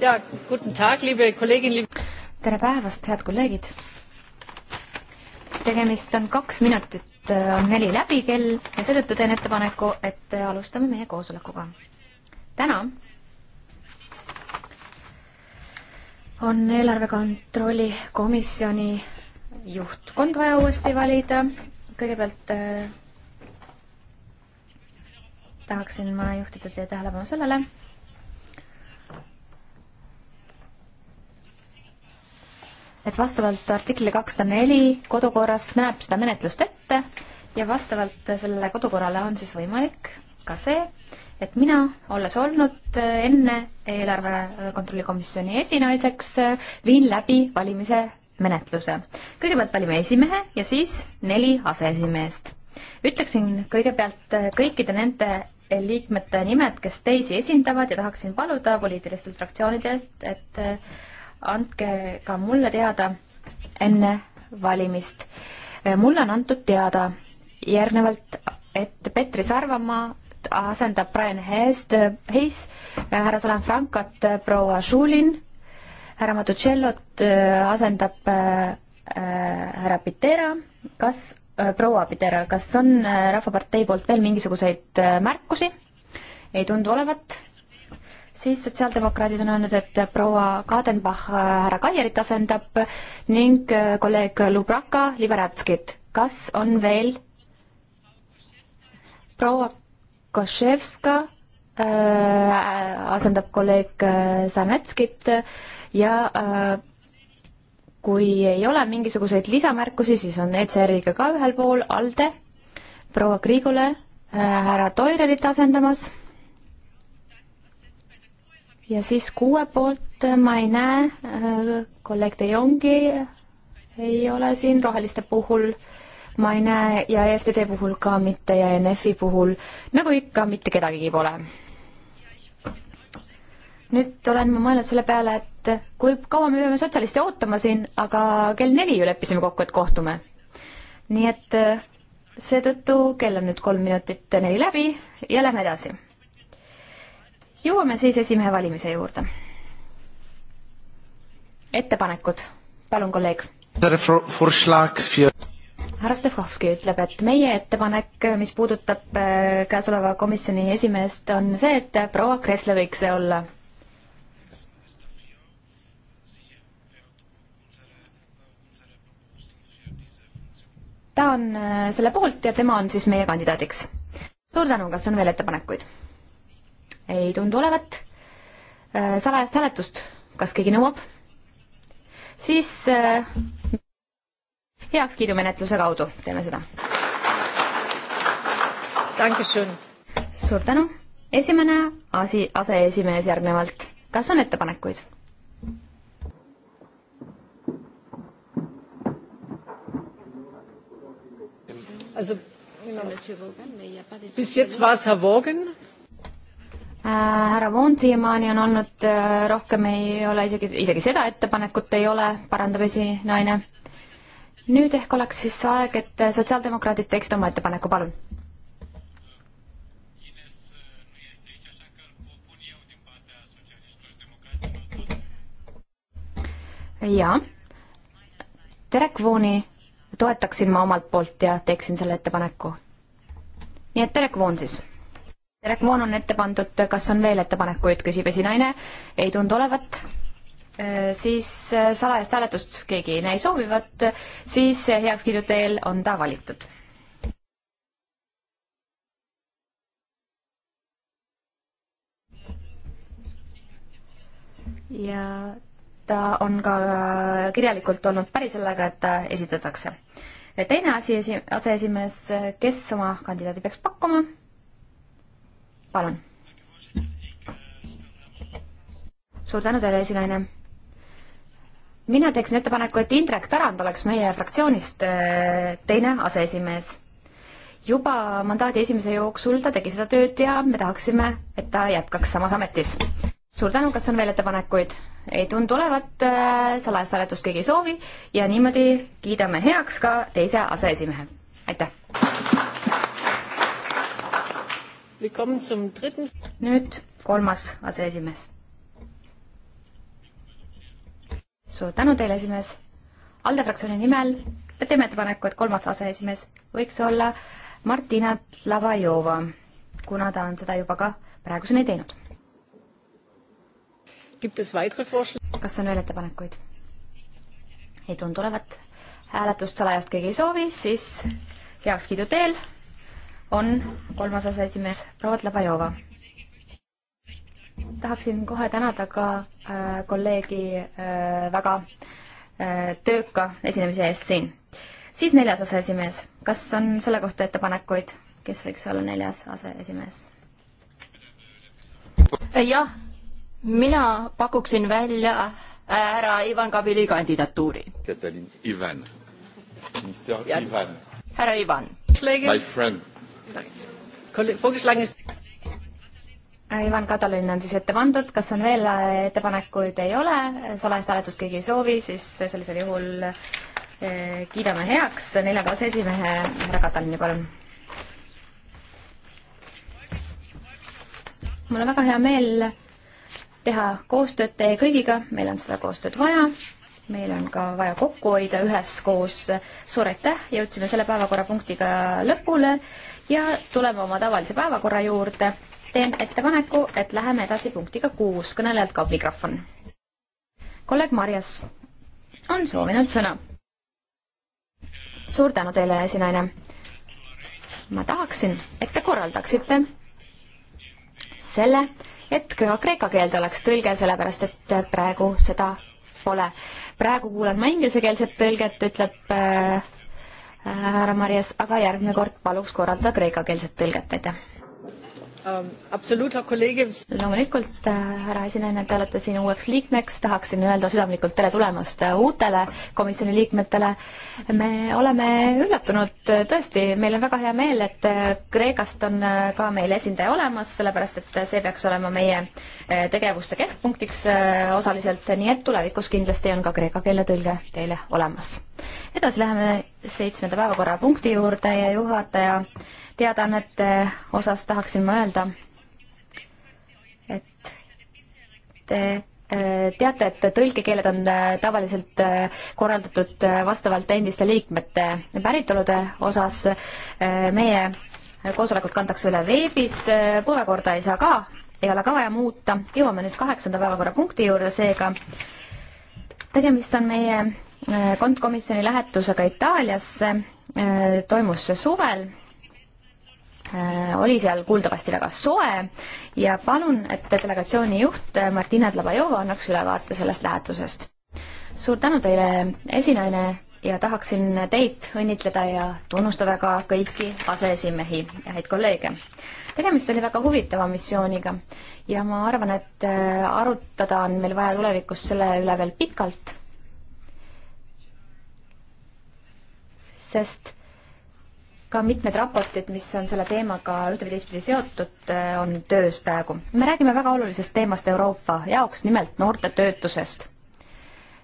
ja, guten Tag, liebe Kollegin, liebe tere päevast, head kolleegid! tegemist on kaks minutit, äh, on neli läbi kell ja seetõttu teen ettepaneku, et äh, alustame meie koosolekuga. täna on eelarve kontrolli komisjoni juhtkond vaja uuesti valida, kõigepealt äh, tahaksin ma juhtida teie tähelepanu sellele, et vastavalt artikli kakssada neli kodukorrast näeb seda menetlust ette ja vastavalt sellele kodukorrale on siis võimalik ka see, et mina, olles olnud enne eelarve kontrolli komisjoni esinaiseks, viin läbi valimise menetluse. kõigepealt valime esimehe ja siis neli aseesimeest. ütleksin kõigepealt kõikide nende liikmete nimed, kes teisi esindavad ja tahaksin paluda poliitilistelt fraktsioonidelt, et eh, andke ka mulle teada enne valimist. Eh, mulle on antud teada järgnevalt, et Petri Sarvamaa asendab Brian Hayes, Hayes, eh, härra Salafrankat proua Šulin, härra Matucellot asendab härra Pitera, kas Äh, proua Pidera, kas on äh, Rahvapartei poolt veel mingisuguseid äh, märkusi? ei tundu olevat. siis sotsiaaldemokraadid on öelnud, et proua Kadenbach härra Kaierit asendab ning kolleeg Lubraka Liberatskit. kas on veel proua Koševska äh, asendab kolleeg Sarnetskit ja äh, kui ei ole mingisuguseid lisamärkusi, siis on ECR-iga ka ühel pool, ALDE, proua Kriigule äh, härra Toirelit asendamas. ja siis kuue poolt ma ei näe, äh, kolleeg De Jongi ei ole siin, roheliste puhul ma ei näe ja EFTD puhul ka mitte ja NF-i puhul nagu ikka mitte kedagigi pole nüüd olen ma mõelnud selle peale, et kui kaua me peame sotsialiste ootama siin, aga kell neli ju leppisime kokku, et kohtume. nii et eh, seetõttu kell on nüüd kolm minutit neli läbi ja lähme edasi. jõuame siis esimehe valimise juurde. ettepanekud, palun, kolleeg. härra Stefkovski ütleb, et meie ettepanek, mis puudutab eh, käesoleva komisjoni esimeest, on see, et proua Kressle võiks see olla ta on äh, selle poolt ja tema on siis meie kandidaadiks. suur tänu, kas on veel ettepanekuid? ei tundu olevat. Äh, salajast hääletust, kas keegi nõuab? siis äh, heakskiidumenetluse kaudu teeme seda. suur tänu. esimene asi, aseesimees järgnevalt. kas on ettepanekuid? Also, genau. bis jetzt war es Herr Wogen. Äh, härra Voon siiamaani on olnud, äh, rohkem ei ole isegi, isegi seda ettepanekut ei ole, parandab esinaine. nüüd ehk oleks siis aeg, et äh, sotsiaaldemokraadid teeksid oma ettepaneku, palun. jaa. Derek Vooni toetaksin ma omalt poolt ja teeksin selle ettepaneku. nii et Derek Voon siis. Derek Voon on ette pandud, kas on veel ettepanekuid, küsib esinaine. ei tundu olevat. Äh, siis äh, salajast hääletust keegi ei näe soovivat, siis heakskiidu teel on ta valitud. ja ta on ka äh, kirjalikult olnud päri sellega, et ta esitatakse. teine asi, aseesimees, kes oma kandidaadi peaks pakkuma? palun. suur tänu teile, esinaine. mina teeksin ettepaneku, et Indrek Tarand oleks meie fraktsioonist äh, teine aseesimees juba mandaadi esimese jooksul ta tegi seda tööd ja me tahaksime, et ta jätkaks samas ametis suur tänu, kas on veel ettepanekuid? ei tundu olevat, äh, salajast hääletust keegi ei soovi ja niimoodi kiidame heaks ka teise aseesimehe. aitäh! nüüd kolmas aseesimees. suur tänu teile, esimees! ALDE fraktsiooni nimel teeme ettepaneku, et kolmas aseesimees võiks olla Martina Lavajova, kuna ta on seda juba ka praeguseni teinud kas on veel ettepanekuid? ei tundu olevat. hääletust salajast keegi ei soovi, siis heakskiidu teel on kolmas aseesimees proua Tlabajova. tahaksin kohe tänada ka äh, kolleegi äh, väga äh, tööka esinemise eest siin. siis neljas aseesimees, kas on selle kohta ettepanekuid, kes võiks olla neljas aseesimees? jah mina pakuksin välja äh, härra Ivan Kabili kandidatuuri. Katalin Ivan. minister Ivan. härra Ivan. My friend. Äh, Ivan Katalin on siis ette pandud, kas on veel äh, ettepanekuid, ei ole, salajast hääletust keegi ei soovi, siis sellisel juhul kiidame heaks neljanda aseesimehe härra Katalini, palun mul on väga hea meel teha koostööd teie kõigiga, meil on seda koostööd vaja, meil on ka vaja kokku hoida üheskoos. suur aitäh, jõudsime selle päevakorrapunktiga lõpule ja tuleme oma tavalise päevakorra juurde. teen ettepaneku, et läheme edasi punktiga kuus, kõnelejalt kaob mikrofon. kolleeg Marjas on soovinud sõna. suur tänu teile, esinaine. ma tahaksin, et te korraldaksite selle et ka kreeka keelde oleks tõlge, sellepärast et äh, praegu seda pole. praegu kuulan ma inglisekeelset tõlget, ütleb äh, äh, härra äh, Marias, aga järgmine kord paluks korraldada kreekakeelset tõlget, aitäh. Ähm, loomulikult, äh, härra esinaine, te olete siin uueks liikmeks, tahaksin öelda südamlikult tere tulemast äh, uutele komisjoni liikmetele. me oleme üllatunud, äh, tõesti, meil on väga hea meel, et Kreekast on ka meil esindaja olemas, sellepärast et see peaks olema meie tegevuste keskpunktiks osaliselt, nii et tulevikus kindlasti on ka kreeka keele tõlge teile olemas. edasi läheme seitsmenda päevakorrapunkti juurde ja juhataja teadaannete osas tahaksin ma öelda, et te äh, teate, et tõlkekeeled on äh, tavaliselt äh, korraldatud vastavalt endiste liikmete päritolude osas. meie koosolekud kantakse üle veebis, päevakorda ei saa ka, ei ole ka vaja muuta. jõuame nüüd kaheksanda päevakorrapunkti juurde, seega tegemist on meie kontkomisjoni lähetusega Itaaliasse, toimus see suvel Äh, oli seal kuuldavasti väga soe ja palun, et delegatsiooni juht äh, Martina Dlabajova annaks ülevaate sellest lähetusest. suur tänu teile, esinaine, ja tahaksin teid õnnitleda ja tunnustada ka kõiki aseesimehi ja häid kolleege. tegemist oli väga huvitava missiooniga ja ma arvan, et äh, arutada on meil vaja tulevikus selle üle veel pikalt, sest ka mitmed raportid, mis on selle teemaga ühte või teistpidi seotud, äh, on töös praegu. me räägime väga olulisest teemast Euroopa jaoks, nimelt noorte töötusest.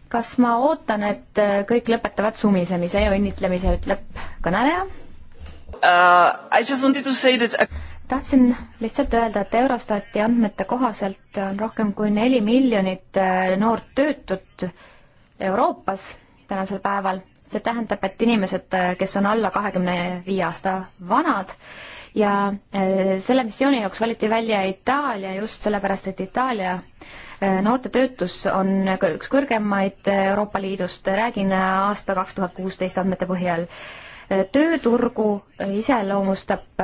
kas ma ootan, et äh, kõik lõpetavad sumisemise ja õnnitlemise, ütleb kõneleja uh,? That... Uh, tahtsin lihtsalt öelda, et Eurostati andmete kohaselt on rohkem kui neli miljonit äh, noort töötut Euroopas tänasel päeval see tähendab, et inimesed, kes on alla kahekümne viie aasta vanad ja eh, selle missiooni jaoks valiti välja Itaalia just sellepärast, et Itaalia eh, noorte töötus on üks kõrgemaid eh, Euroopa Liidust, räägin aasta kaks tuhat kuusteist andmete põhjal tööturgu iseloomustab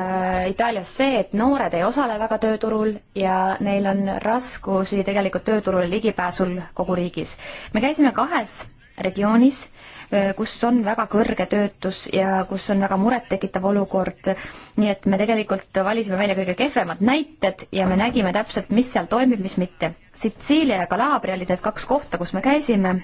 Itaalias see, et noored ei osale väga tööturul ja neil on raskusi tegelikult tööturule ligipääsul kogu riigis. me käisime kahes regioonis Äh, kus on väga kõrge töötus ja kus on väga murettekitav olukord. nii et me tegelikult valisime välja kõige kehvemad näited ja me nägime täpselt, mis seal toimib, mis mitte. Sitsiilia ja Kalaabria olid need kaks kohta, kus me käisime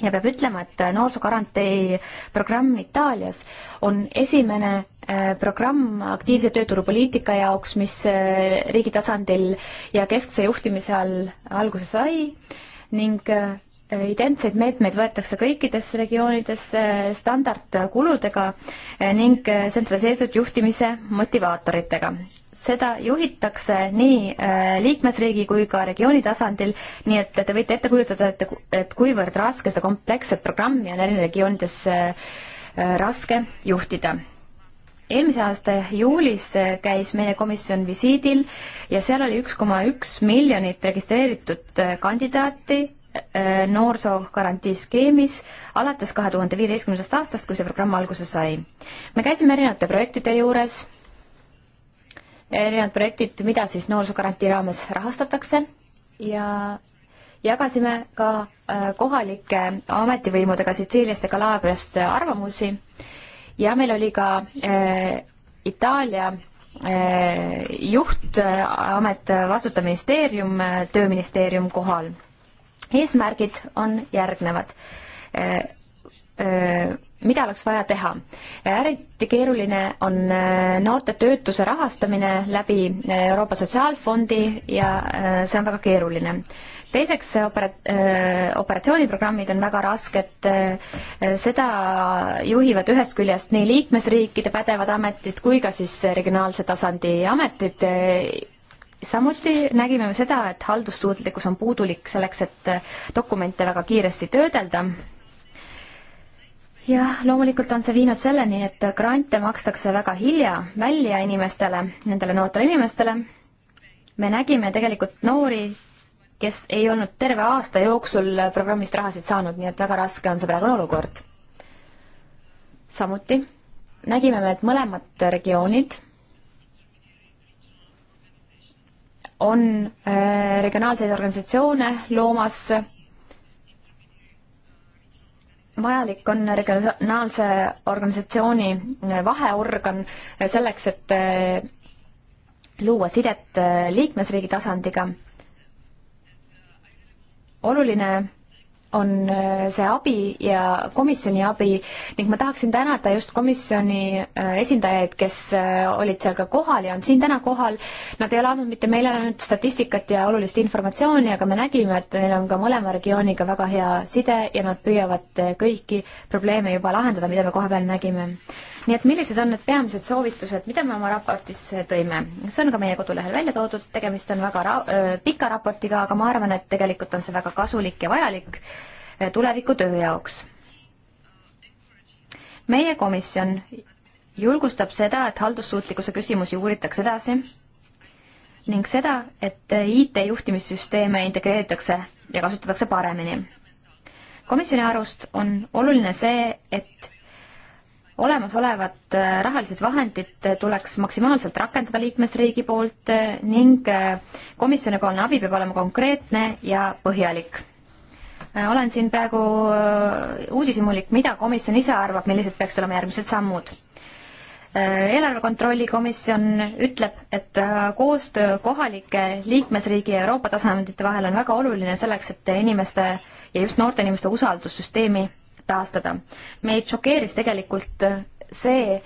ja peab ütlema, et noorsoogarantei programm Itaalias on esimene äh, programm aktiivse tööturupoliitika jaoks, mis äh, riigi tasandil ja keskse juhtimise all alguse sai ning identseid meetmeid võetakse kõikides regioonides standardkuludega ning tsentraliseeritud juhtimise motivaatoritega. seda juhitakse nii äh, liikmesriigi kui ka regiooni tasandil, nii et te võite ette kujutada, et, et kuivõrd raske seda kompleksset programmi on eri regioonides äh, raske juhtida eelmise aasta juulis äh, käis meie komisjon visiidil ja seal oli üks koma üks miljonit registreeritud kandidaati Äh, noorsoogarantii skeemis alates kahe tuhande viieteistkümnendast aastast, kui see programm alguse sai. me käisime erinevate projektide juures, erinevad projektid, mida siis noorsoogarantii raames rahastatakse ja jagasime ka äh, kohalike ametivõimudega Sitsiiliast ja Kalabriast arvamusi ja meil oli ka äh, Itaalia äh, juhtamet, vastutav ministeerium, äh, tööministeerium kohal eesmärgid on järgnevad äh, äh, mida oleks vaja teha. eriti keeruline on äh, noorte töötuse rahastamine läbi Euroopa Sotsiaalfondi ja see on väga keeruline. teiseks, operat-, operatsiooniprogrammid on väga rasked, seda juhivad ühest küljest nii liikmesriikide pädevad ametid kui ka siis regionaalse tasandi ametid samuti nägime me seda, et haldussuutlikkus on puudulik selleks, et dokumente väga kiiresti töödelda. jah, loomulikult on see viinud selleni, et grante makstakse väga hilja välja inimestele, nendele noortele inimestele. me nägime tegelikult noori, kes ei olnud terve aasta jooksul programmist rahasid saanud, nii et väga raske on see praegune olukord. samuti nägime me, et mõlemad regioonid on äh, regionaalseid organisatsioone loomas. vajalik on regionaalse organisatsiooni äh, vaheorgan selleks, et äh, luua sidet liikmesriigi tasandiga. oluline on äh, see abi ja komisjoni abi ning ma tahaksin tänada just komisjoni äh, esindajaid, kes äh, olid seal ka kohal ja on siin täna kohal. Nad ei ole andnud mitte meile ainult statistikat ja olulist informatsiooni, aga me nägime, et neil on ka mõlema regiooniga väga hea side ja nad püüavad kõiki probleeme juba lahendada, mida me kohapeal nägime nii et millised on need peamised soovitused, mida me oma raportis tõime? see on ka meie kodulehel välja toodud, tegemist on väga ra-, pika raportiga, aga ma arvan, et tegelikult on see väga kasulik ja vajalik tulevikutöö jaoks. meie komisjon julgustab seda, et haldussuutlikkuse küsimusi uuritakse edasi ning seda, et IT-juhtimissüsteeme integreeritakse ja kasutatakse paremini. komisjoni arust on oluline see, et olemasolevat äh, rahalised vahendid äh, tuleks maksimaalselt rakendada liikmesriigi poolt äh, ning komisjonipoolne abi peab olema konkreetne ja põhjalik. olen siin praegu uudishimulik, mida komisjon ise arvab, millised peaks olema järgmised sammud eelarve kontrolli komisjon ütleb, et koostöö kohalike liikmesriigi ja Euroopa tasandite vahel on väga oluline selleks, et inimeste ja just noorte inimeste usaldus süsteemi taastada. meid šokeeris tegelikult see,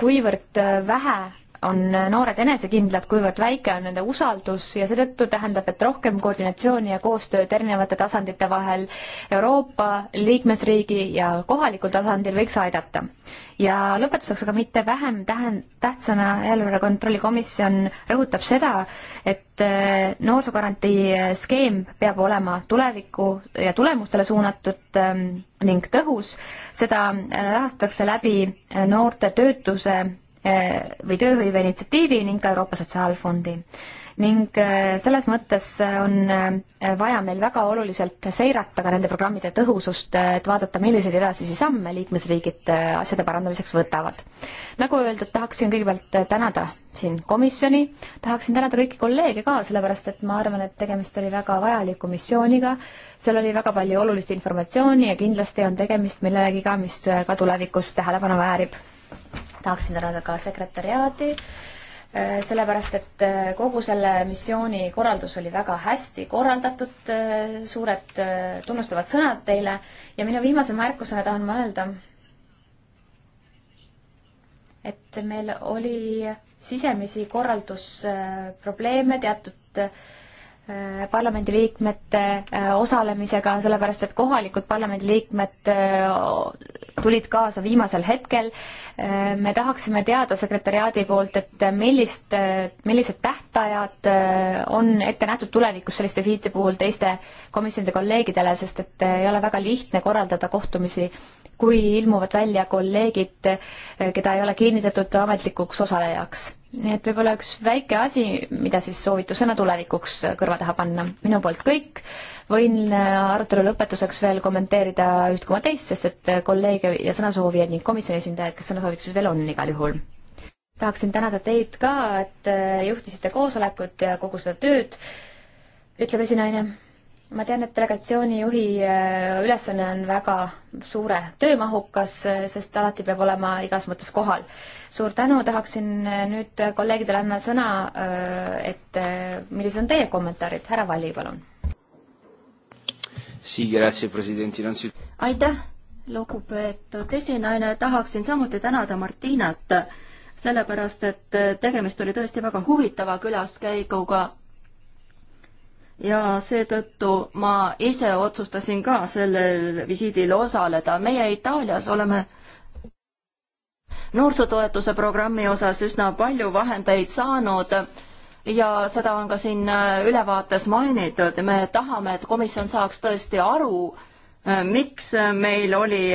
kuivõrd vähe on noored enesekindlad, kuivõrd väike on nende usaldus ja seetõttu tähendab, et rohkem koordinatsiooni ja koostööd erinevate tasandite vahel Euroopa, liikmesriigi ja kohalikul tasandil võiks aidata ja lõpetuseks, aga mitte vähem tähen-, tähtsana eelarve kontrolli komisjon rõhutab seda, et äh, noorsoogarantii äh, skeem peab olema tulevikku ja tulemustele suunatud ähm, ning tõhus. seda äh, rahastatakse läbi noorte töötuse või tööhõive initsiatiivi ning ka Euroopa Sotsiaalfondi ning äh, selles mõttes äh, on äh, vaja meil väga oluliselt seirata ka nende programmide tõhusust, et vaadata, milliseid edasisi samme liikmesriigid asjade parandamiseks võtavad. nagu öeldud, tahaksin kõigepealt tänada siin komisjoni, tahaksin tänada kõiki kolleege ka, sellepärast et ma arvan, et tegemist oli väga vajaliku missiooniga, seal oli väga palju olulist informatsiooni ja kindlasti on tegemist millegiga, mis ka tulevikus tähelepanu väärib. tahaksin tänada ka sekretäriaadi äh, Äh, sellepärast et äh, kogu selle missiooni korraldus oli väga hästi korraldatud, äh, suured tunnustavad sõnad teile ja minu viimase märkusena tahan ma öelda, et meil oli sisemisi korraldusprobleeme teatud Äh, parlamendiliikmete äh, osalemisega, sellepärast et kohalikud parlamendiliikmed äh, tulid kaasa viimasel hetkel. me tahaksime teada sekretäriaadi poolt, et millist, millised tähtajad on ette nähtud tulevikus selliste visiite puhul teiste komisjonide kolleegidele, sest et ei ole väga lihtne korraldada kohtumisi, kui ilmuvad välja kolleegid, keda ei ole kinnitatud ametlikuks osalejaks nii et võib-olla üks väike asi, mida siis soovitusena tulevikuks kõrva taha panna. minu poolt kõik, võin äh, arutelu lõpetuseks veel kommenteerida üht koma teist, sest et äh, kolleege ja sõnasoovijaid ning komisjoni esindajaid, kes sõnasoovituses veel on igal juhul. tahaksin tänada teid ka, et äh, juhtisite koosolekut ja kogu seda tööd, ütleb esinaine ma tean, et delegatsiooni juhi äh, ülesanne on väga suure töömahukas, äh, sest alati peab olema igas mõttes kohal. suur tänu, tahaksin äh, nüüd kolleegidele anda sõna, et millised on teie kommentaarid, härra Valli, palun. aitäh, lugupeetud esinaine, tahaksin samuti tänada Martinat, sellepärast et tegemist oli tõesti väga huvitava külaskäiguga ja seetõttu ma ise otsustasin ka sellel visiidil osaleda. meie Itaalias oleme noorsootoetuse programmi osas üsna palju vahendeid saanud ja seda on ka siin äh, ülevaates mainitud. me tahame, et komisjon saaks tõesti aru, äh, miks meil oli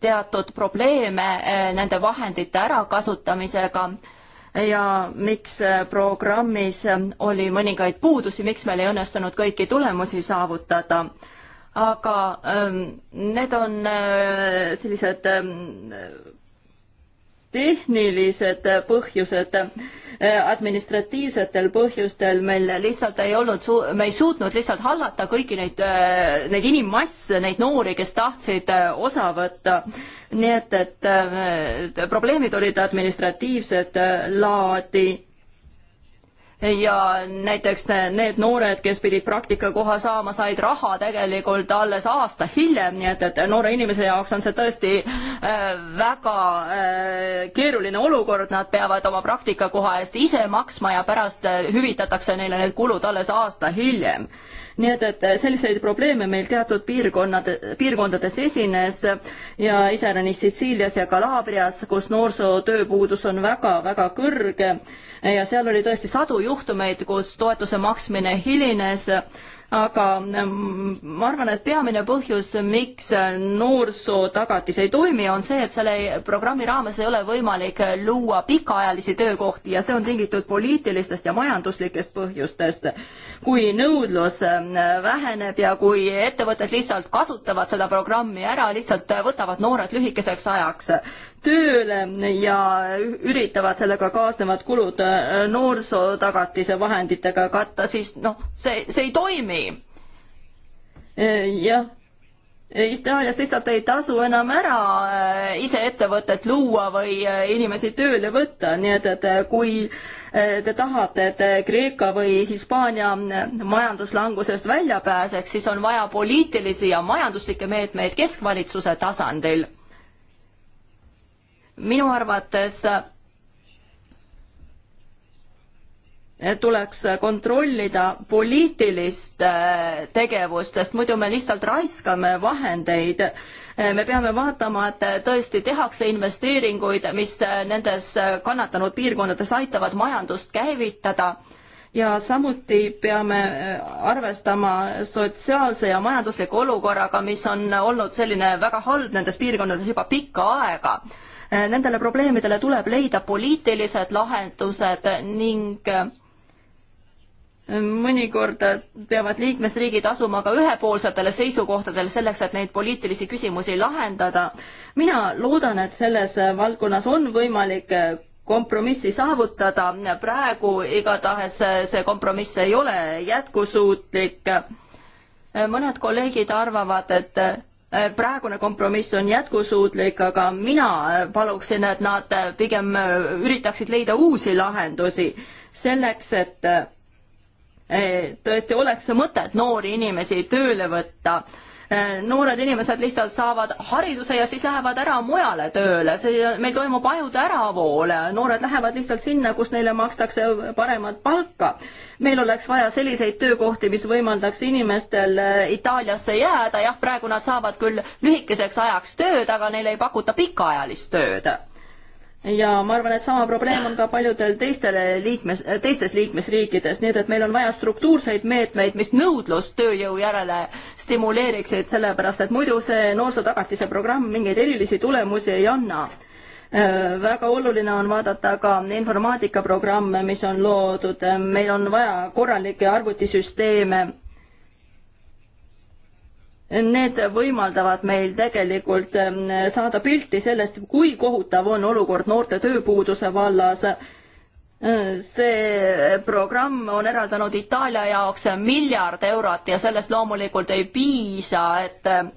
teatud probleeme äh, nende vahendite ärakasutamisega ja miks äh, programmis äh, oli mõningaid puudusi, miks meil ei õnnestunud kõiki tulemusi saavutada. aga ähm, need on äh, sellised ähm, tehnilised põhjused, äh, administratiivsetel põhjustel meil lihtsalt ei olnud, me ei suutnud lihtsalt hallata kõiki neid, äh, neid inimmasse, neid noori, kes tahtsid äh, osa võtta. nii et, et probleemid olid administratiivsed laadi ja näiteks need noored, kes pidid praktikakoha saama, said raha tegelikult alles aasta hiljem, nii et, et noore inimese jaoks on see tõesti äh, väga äh, keeruline olukord, nad peavad oma praktikakoha eest ise maksma ja pärast äh, hüvitatakse neile need kulud alles aasta hiljem nii et, et selliseid probleeme meil teatud piirkonnad, piirkondades esines ja iseäranis Sitsiilias ja Kalaabrias, kus noorsootööpuudus on väga-väga kõrge ja seal oli tõesti sadu juhtumeid, juhtumeid, kus toetuse maksmine hilines, aga mm, ma arvan, et peamine põhjus, miks noorsootagatis ei toimi, on see, et selle programmi raames ei ole võimalik luua pikaajalisi töökohti ja see on tingitud poliitilistest ja majanduslikest põhjustest. kui nõudlus mm, väheneb ja kui ettevõtted lihtsalt kasutavad seda programmi ära, lihtsalt võtavad noored lühikeseks ajaks, tööle ja üritavad sellega kaasnevad kulud äh, noorsootagatise vahenditega katta, siis noh, see, see ei toimi. Äh, jah, äh, Itaalias lihtsalt ei tasu enam ära ise ettevõtet luua või inimesi tööle võtta, nii et, et kui te tahate, et Kreeka või Hispaania majanduslangusest välja pääseks, siis on vaja poliitilisi ja majanduslikke meetmeid keskvalitsuse tasandil minu arvates tuleks kontrollida poliitilist äh, tegevust, sest muidu me lihtsalt raiskame vahendeid. Äh, me peame vaatama, et tõesti tehakse investeeringuid, mis äh, nendes kannatanud piirkondades aitavad majandust käivitada ja samuti peame arvestama sotsiaalse ja majandusliku olukorraga, mis on olnud selline väga halb nendes piirkondades juba pikka aega Eh, nendele probleemidele tuleb leida poliitilised lahendused ning eh, mõnikord peavad liikmesriigid asuma ka ühepoolsetele seisukohtadele selleks, et neid poliitilisi küsimusi lahendada. mina loodan, et selles valdkonnas on võimalik eh, kompromissi saavutada, praegu igatahes see kompromiss ei ole jätkusuutlik. mõned kolleegid arvavad, et Eh, praegune kompromiss on jätkusuutlik, aga mina eh, paluksin, et nad eh, pigem üritaksid leida uusi lahendusi selleks, et tõesti oleks mõtet noori inimesi tööle võtta Äh, noored inimesed lihtsalt saavad hariduse ja siis lähevad ära mujale tööle, see, meil toimub ajude äravool, noored lähevad lihtsalt sinna, kus neile makstakse paremat palka. meil oleks vaja selliseid töökohti, mis võimaldaks inimestel äh, Itaaliasse jääda, jah, praegu nad saavad küll lühikeseks ajaks tööd, aga neile ei pakuta pikaajalist tööd ja ma arvan, et sama probleem on ka paljudel teistel liikmes, teistes liikmesriikides, nii et, et meil on vaja struktuurseid meetmeid, mis nõudlust tööjõu järele stimuleeriksid, sellepärast et muidu see noorsootagatise programm mingeid erilisi tulemusi ei anna äh, väga oluline on vaadata ka informaatikaprogramme, mis on loodud, äh, meil on vaja korralikke arvutisüsteeme Need võimaldavad meil tegelikult ähm, saada pilti sellest, kui kohutav on olukord noorte tööpuuduse vallas. Äh, see programm on eraldanud Itaalia jaoks miljard eurot ja sellest loomulikult ei piisa, et äh,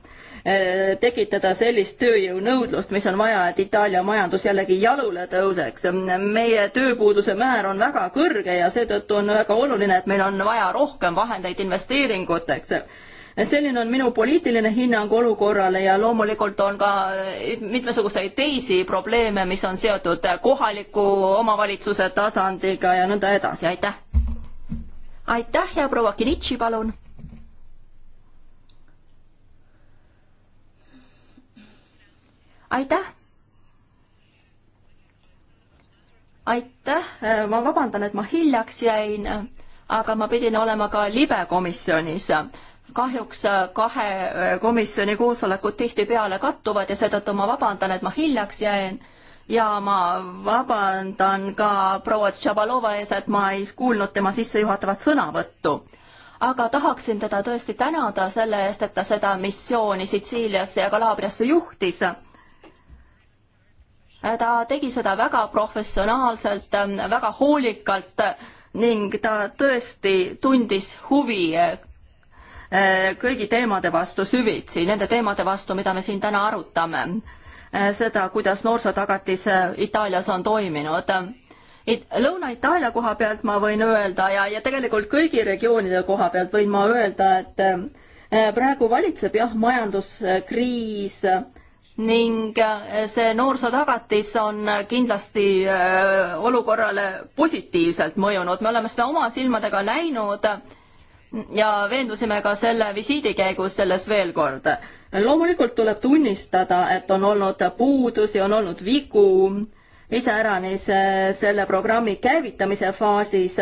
tekitada sellist tööjõunõudlust, mis on vaja, et Itaalia majandus jällegi jalule tõuseks. meie tööpuuduse määr on väga kõrge ja seetõttu on väga oluline, et meil on vaja rohkem vahendeid investeeringuteks selline on minu poliitiline hinnang olukorrale ja loomulikult on ka eh, mitmesuguseid teisi probleeme, mis on seotud kohaliku omavalitsuse tasandiga ja nõnda edasi, aitäh. aitäh ja proua Kiritši, palun. aitäh aitäh, ma vabandan, et ma hiljaks jäin, aga ma pidin olema ka libekomisjonis kahjuks äh, kahe äh, komisjoni koosolekud tihtipeale kattuvad ja seetõttu ma vabandan, et ma hiljaks jäin ja ma vabandan ka proua Tšabalova ees, et ma ei kuulnud tema sissejuhatavat sõnavõttu. aga tahaksin teda tõesti tänada selle eest, et ta seda missiooni Sitsiiliasse ja Kalaabriasse juhtis. ta tegi seda väga professionaalselt, väga hoolikalt ning ta tõesti tundis huvi Eh, kõigi teemade vastu süvitsi, nende teemade vastu, mida me siin täna arutame. Eh, seda, kuidas noorsootagatis eh, Itaalias on toiminud. Lõuna-Itaalia koha pealt ma võin öelda ja, ja tegelikult kõigi regioonide koha pealt võin ma öelda, et praegu valitseb jah, majanduskriis ning see noorsootagatis on kindlasti olukorrale positiivselt mõjunud, me oleme seda oma silmadega näinud ja veendusime ka selle visiidi käigus selles veel kord. loomulikult tuleb tunnistada, et on olnud puudusi, on olnud vigu, iseäranis äh, selle programmi käivitamise faasis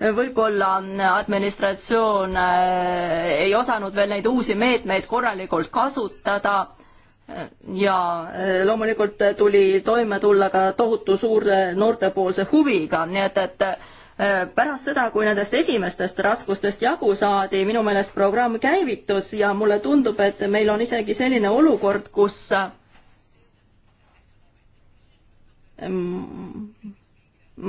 võib-olla äh, administratsioon äh, ei osanud veel neid uusi meetmeid korralikult kasutada ja loomulikult tuli toime tulla ka tohutu suure noortepoolse huviga, nii et, et pärast seda, kui nendest esimestest raskustest jagu saadi, minu meelest programm käivitus ja mulle tundub, et meil on isegi selline olukord, kus mm,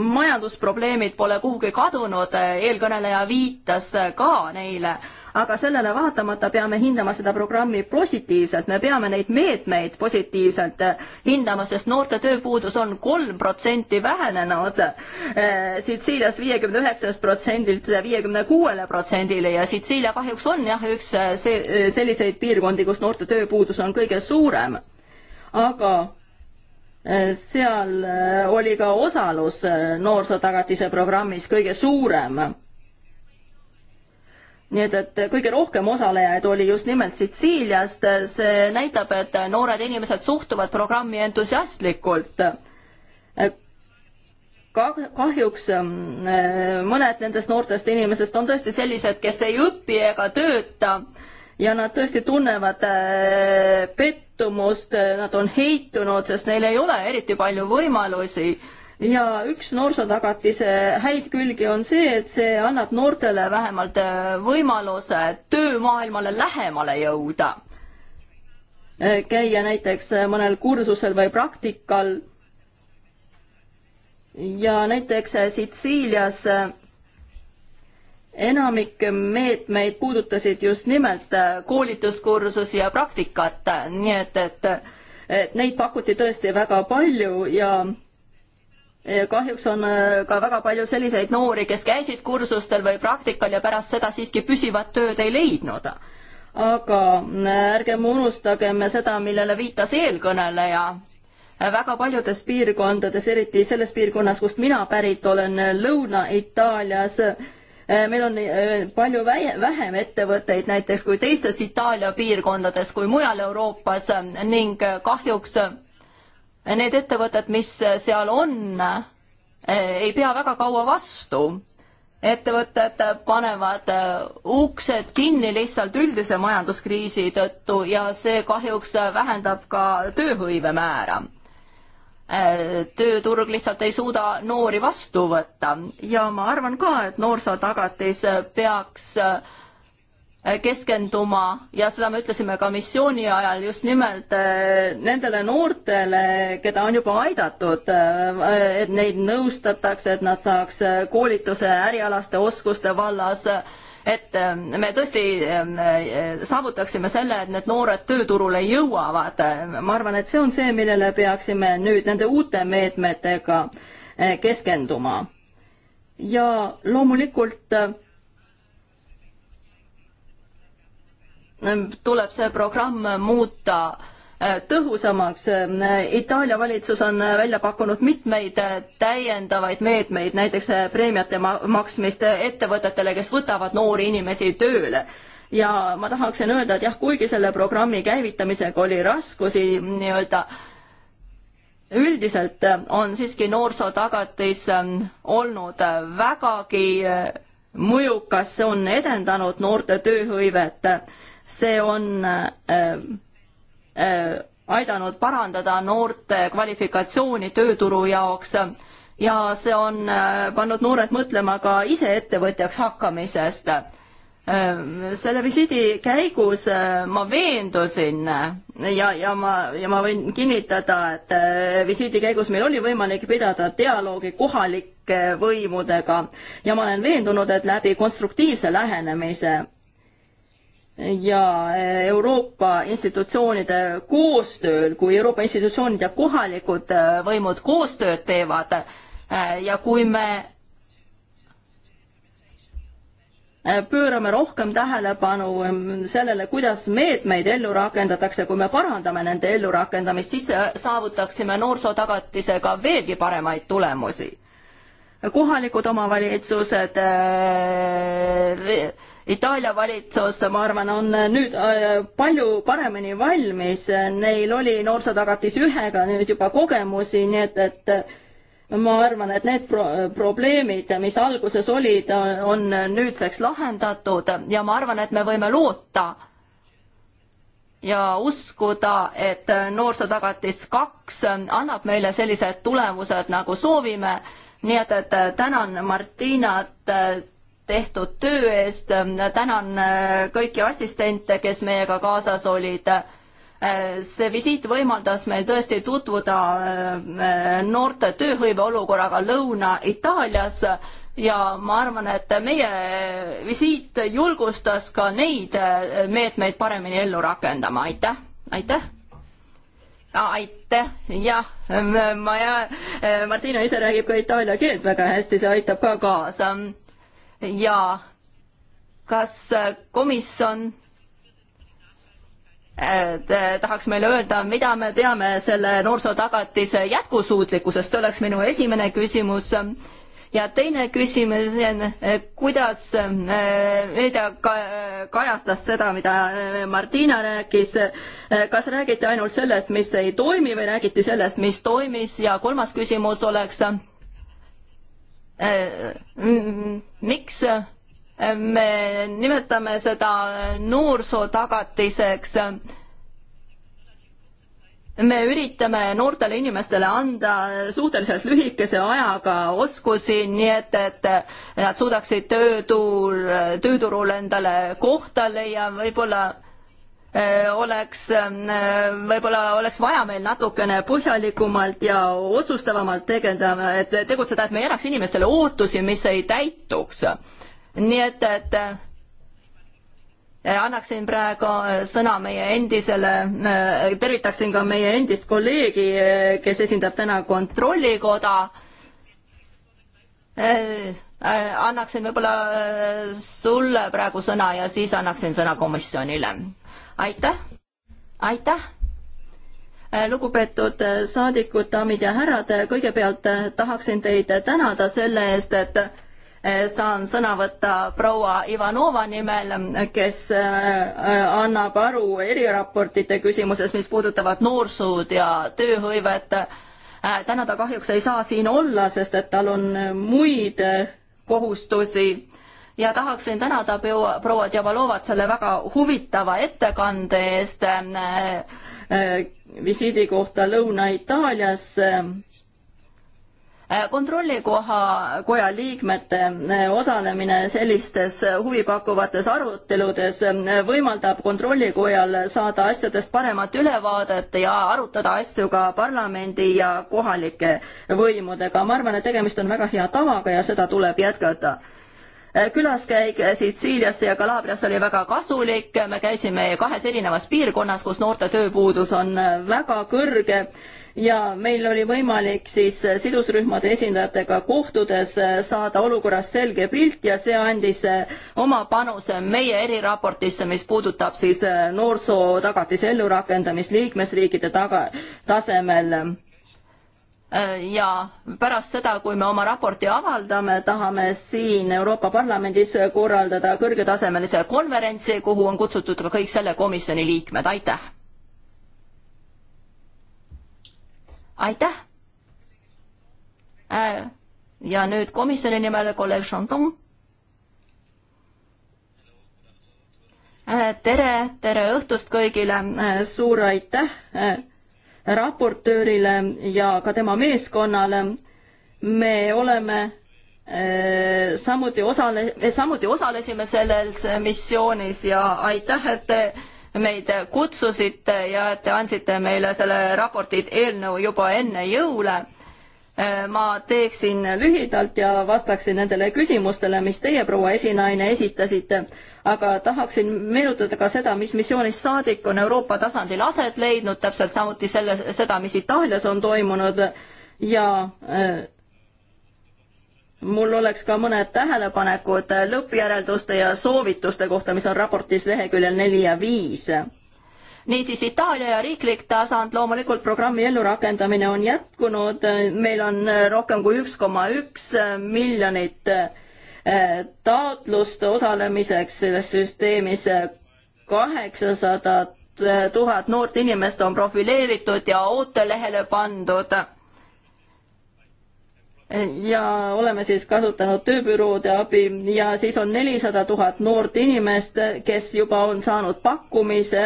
majandusprobleemid pole kuhugi kadunud, eelkõneleja viitas ka neile aga sellele vaatamata peame hindama seda programmi positiivselt, me peame neid meetmeid positiivselt äh, hindama, sest noorte tööpuudus on kolm protsenti vähenenud äh, Sitsiilias viiekümne üheksast protsendilt viiekümne kuuele protsendile ja Sitsiilia kahjuks on jah, üks äh, see, selliseid piirkondi, kus noorte tööpuudus on kõige suurem. aga seal oli ka osalus noorsootagatise programmis kõige suurem nii et, et kõige rohkem osalejaid oli just nimelt Sitsiiliast, see näitab, et noored inimesed suhtuvad programmi entusiastlikult. Ka-, kahjuks mm, mõned nendest noortest inimesest on tõesti sellised, kes ei õpi ega tööta ja nad tõesti tunnevad äh, pettumust, nad on heitunud, sest neil ei ole eriti palju võimalusi ja üks noorsootagatise häid külgi on see, et see annab noortele vähemalt äh, võimaluse töömaailmale lähemale jõuda. Äh, käia näiteks äh, mõnel kursusel või praktikal. ja näiteks Sitsiilias enamik meetmeid puudutasid just nimelt koolituskursusi ja praktikat, nii et, et, et neid pakuti tõesti väga palju ja Eh, kahjuks on eh, ka väga palju selliseid noori, kes käisid kursustel või praktikal ja pärast seda siiski püsivat tööd ei leidnud. aga eh, ärgem unustagem seda, millele viitas eelkõneleja. väga paljudes piirkondades, eriti selles piirkonnas, kust mina pärit olen, Lõuna-Itaalias, meil on palju vähem ettevõtteid näiteks kui teistes Itaalia piirkondades kui mujal Euroopas ning kahjuks need ettevõtted, mis seal on, eh, ei pea väga kaua vastu. ettevõtted panevad eh, uksed kinni lihtsalt üldise majanduskriisi tõttu ja see kahjuks vähendab ka tööhõive määra eh, tööturg lihtsalt ei suuda noori vastu võtta ja ma arvan ka, et noorsootagatis peaks äh, Äh, keskenduma ja seda me ütlesime ka missiooni ajal just nimelt äh, nendele noortele, keda on juba aidatud, äh, et neid nõustatakse, et nad saaks koolituse ärialaste oskuste vallas, et me tõesti saavutaksime selle, et need noored tööturule jõuavad. ma arvan, et see on see, millele peaksime nüüd nende uute meetmetega keskenduma. ja loomulikult tuleb see programm muuta äh, tõhusamaks. Itaalia valitsus on välja pakkunud mitmeid äh, täiendavaid meetmeid, näiteks äh, preemiate maksmist ettevõtetele, kes võtavad noori inimesi tööle ja ma tahaksin öelda, et jah, kuigi selle programmi käivitamisega oli raskusi nii-öelda, üldiselt on siiski noorsootagatis olnud vägagi mõjukas, see on edendanud noorte tööhõivet see on äh, äh, aidanud parandada noorte kvalifikatsiooni tööturu jaoks ja see on äh, pannud noored mõtlema ka ise ettevõtjaks hakkamisest. selle visiidi käigus ma veendusin ja, ja ma, ja ma võin kinnitada, et visiidi käigus meil oli võimalik pidada dialoogi kohalike võimudega ja ma olen veendunud, et läbi konstruktiivse lähenemise ja eh, Euroopa institutsioonide koostööl, kui Euroopa institutsioonid ja kohalikud eh, võimud koostööd teevad eh, ja kui me pöörame rohkem tähelepanu mm, sellele, kuidas meetmeid ellu rakendatakse, kui me parandame nende ellurakendamist, siis saavutaksime noorsootagatisega veelgi paremaid tulemusi. kohalikud omavalitsused äh, Itaalia valitsus, ma arvan, on nüüd äh, palju paremini valmis, neil oli noorsootagatis ühega nüüd juba kogemusi, nii et, et äh, ma arvan, et need pro probleemid, mis alguses olid, on nüüdseks lahendatud ja ma arvan, et me võime loota ja uskuda, et noorsootagatis kaks annab meile sellised tulemused, nagu soovime. nii et, et tänan Martinat tehtud töö eest, tänan äh, kõiki assistente, kes meiega kaasas olid. Äh, see visiit võimaldas meil tõesti tutvuda äh, noorte tööhõive olukorraga Lõuna-Itaalias ja ma arvan, et meie visiit julgustas ka neid meetmeid paremini ellu rakendama, aitäh, aitäh aitäh, jah, ma ja Martina ise räägib ka itaalia keelt väga hästi, see aitab ka kaasa ja kas äh, komisjon äh, tahaks meile öelda, mida me teame selle noorsootagatise jätkusuutlikkusest, see oleks minu esimene küsimus ja teine küsimus on, kuidas äh, meedia kajastas seda, mida Martina rääkis, kas räägiti ainult sellest, mis ei toimi või räägiti sellest, mis toimis ja kolmas küsimus oleks Äh, miks äh, me nimetame seda noorsootagatiseks? me üritame noortele inimestele anda suhteliselt lühikese ajaga oskusi, nii et, et nad suudaksid töötuul, tööturul endale kohta leia, võib-olla Äh, oleks, ähm, äh, võib-olla oleks vaja meil natukene põhjalikumalt ja otsustavamalt tegeleda, et tegutseda, et me ei jääks inimestele ootusi, mis ei täituks. nii et, et äh, annaksin praegu sõna meie endisele, tervitaksin ka meie endist kolleegi, kes esindab täna Kontrollikoda. annaksin võib-olla sulle praegu sõna ja siis annaksin sõna komisjonile aitäh, aitäh äh, lugupeetud äh, saadikud, daamid ja härrad, äh, kõigepealt tahaksin teid tänada selle eest, et saan sõna võtta proua Ivanova nimel, kes annab aru eriraportite küsimuses, mis puudutavad noorsood ja tööhõivet. täna ta kahjuks ei saa siin olla, sest et tal on muid kohustusi ja tahaksin tänada proua Djavalovat selle väga huvitava ettekande eest äh, äh, visiidi kohta Lõuna-Itaalias äh, kontrollikoha, koja liikmete osalemine sellistes huvipakkuvates aruteludes võimaldab kontrollikojal saada asjadest paremat ülevaadet ja arutada asju ka parlamendi ja kohalike võimudega. ma arvan, et tegemist on väga hea tavaga ja seda tuleb jätkata Äh, külaskäik äh, Sitsiiliasse ja Kalaabriasse oli väga kasulik, me käisime kahes erinevas piirkonnas, kus noorte tööpuudus on äh, väga kõrge ja meil oli võimalik siis sidusrühmade esindajatega kohtudes saada olukorrast selge pilt ja see andis oma panuse meie eriraportisse, mis puudutab siis noorsootagatise ellurakendamist liikmesriikide taga, tasemel Äh, ja pärast seda, kui me oma raporti avaldame, tahame siin Euroopa Parlamendis korraldada kõrgetasemelise konverentsi, kuhu on kutsutud ka kõik selle komisjoni liikmed, aitäh! aitäh! Äh, ja nüüd komisjoni nimel kolleeg Chandon. Äh, tere, tere õhtust kõigile, suur aitäh raportöörile ja ka tema meeskonnale. me oleme eh, samuti osale-, me samuti osalesime selles missioonis ja aitäh, et te meid kutsusite ja et te andsite meile selle raporti eelnõu juba enne jõule Äh, ma teeksin lühidalt ja vastaksin nendele küsimustele, mis teie, proua esinaine, esitasite, aga tahaksin meenutada ka seda, mis missioonist saadik on Euroopa tasandil aset leidnud, täpselt samuti selle, seda, mis Itaalias on toimunud ja äh, mul oleks ka mõned tähelepanekud lõppjärelduste ja soovituste kohta, mis on raportis leheküljel neli ja viis niisiis Itaalia ja riiklik tasand, loomulikult programmi ellurakendamine on jätkunud, meil on äh, rohkem kui üks koma üks äh, miljonit äh, taotlust osalemiseks selles süsteemis, kaheksasada tuhat noort inimest on profileeritud ja ootelehele pandud. ja oleme siis kasutanud tööbüroode abi ja siis on nelisada tuhat noort inimest, kes juba on saanud pakkumise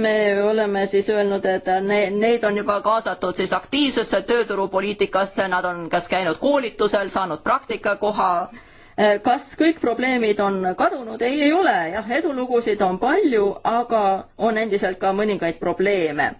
me oleme siis öelnud, et ne-, neid on juba kaasatud siis aktiivsesse tööturupoliitikasse, nad on kas käinud koolitusel, saanud praktikakoha, kas kõik probleemid on kadunud, ei, ei ole, jah, edulugusid on palju, aga on endiselt ka mõningaid probleeme.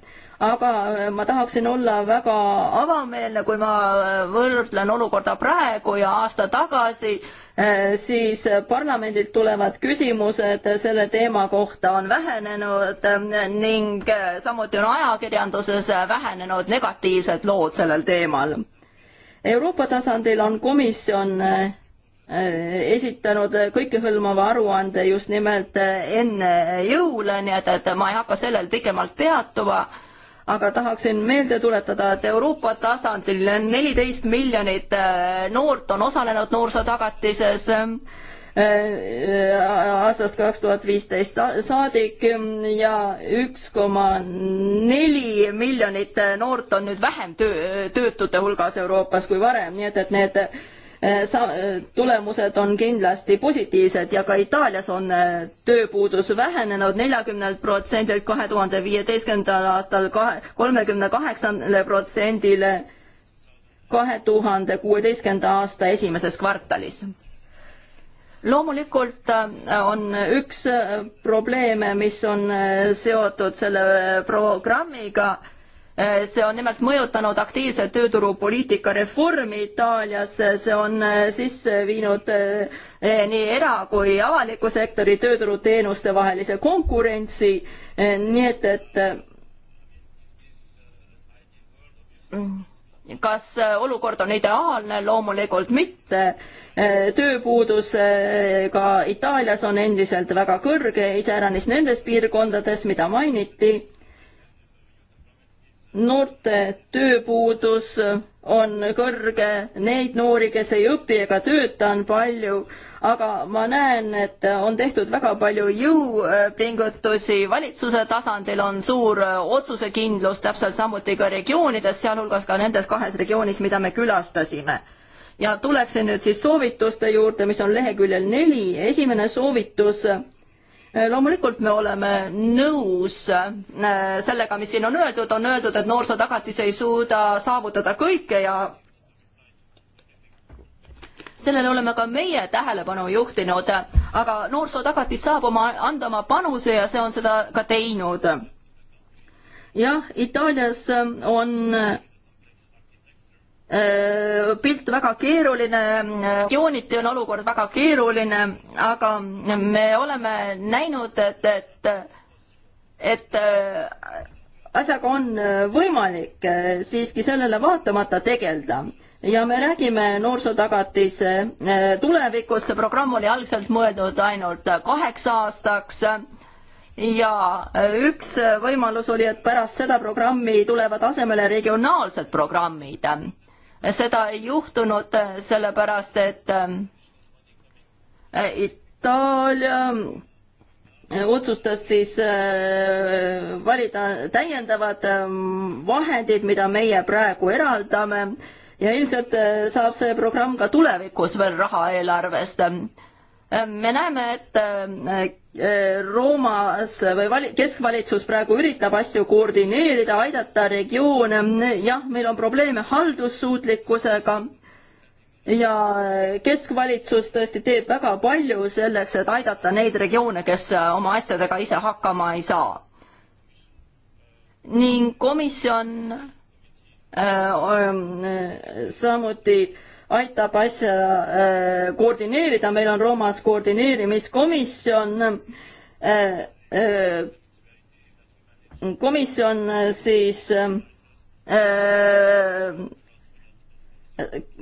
aga ma tahaksin olla väga avameelne, kui ma võrdlen olukorda praegu ja aasta tagasi, Äh, siis parlamendilt tulevad küsimused selle teema kohta on vähenenud äh, ning äh, samuti on ajakirjanduses vähenenud negatiivsed lood sellel teemal. Euroopa tasandil on komisjon esitanud kõikehõlmava aruande just nimelt enne jõule, nii et, et ma ei hakka sellel pikemalt peatuma aga tahaksin meelde tuletada, et Euroopa tasandil neliteist miljonit äh, noort on osalenud noorsootagatises äh, äh, aastast kaks tuhat viisteist saadik ja üks koma neli miljonit noort on nüüd vähem töö, töötute hulgas Euroopas kui varem, nii et, et need Äh, äh, tulemused on kindlasti positiivsed ja ka Itaalias on äh, tööpuudus vähenenud neljakümnelt protsendilt kahe tuhande viieteistkümnendal aastal kahe, kolmekümne kaheksandale protsendile kahe tuhande kuueteistkümnenda aasta esimeses kvartalis loomulikult on üks probleeme, mis on seotud selle programmiga see on nimelt mõjutanud aktiivse tööturupoliitika reformi Itaalias, see on äh, sisse viinud äh, eh, nii era- kui avaliku sektori tööturuteenuste vahelise konkurentsi, eh, nii et, et äh, kas olukord on ideaalne, loomulikult mitte. tööpuudus ka Itaalias on endiselt väga kõrge, iseäranis nendes piirkondades, mida mainiti noorte tööpuudus on kõrge, neid noori, kes ei õpi ega tööta, on palju, aga ma näen, et on tehtud väga palju jõupingutusi, valitsuse tasandil on suur otsusekindlus, täpselt samuti ka regioonides, sealhulgas ka nendes kahes regioonis, mida me külastasime. ja tuleksin nüüd siis soovituste juurde, mis on leheküljel neli, esimene soovitus Eh, loomulikult me oleme nõus eh, sellega, mis siin on öeldud, on öeldud, et noorsootagatis ei suuda saavutada kõike ja sellele oleme ka meie tähelepanu juhtinud, aga noorsootagatis saab oma, anda oma panuse ja see on seda ka teinud. jah, Itaalias on Äh, pilt väga keeruline, jooniti on olukord väga keeruline, aga me oleme näinud, et, et, et äh, asjaga on võimalik äh, siiski sellele vaatamata tegeleda ja me räägime noorsootagatise tulevikust, see programm oli algselt mõeldud ainult kaheks aastaks ja üks võimalus oli, et pärast seda programmi tulevad asemele regionaalsed programmid seda ei juhtunud, äh, sellepärast et äh, Itaalia äh, otsustas siis valida täiendavad ähm, vahendid, mida meie praegu eraldame ja ilmselt saab see programm ka tulevikus veel raha eelarvest. me näeme, et Äh, Roomas või vali-, keskvalitsus praegu üritab asju koordineerida, aidata regioone, jah, meil on probleeme haldussuutlikkusega ja äh, keskvalitsus tõesti teeb väga palju selleks, et aidata neid regioone, kes äh, oma asjadega ise hakkama ei saa. ning komisjon äh, äh, samuti äh, aitab asja äh, koordineerida, meil on Roomas koordineerimiskomisjon. Äh, äh, komisjon siis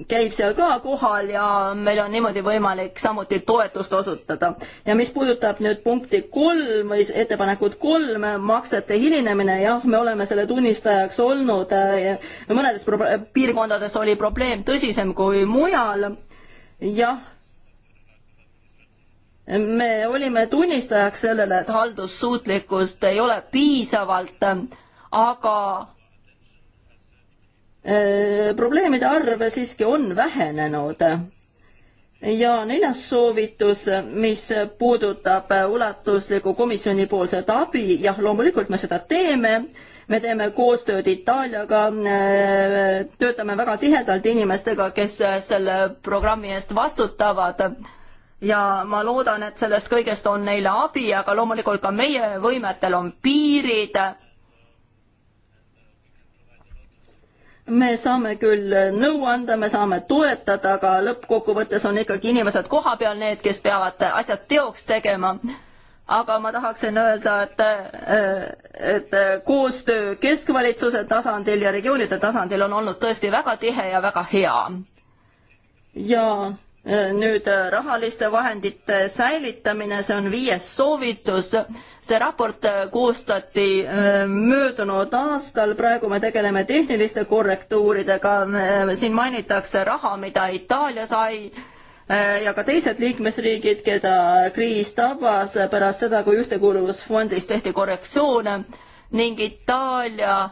käib seal ka kohal ja meil on niimoodi võimalik samuti toetust osutada. ja mis puudutab nüüd punkti kolm või ettepanekut kolm, maksete hilinemine, jah, me oleme selle tunnistajaks olnud, äh, mõnedes piirkondades oli probleem tõsisem kui mujal, jah, me olime tunnistajaks sellele, et haldussuutlikkust ei ole piisavalt, aga Äh, probleemide arv siiski on vähenenud. ja neljas soovitus, mis puudutab ulatuslikku komisjonipoolset abi, jah, loomulikult me seda teeme, me teeme koostööd Itaaliaga, äh, töötame väga tihedalt inimestega, kes selle programmi eest vastutavad ja ma loodan, et sellest kõigest on neile abi, aga loomulikult ka meie võimetel on piirid me saame küll nõu anda, me saame toetada, aga lõppkokkuvõttes on ikkagi inimesed kohapeal need, kes peavad asjad teoks tegema. aga ma tahaksin öelda, et, et koostöö keskvalitsuse tasandil ja regioonide tasandil on olnud tõesti väga tihe ja väga hea. ja nüüd äh, rahaliste vahendite säilitamine, see on viies soovitus. see raport äh, koostati äh, möödunud aastal, praegu me tegeleme tehniliste korrektuuridega, siin mainitakse raha, mida Itaalia sai ja ka teised liikmesriigid, keda kriis tabas pärast seda, kui Ühtekuuluvusfondis tehti korrektsioone ning Itaalia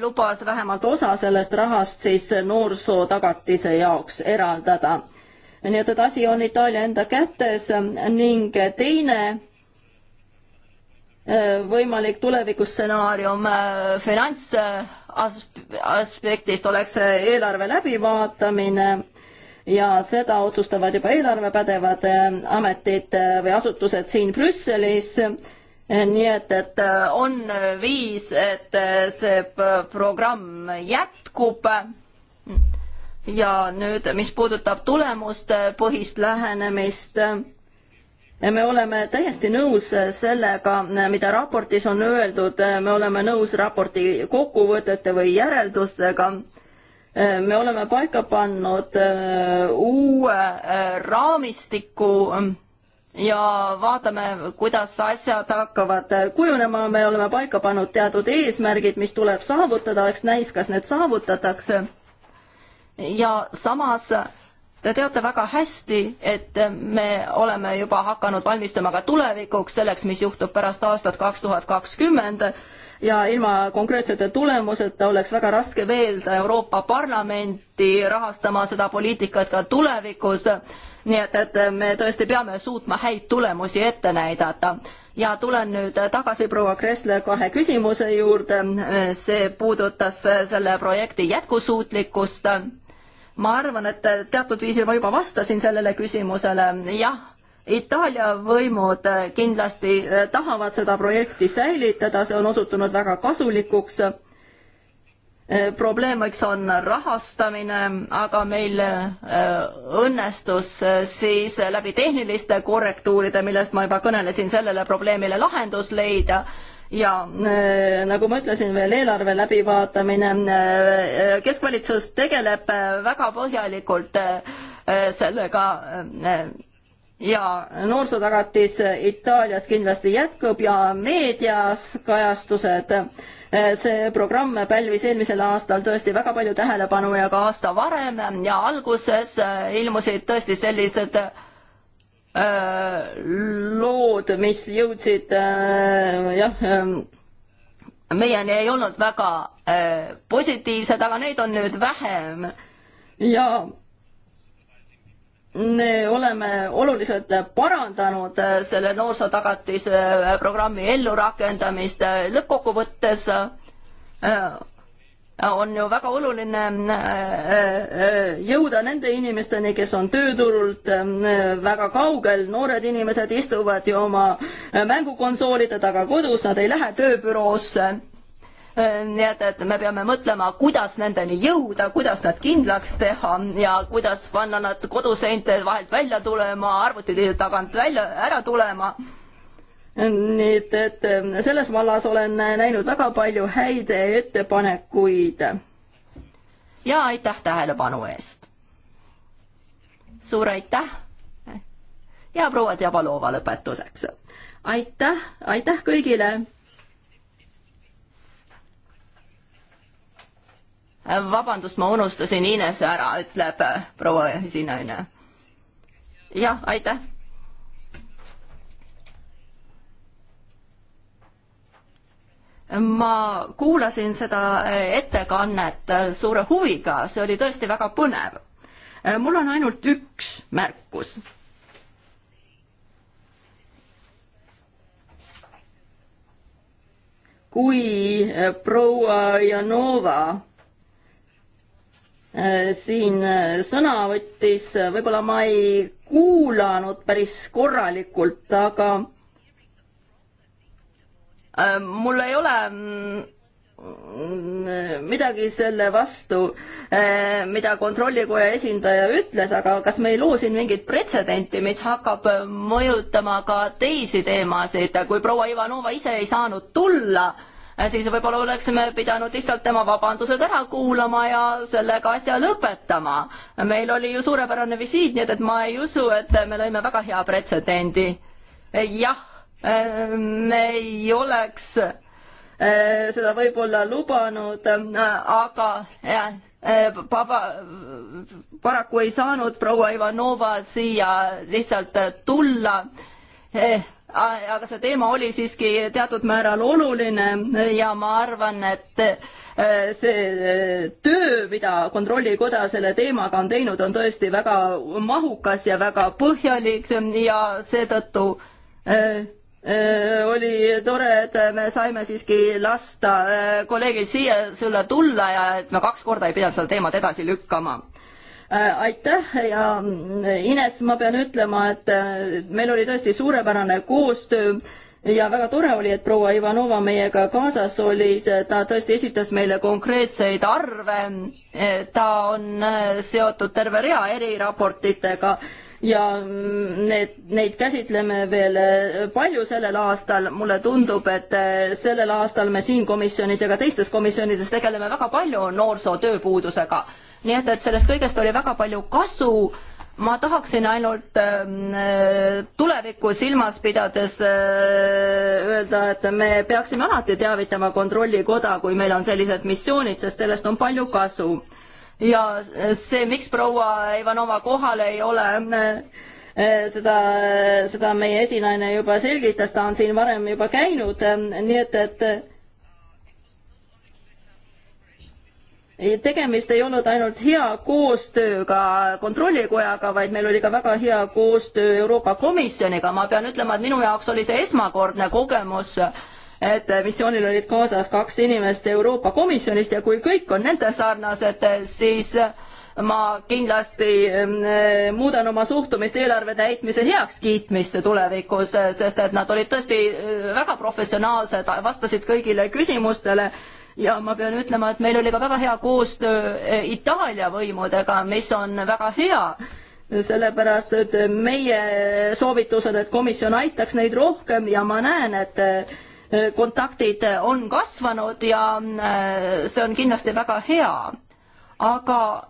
lubas vähemalt osa sellest rahast siis noorsootagatise jaoks eraldada. nii et, et asi on Itaalia enda kätes ning teine äh, võimalik tulevikustsenaarium äh, finantsaspektist oleks eelarve läbivaatamine ja seda otsustavad juba eelarvepädevad äh, ametid või asutused siin Brüsselis nii et, et äh, on viis, et äh, see programm jätkub. ja nüüd, mis puudutab tulemustepõhist lähenemist, me oleme täiesti nõus sellega, mida raportis on öeldud, me oleme nõus raporti kokkuvõtete või järeldustega me oleme paika pannud äh, uue raamistiku ja vaatame, kuidas asjad hakkavad kujunema, me oleme paika pannud teatud eesmärgid, mis tuleb saavutada, eks näis, kas need saavutatakse. ja samas te teate väga hästi, et me oleme juba hakanud valmistuma ka tulevikuks, selleks, mis juhtub pärast aastat kaks tuhat kakskümmend ja ilma konkreetsete tulemuseta oleks väga raske veelda Euroopa Parlamenti rahastama seda poliitikat ka tulevikus nii et, et me tõesti peame suutma häid tulemusi ette näidata. ja tulen nüüd tagasi proua Kressle kahe küsimuse juurde, see puudutas selle projekti jätkusuutlikkust. ma arvan, et teatud viisil ma juba vastasin sellele küsimusele, jah Itaalia võimud kindlasti tahavad seda projekti säilitada, see on osutunud väga kasulikuks Äh, probleemiks on rahastamine, aga meil äh, õnnestus äh, siis läbi tehniliste korrektuuride, millest ma juba kõnelesin, sellele probleemile lahendus leida ja nagu ma ütlesin, veel eelarve läbivaatamine, keskvalitsus tegeleb väga põhjalikult sellega, ja noorsootagatis Itaalias kindlasti jätkub ja meedias kajastused. see programm pälvis eelmisel aastal tõesti väga palju tähelepanu ja ka aasta varem ja alguses ilmusid tõesti sellised äh, lood, mis jõudsid äh, jah, ähm, meieni ei olnud väga äh, positiivsed, aga neid on nüüd vähem ja me oleme oluliselt parandanud selle noorsootagatise programmi ellurakendamist. lõppkokkuvõttes äh, äh, on ju väga oluline äh, jõuda nende inimesteni, kes on tööturult väga kaugel, noored inimesed istuvad ju oma mängukonsoolide taga kodus, nad ei lähe tööbüroosse Ehm, nii et, et me peame mõtlema, kuidas nendeni jõuda, kuidas nad kindlaks teha ja kuidas panna nad koduseinte vahelt välja tulema, arvutite tagant välja, ära tulema. Ehm, nii et, et ehm, selles vallas olen näinud väga palju häid ettepanekuid. ja aitäh tähelepanu eest. suur aitäh. ja proua Tjabalova lõpetuseks. aitäh, aitäh kõigile vabandust, ma unustasin Ines ära, ütleb proua esinaine. jah, aitäh. ma kuulasin seda ettekannet suure huviga, see oli tõesti väga põnev. mul on ainult üks märkus kui proua Janova Äh, siin äh, sõna võttis, äh, võib-olla ma ei kuulanud päris korralikult, aga mul ei ole mm, midagi selle vastu, mida Kontrollikoja esindaja ütles, aga kas me ei loo siin mingit pretsedenti, mis hakkab mõjutama ka teisi teemasid, kui proua Ivanova ise ei saanud tulla Äh, siis võib-olla oleksime pidanud lihtsalt tema vabandused ära kuulama ja sellega asja lõpetama. meil oli ju suurepärane visiit, nii et, et ma ei usu, et me lõime väga hea pretsedendi. Äh, jah, äh, me ei oleks seda võib-olla lubanud, aga jah, Papa, paraku ei saanud proua Ivanova siia lihtsalt tulla aga see teema oli siiski teatud määral oluline ja ma arvan, et äh, see äh, töö, mida Kontrollikoda selle teemaga on teinud, on tõesti väga mahukas ja väga põhjalik ja seetõttu äh, oli tore, et me saime siiski lasta kolleegil siia sulle tulla ja et me kaks korda ei pidanud seda teemat edasi lükkama Äh, aitäh ja äh, Ines, ma pean ütlema, et äh, meil oli tõesti suurepärane koostöö ja väga tore oli, et proua Ivanova meiega kaasas oli, ta tõesti esitas meile konkreetseid arve, ta on seotud terve rea eriraportitega ja need, neid käsitleme veel eh, palju sellel aastal. mulle tundub, et eh, sellel aastal me siin komisjonis ja ka teistes komisjonides tegeleme väga palju noorsootööpuudusega. nii et, et sellest kõigest oli väga palju kasu ma tahaksin ainult äh, tulevikku silmas pidades äh, öelda, et me peaksime alati teavitama Kontrollikoda, kui meil on sellised missioonid, sest sellest on palju kasu äh, ja see, miks proua Ivanova kohal ei ole, äh, seda, seda meie esinaine juba selgitas, ta on siin varem juba käinud, äh, nii et, et äh, tegemist ei olnud ainult hea koostööga Kontrollikojaga, vaid meil oli ka väga hea koostöö Euroopa Komisjoniga, ma pean ütlema, et minu jaoks oli see esmakordne kogemus äh, et missioonil olid kaasas kaks inimest Euroopa Komisjonist ja kui kõik on nende sarnased, siis ma kindlasti mm, eh, muudan oma suhtumist eelarve täitmise heakskiitmisse tulevikus, sest et nad olid tõesti eh, väga professionaalsed, vastasid kõigile küsimustele ja ma pean ütlema, et meil oli ka väga hea koostöö eh, Itaalia võimudega, mis on väga hea sellepärast, et meie soovitus on, et komisjon aitaks neid rohkem ja ma näen, et kontaktid on kasvanud ja äh, see on kindlasti väga hea. aga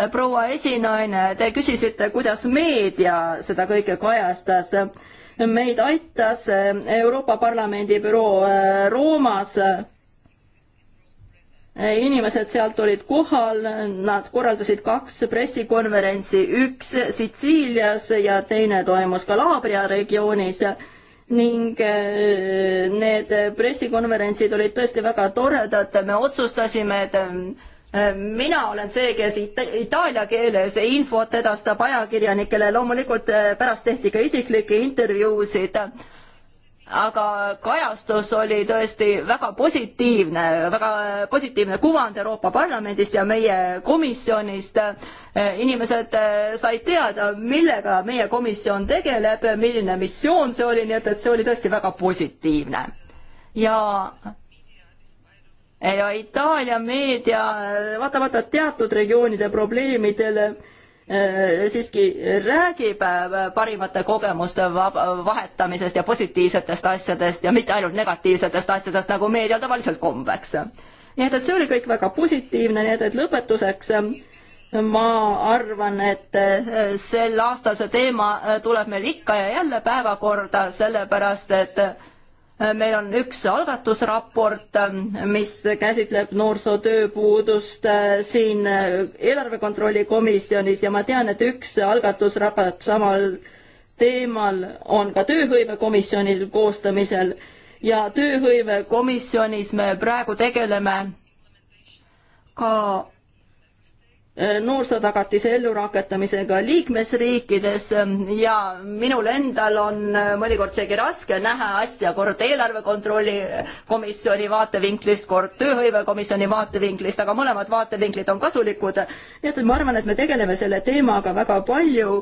äh, proua esinaine, te küsisite, kuidas meedia seda kõike kajastas meid aitas äh, Euroopa Parlamendi büroo Roomas. inimesed sealt olid kohal, nad korraldasid kaks pressikonverentsi, üks Sitsiilias ja teine toimus Kalabria regioonis ning äh, need pressikonverentsid olid tõesti väga toredad, me otsustasime, et äh, mina olen see, kes ita itaalia keeles infot edastab ajakirjanikele, loomulikult äh, pärast tehti ka isiklikke intervjuusid aga kajastus oli tõesti väga positiivne, väga positiivne kuvand Euroopa Parlamendist ja meie komisjonist. inimesed eh, said teada, millega meie komisjon tegeleb, milline missioon see oli, nii et, et see oli tõesti väga positiivne. ja ja Itaalia meedia vaatamata teatud regioonide probleemidele Äh, siiski räägib äh, parimate kogemuste vahetamisest ja positiivsetest asjadest ja mitte ainult negatiivsetest asjadest, nagu meedial tavaliselt kombeks. nii et, et see oli kõik väga positiivne, nii et, et lõpetuseks äh, ma arvan, et sel aastal see teema tuleb meil ikka ja jälle päevakorda, sellepärast et meil on üks algatusraport, mis käsitleb noorsootööpuudust äh, siin äh, eelarve kontrolli komisjonis ja ma tean, et üks algatusraport samal teemal on ka tööhõivekomisjonil koostamisel ja tööhõivekomisjonis me praegu tegeleme ka Äh, noorsootagatise ellurakendamisega liikmesriikides ja minul endal on äh, mõnikord seegi raske näha asja kord eelarve kontrolli äh, komisjoni vaatevinklist, kord tööhõivekomisjoni vaatevinklist, aga mõlemad vaatevinklid on kasulikud. nii et, et ma arvan, et me tegeleme selle teemaga väga palju.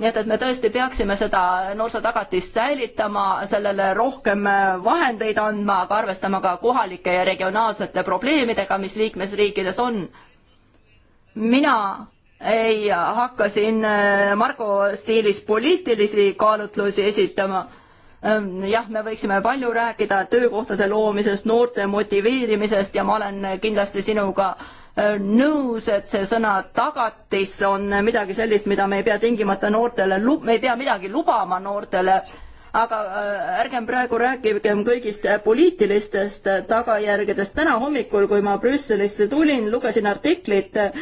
nii et, et me tõesti peaksime seda noorsootagatist säilitama, sellele rohkem vahendeid andma, aga arvestama ka kohalike ja regionaalsete probleemidega, mis liikmesriikides on mina ei hakka siin äh, Margo stiilis poliitilisi kaalutlusi esitama. Ähm, jah, me võiksime palju rääkida töökohtade loomisest, noorte motiveerimisest ja ma olen kindlasti sinuga äh, nõus, et see sõna tagatis on midagi sellist, mida me ei pea tingimata noortele, me ei pea midagi lubama noortele aga äh, ärgem praegu rääkigem kõigist poliitilistest tagajärgedest. täna hommikul, kui ma Brüsselisse tulin, lugesin artiklit äh,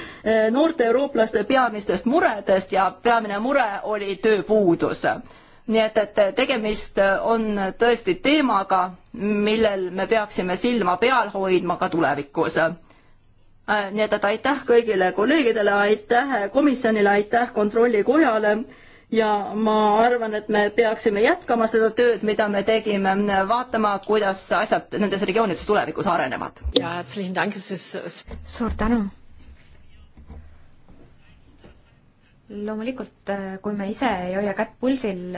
noorte eurooplaste peamistest muredest ja peamine mure oli tööpuudus nii et, et tegemist on tõesti teemaga, millel me peaksime silma peal hoidma ka tulevikus. Äh, nii et, et aitäh kõigile kolleegidele, aitäh komisjonile, aitäh kontrollikojale ja ma arvan, et me peaksime jätkama seda tööd, mida me tegime, vaatama, kuidas asjad nendes regioonides tulevikus arenevad. suur tänu. loomulikult, äh, kui me ise ei hoia kätt pulsil,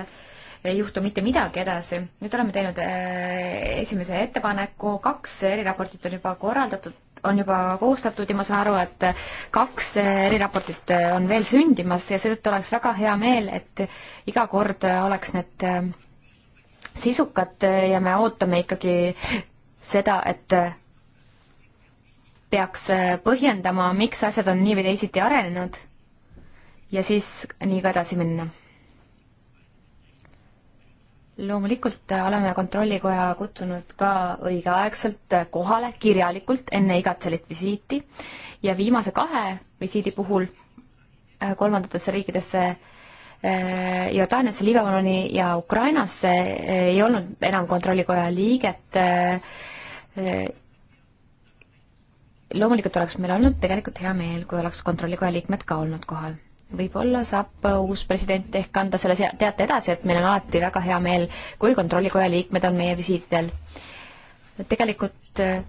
ei juhtu mitte midagi edasi. nüüd oleme teinud äh, esimese ettepaneku, kaks eriraportit on juba korraldatud, on juba koostatud ja ma saan aru, et kaks eriraportit äh, on veel sündimas ja seetõttu oleks väga hea meel, et iga kord oleks need äh, sisukad ja me ootame ikkagi seda, et peaks põhjendama, miks asjad on nii või teisiti arenenud ja siis nii ka edasi minna loomulikult äh, oleme Kontrollikoja kutsunud ka õigeaegselt kohale kirjalikult enne igat sellist visiiti ja viimase kahe visiidi puhul äh, kolmandatesse riikidesse äh, Jordaaniasse, Liibanoni ja Ukrainasse ei olnud enam Kontrollikoja liiget. loomulikult oleks meil olnud tegelikult hea meel, kui oleks Kontrollikoja liikmed ka olnud kohal võib-olla saab äh, uus president ehk anda selle teate edasi, et meil on alati väga hea meel, kui Kontrollikoja liikmed on meie visiitidel. tegelikult äh,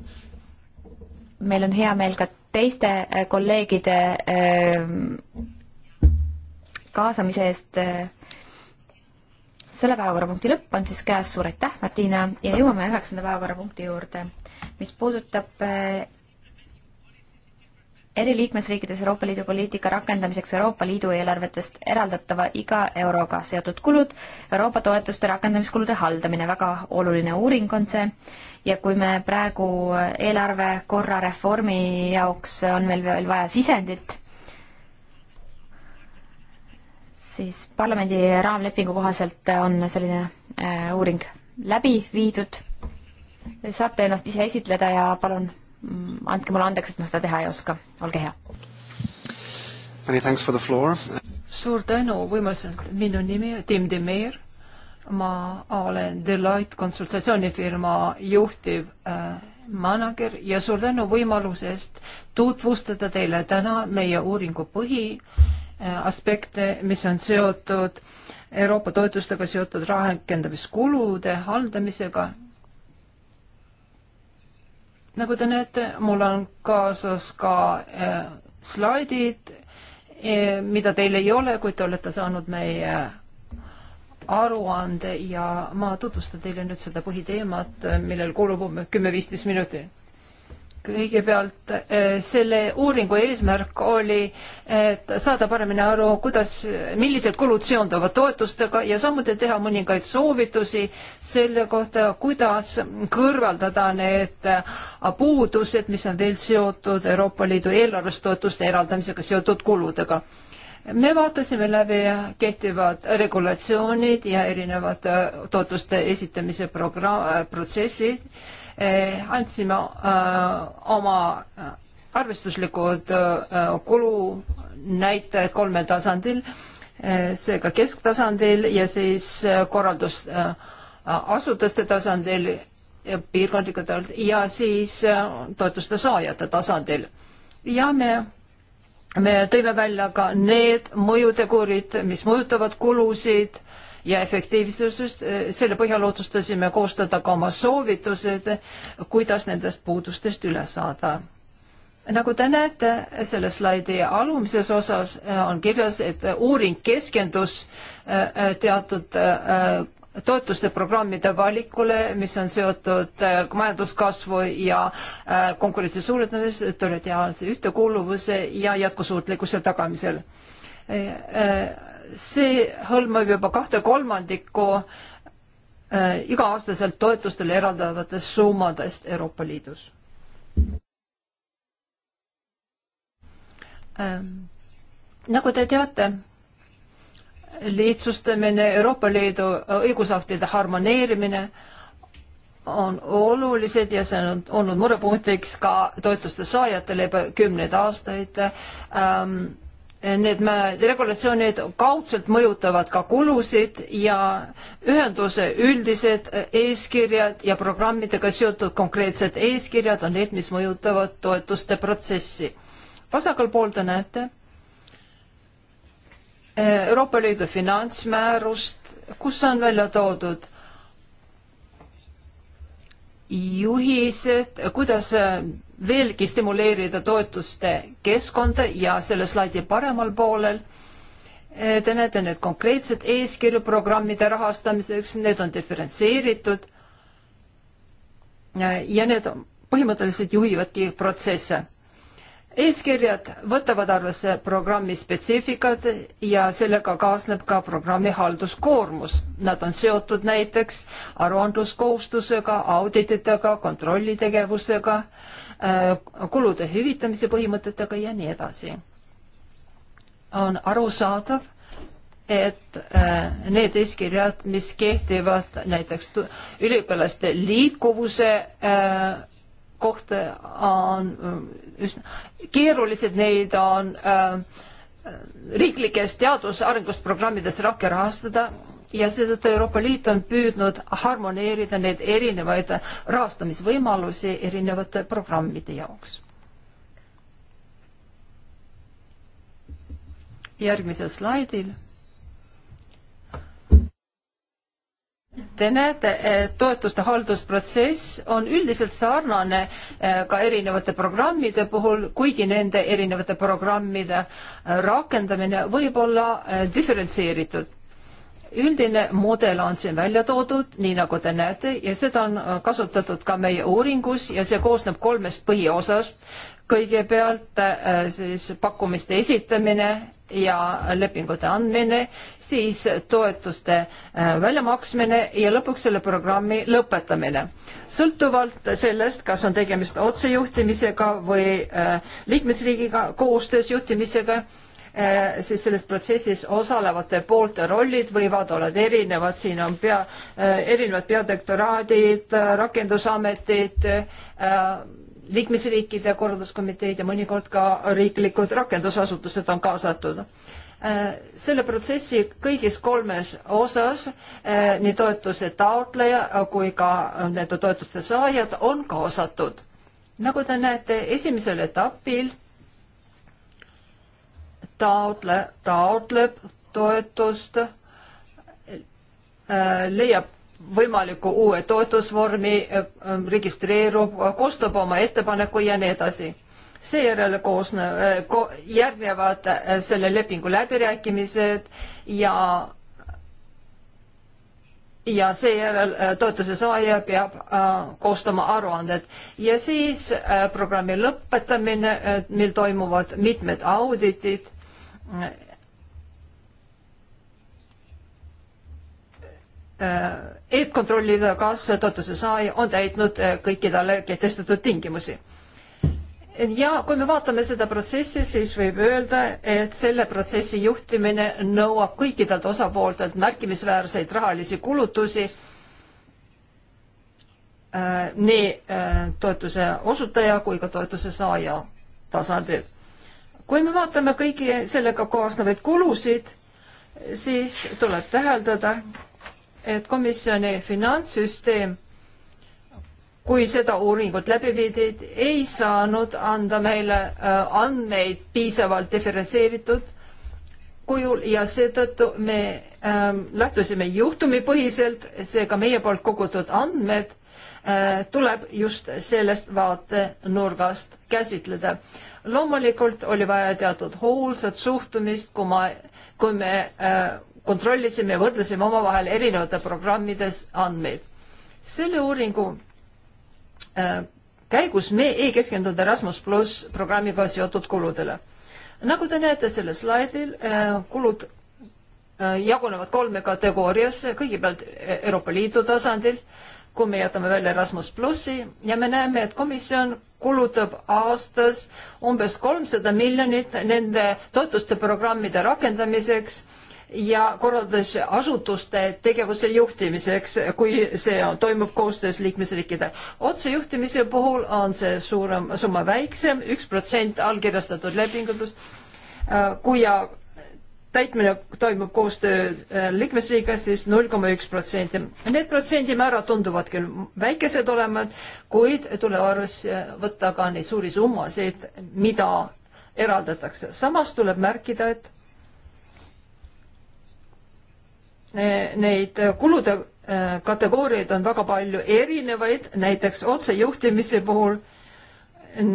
meil on hea meel ka teiste äh, kolleegide kaasamise eest. selle päevakorrapunkti lõpp on siis käes, suur aitäh, Martina, ja jõuame üheksanda päevakorrapunkti juurde, mis puudutab eri liikmesriikides Euroopa Liidu poliitika rakendamiseks Euroopa Liidu eelarvetest eraldatava iga euroga seotud kulud, Euroopa toetuste rakendamiskulude haldamine, väga oluline uuring on see, ja kui me praegu eelarve korra reformi jaoks on meil veel vaja sisendit, siis parlamendi raamlepingu kohaselt on selline äh, uuring läbi viidud. saate ennast ise esitleda ja palun Mm, andke mulle andeks, et ma seda teha ei oska, olge hea. Many thanks for the floor. suur tänu võimaluse, minu nimi on Tim Demir, ma olen Deloitte konsultatsioonifirma juhtiv äh, manager ja suur tänu võimaluse eest tutvustada teile täna meie uuringu põhiaspekte, äh, mis on seotud Euroopa toetustega seotud rakendamiskulude haldamisega nagu te näete, mul on kaasas ka äh, slaidid äh,, mida teil ei ole, kuid te olete saanud meie aruande ja ma tutvustan teile nüüd seda põhiteemat, äh, millel kulub kümme-viisteist minutit kõigepealt eh, selle uuringu eesmärk oli, et saada paremini aru, kuidas, millised kulud seonduvad toetustega ja samuti teha mõningaid soovitusi selle kohta, kuidas kõrvaldada need äh, puudused, mis on veel seotud Euroopa Liidu eelarvestoetuste eraldamisega seotud kuludega me vaatasime läbi kehtivad regulatsioonid ja erinevad äh, toetuste esitamise programm, protsessid andsime äh, oma äh, arvestuslikud äh, kulunäitajad kolmel tasandil, seega kesktasandil ja siis korraldus asutuste tasandil ja piirkondliku tasandil ja siis toetuste saajate tasandil. ja me, me tõime välja ka need mõjutegurid, mis mõjutavad kulusid ja efektiivsusest, äh, selle põhjal otsustasime koostada ka oma soovitused, kuidas nendest puudustest üle saada. nagu te näete, selle slaidi alumises osas äh, on kirjas, et uuring keskendus äh, teatud toetuste programmide valikule, mis on seotud majanduskasvu ja konkurentsi suurendamise, territoriaalse ühtekuuluvuse ja jätkusuutlikkuse tagamisel see hõlmab juba kahte kolmandikku äh, iga-aastaselt toetustele eraldavatest summadest Euroopa Liidus ähm,. nagu te teate, lihtsustamine, Euroopa Liidu õigusaktide harmoneerimine on olulised ja see on olnud murepunktiks ka toetuste saajatele juba kümneid aastaid ähm, Need regulatsioonid kaudselt mõjutavad ka kulusid ja ühenduse üldised äh, eeskirjad ja programmidega seotud konkreetsed eeskirjad on need, mis mõjutavad toetuste protsessi. vasakal pool te näete äh, Euroopa Liidu finantsmäärust, kus on välja toodud juhised, kuidas äh, veelgi stimuleerida toetuste keskkonda ja selle slaidi paremal poolel eh, te näete need konkreetsed eeskirju programmide rahastamiseks, need on diferentseeritud eh, ja need põhimõtteliselt juhivadki protsesse. eeskirjad võtavad arvesse programmi spetsiifikat ja sellega kaasneb ka programmi halduskoormus. Nad on seotud näiteks aruandluskohustusega, audititega, kontrollitegevusega äh,, Äh, kulude hüvitamise põhimõtetega ja nii edasi. on arusaadav, et äh, need eeskirjad, mis kehtivad näiteks üliõpilaste liikuvuse äh, kohta, on üsna keerulised, neid on riiklikes teadus- arengusprogrammides rakke rahastada ja seetõttu Euroopa Liit on püüdnud harmoneerida neid erinevaid rahastamisvõimalusi erinevate programmide jaoks. järgmisel slaidil Te näete, et toetuste haldusprotsess on üldiselt sarnane eh, ka erinevate programmide puhul, kuigi nende erinevate programmide rakendamine võib olla eh, diferentseeritud üldine mudel on siin välja toodud, nii nagu te näete, ja seda on äh, kasutatud ka meie uuringus ja see koosneb kolmest põhiosast. kõigepealt äh, siis pakkumiste esitamine ja lepingute andmine, siis toetuste äh, väljamaksmine ja lõpuks selle programmi lõpetamine. sõltuvalt sellest, kas on tegemist otsejuhtimisega või liikmesriigiga koostöös juhtimisega Äh, siis selles protsessis osalevate poolte rollid võivad olla erinevad, siin on pea, äh, erinevad peadirektoraadid, äh, rakendusametid, liikmesriikide korralduskomiteed ja mõnikord ka riiklikud rakendusasutused on kaasatud selle protsessi kõigis kolmes osas nii toetuse taotleja kui ka nende toetuste saajad on kaasatud. nagu te näete, esimesel etapil taotle, taotleb toetust, äh, leiab võimaliku uue toetusvormi, äh, äh, registreerub, koostab oma ettepaneku ja nii edasi. seejärel koosne- ko,, järgnevad selle lepingu läbirääkimised ja ja seejärel toetuse saaja peab koostama aruanded ja siis programmi lõpetamine, mil toimuvad mitmed auditid Äh, et kontrollida, kas toetuse saaja on täitnud äh, kõiki talle kehtestatud tingimusi. ja kui me vaatame seda protsessi, siis võib öelda, et selle protsessi juhtimine nõuab kõikidelt osapooltelt märkimisväärseid rahalisi kulutusi äh, nii toetuse osutaja kui ka toetuse saaja tasandil kui me vaatame kõigi sellega kaasnevaid kulusid, siis tuleb täheldada, et komisjoni finantssüsteem, kui seda uuringut läbi viidi, ei saanud anda meile äh, andmeid piisavalt diferentseeritud kujul ja seetõttu me ähm, lähtusime juhtumipõhiselt, seega meie poolt kogutud andmed äh, tuleb just sellest vaatenurgast käsitleda loomulikult oli vaja teatud hoolsat suhtumist, kui ma, kui me äh, kontrollisime ja võrdlesime omavahel erinevate programmides andmeid. selle uuringu äh, käigus me ei keskendunud Erasmus pluss programmiga seotud kuludele. nagu te näete sellel slaidil äh,, kulud äh, jagunevad kolme kategooriasse, kõigepealt Euroopa Liidu tasandil, kui me jätame välja Erasmus plussi ja me näeme, et komisjon kulutab aastas umbes kolmsada miljonit nende toetuste programmide rakendamiseks ja korraldas asutuste tegevuse juhtimiseks, kui see toimub koostöös liikmesriikide. otsejuhtimise puhul on see suurem summa väiksem, üks protsent allkirjastatud lepingutest, äh, kui ja täitmine toimub koostöö äh, liikmesriigiga, siis null koma üks protsenti. Need protsendimäärad tunduvad küll väikesed olevat, kuid tuleb arvesse äh, võtta ka neid suuri summasid, mida eraldatakse. samas tuleb märkida, et äh, neid kulude kategooriaid on väga palju erinevaid, näiteks otsejuhtimise puhul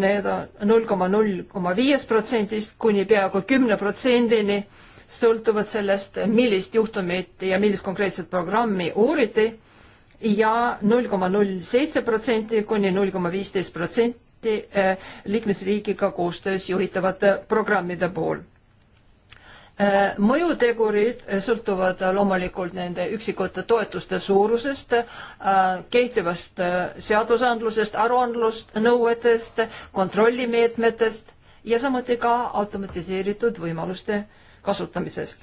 need on null koma null koma viiest protsendist kuni peaaegu kümne protsendini sõltuvad sellest, millist juhtumit ja millist konkreetset programmi uuriti ja null koma null seitse protsenti kuni null koma viisteist protsenti äh, liikmesriigiga koostöös juhitavate programmide puhul äh, mõjutegurid sõltuvad loomulikult nende üksikute toetuste suurusest, äh, kehtivast seadusandlusest, aruandlust, nõuetest, kontrollimeetmetest ja samuti ka automatiseeritud võimaluste kasutamisest.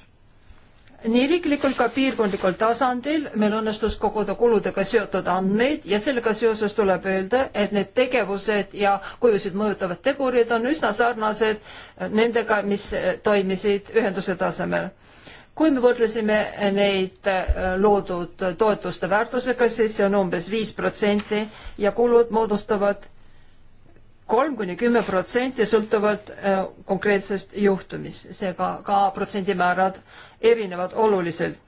nii riiklikul kui piirkondlikul tasandil meil õnnestus koguda kuludega seotud andmeid ja sellega seoses tuleb öelda, et need tegevused ja kujusid mõjutavad tegurid on üsna sarnased nendega, mis toimisid ühenduse tasemel kui me võrdlesime neid äh, loodud toetuste väärtusega, siis see on umbes viis protsenti ja kulud moodustavad kolm kuni kümme protsenti sõltuvalt äh, konkreetsest juhtumist, seega ka, ka protsendimäärad erinevad oluliselt.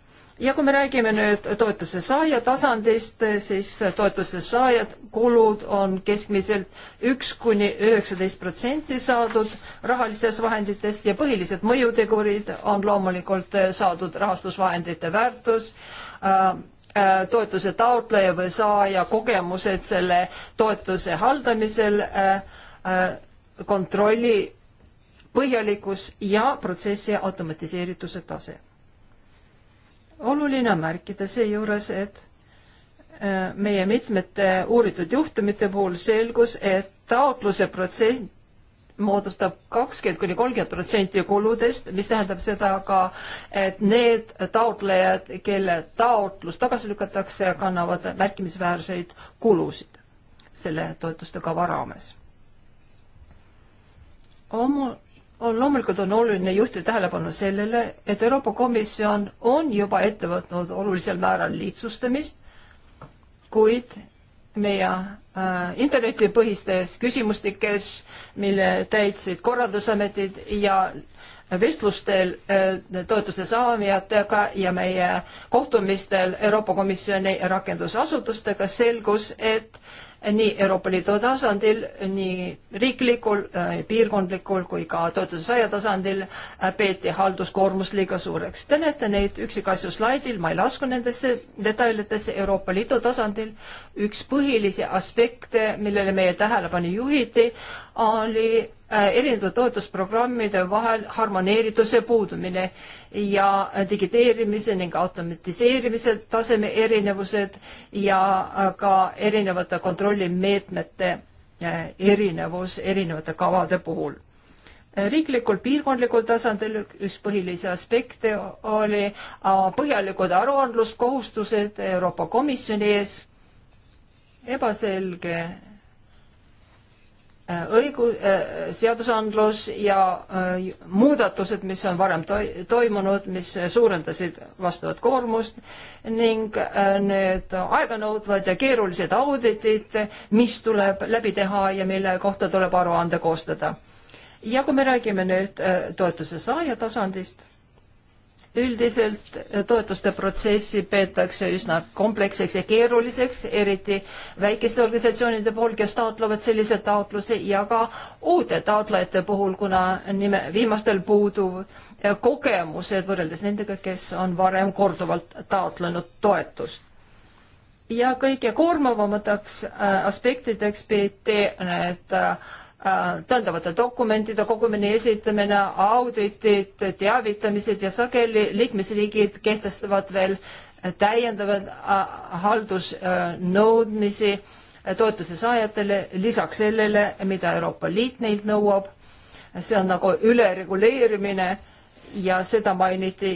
ja kui me räägime nüüd toetuse saaja tasandist, siis toetuse saajad, kulud on keskmiselt üks kuni üheksateist protsenti saadud rahalistest vahenditest ja põhilised mõjutegurid on loomulikult saadud rahastusvahendite väärtus äh,, Äh, toetuse taotleja või saaja kogemused selle toetuse haldamisel, äh, äh, kontrolli põhjalikkus ja protsessi automatiseerituse tase. oluline on märkida seejuures, et meie mitmete uuritud juhtumite puhul selgus, et taotluse protsent moodustab kakskümmend kuni kolmkümmend protsenti kuludest, mis tähendab seda ka, et need taotlejad, kelle taotlus tagasi lükatakse, kannavad märkimisväärseid kulusid selle toetuste kava raames. on, on loomulikult on oluline juhtida tähelepanu sellele, et Euroopa Komisjon on juba ette võtnud olulisel määral lihtsustamist, kuid meie äh, internetipõhistes küsimustikes, mille täitsid korraldusametid ja vestlustel äh, toetuste saamijatega ja meie kohtumistel Euroopa Komisjoni rakendusasutustega selgus, et äh, nii Euroopa Liidu tasandil, nii riiklikul, äh, piirkondlikul kui ka toetuse saaja tasandil äh, peeti halduskoormus liiga suureks. Te näete neid üksikasju slaidil, ma ei lasku nendesse detailidesse Euroopa Liidu tasandil. üks põhilisi aspekte, millele meie tähelepanu juhiti, oli Äh, erinevate toetusprogrammide vahel harmoneerituse puudumine ja digiteerimise ning automatiseerimise taseme erinevused ja äh, ka erinevate kontrollimeetmete äh, erinevus erinevate kavade puhul riiklikul piirkondlikul tasandil üks põhilisi aspekte oli põhjalikud aruandluskohustused Euroopa Komisjoni ees, ebaselge Äh, õigu-, äh, seadusandlus ja äh, muudatused, mis on varem toi-, toimunud, mis suurendasid vastavat koormust ning need aeganõudvad ja keerulised auditid, mis tuleb läbi teha ja mille kohta tuleb aruande koostada. ja kui me räägime nüüd toetuse saaja tasandist üldiselt toetuste protsessi peetakse üsna kompleksseks ja keeruliseks, eriti väikeste organisatsioonide puhul, kes taotlevad sellise taotluse ja ka uute taotlejate puhul, kuna nime, viimastel puuduv kogemused võrreldes nendega, kes on varem korduvalt taotlenud toetust. ja kõige koormavamateks äh, aspektideks peeti need äh, Äh, tõendavate dokumentide kogumine, esitamine, auditid, teavitamised ja sageli liikmesriigid kehtestavad veel täiendavaid äh, haldusnõudmisi äh, toetuse saajatele, lisaks sellele, mida Euroopa Liit neilt nõuab. see on nagu ülereguleerimine ja seda mainiti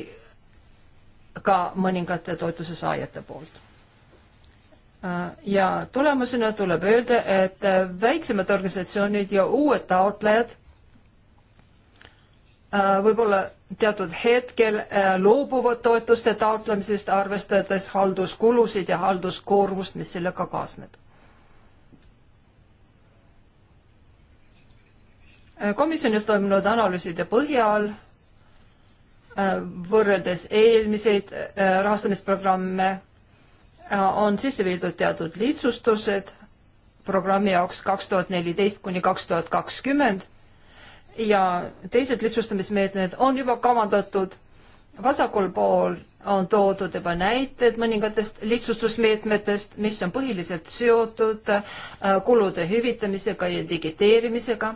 ka mõningate toetuse saajate poolt Äh, ja tulemusena tuleb öelda, et äh, väiksemad organisatsioonid ja uued taotlejad äh, võib-olla teatud hetkel loobuvad toetuste taotlemisest, arvestades halduskulusid ja halduskoormust, mis sellega kaasneb. komisjonis toimunud analüüside põhjal võrreldes eelmiseid rahastamisprogramme Äh, on sisse viidud teatud lihtsustused programmi jaoks kaks tuhat neliteist kuni kaks tuhat kakskümmend ja teised lihtsustamismeetmed on juba kavandatud. vasakul pool on toodud juba näited mõningatest lihtsustusmeetmetest, mis on põhiliselt seotud äh, kulude hüvitamisega ja digiteerimisega.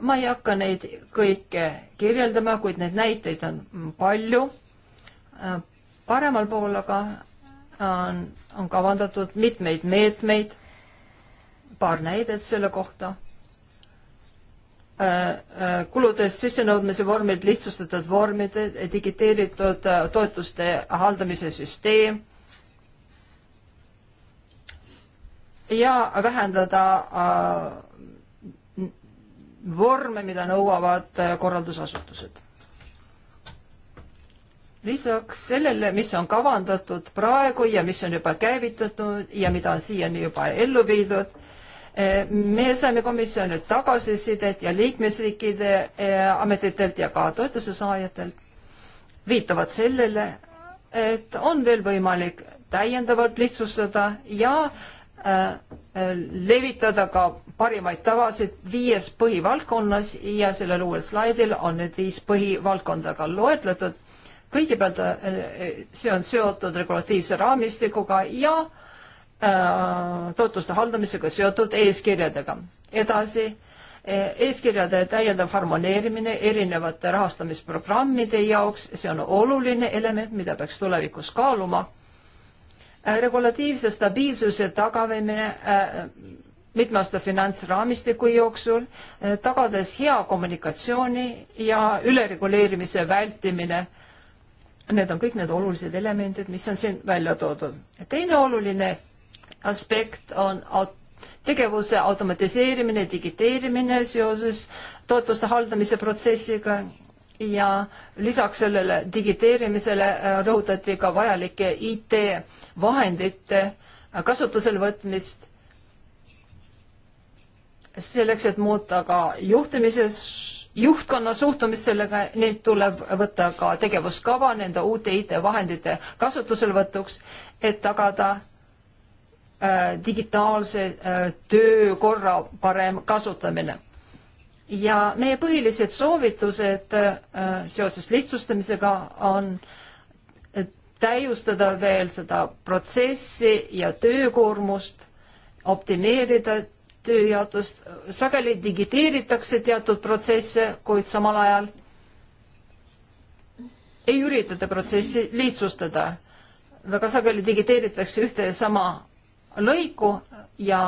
ma ei hakka neid kõike kirjeldama, kuid neid näiteid on palju. Äh, paremal pool aga on, on kavandatud mitmeid meetmeid, paar näidet selle kohta äh, äh, kuludest sissenõudmise vormid, lihtsustatud vormid, digiteeritud äh, toetuste haldamise süsteem ja vähendada vorme, mida nõuavad korraldusasutused lisaks sellele, mis on kavandatud praegu ja mis on juba käivitatud ja mida on siiani juba ellu viidud, me saime komisjonilt tagasisidet ja liikmesriikide eh, ametitelt ja ka toetuse saajatelt viitavad sellele, et on veel võimalik täiendavalt lihtsustada ja eh, levitada ka parimaid tavasid viies põhivaldkonnas ja sellel uuel slaidil on need viis põhivaldkonda ka loetletud kõigepealt äh, see on seotud regulatiivse raamistikuga ja äh, tootluste haldamisega seotud eeskirjadega. edasi, äh, eeskirjade täiendav harmoneerimine erinevate rahastamisprogrammide jaoks, see on oluline element, mida peaks tulevikus kaaluma. Äh, regulatiivse stabiilsuse tagamine äh, mitmeaasta finantsraamistiku jooksul, tagades hea kommunikatsiooni ja ülereguleerimise vältimine Need on kõik need olulised elemendid, mis on siin välja toodud. teine oluline aspekt on tegevuse automatiseerimine, digiteerimine seoses toetuste haldamise protsessiga ja lisaks sellele digiteerimisele äh, rõhutati ka vajalike IT-vahendite äh, kasutusele võtmist selleks, et muuta ka juhtimises juhtkonna suhtumist sellega, nüüd tuleb võtta ka tegevuskava nende uute IT-vahendite kasutuselevõtuks, et tagada äh, digitaalse äh, töökorra parem kasutamine. ja meie põhilised soovitused äh, seoses lihtsustamisega on äh, täiustada veel seda protsessi ja töökoormust, optimeerida tööjaotust, sageli digiteeritakse teatud protsesse, kuid samal ajal ei üritata protsessi lihtsustada. väga sageli digiteeritakse ühte ja sama lõiku ja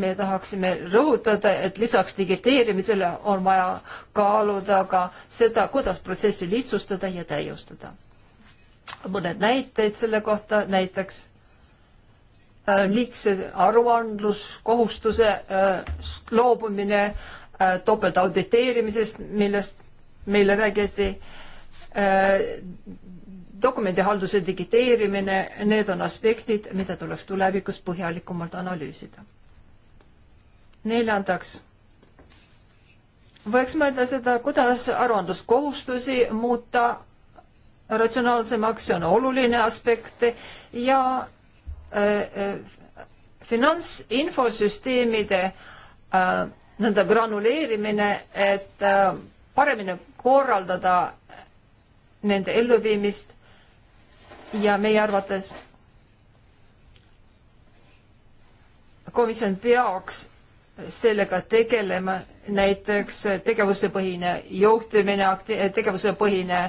me tahaksime rõhutada, et lisaks digiteerimisele on vaja kaaluda ka seda, kuidas protsessi lihtsustada ja täiustada. mõned näited selle kohta, näiteks Äh, liigse aruandluskohustusest äh, loobumine, äh, topeltauditeerimisest, millest meile räägiti, dokumendihalduse digiteerimine, need on aspektid, mida tuleks tulevikus põhjalikumalt analüüsida. neljandaks, võiks mõelda seda, kuidas aruandluskohustusi muuta ratsionaalsemaks, see on oluline aspekt ja Äh, äh, finantsinfosüsteemide äh, nõnda granuleerimine, et paremini korraldada nende elluviimist ja meie arvates komisjon peaks sellega tegelema, näiteks tegevusepõhine juhtimine, tegevusepõhine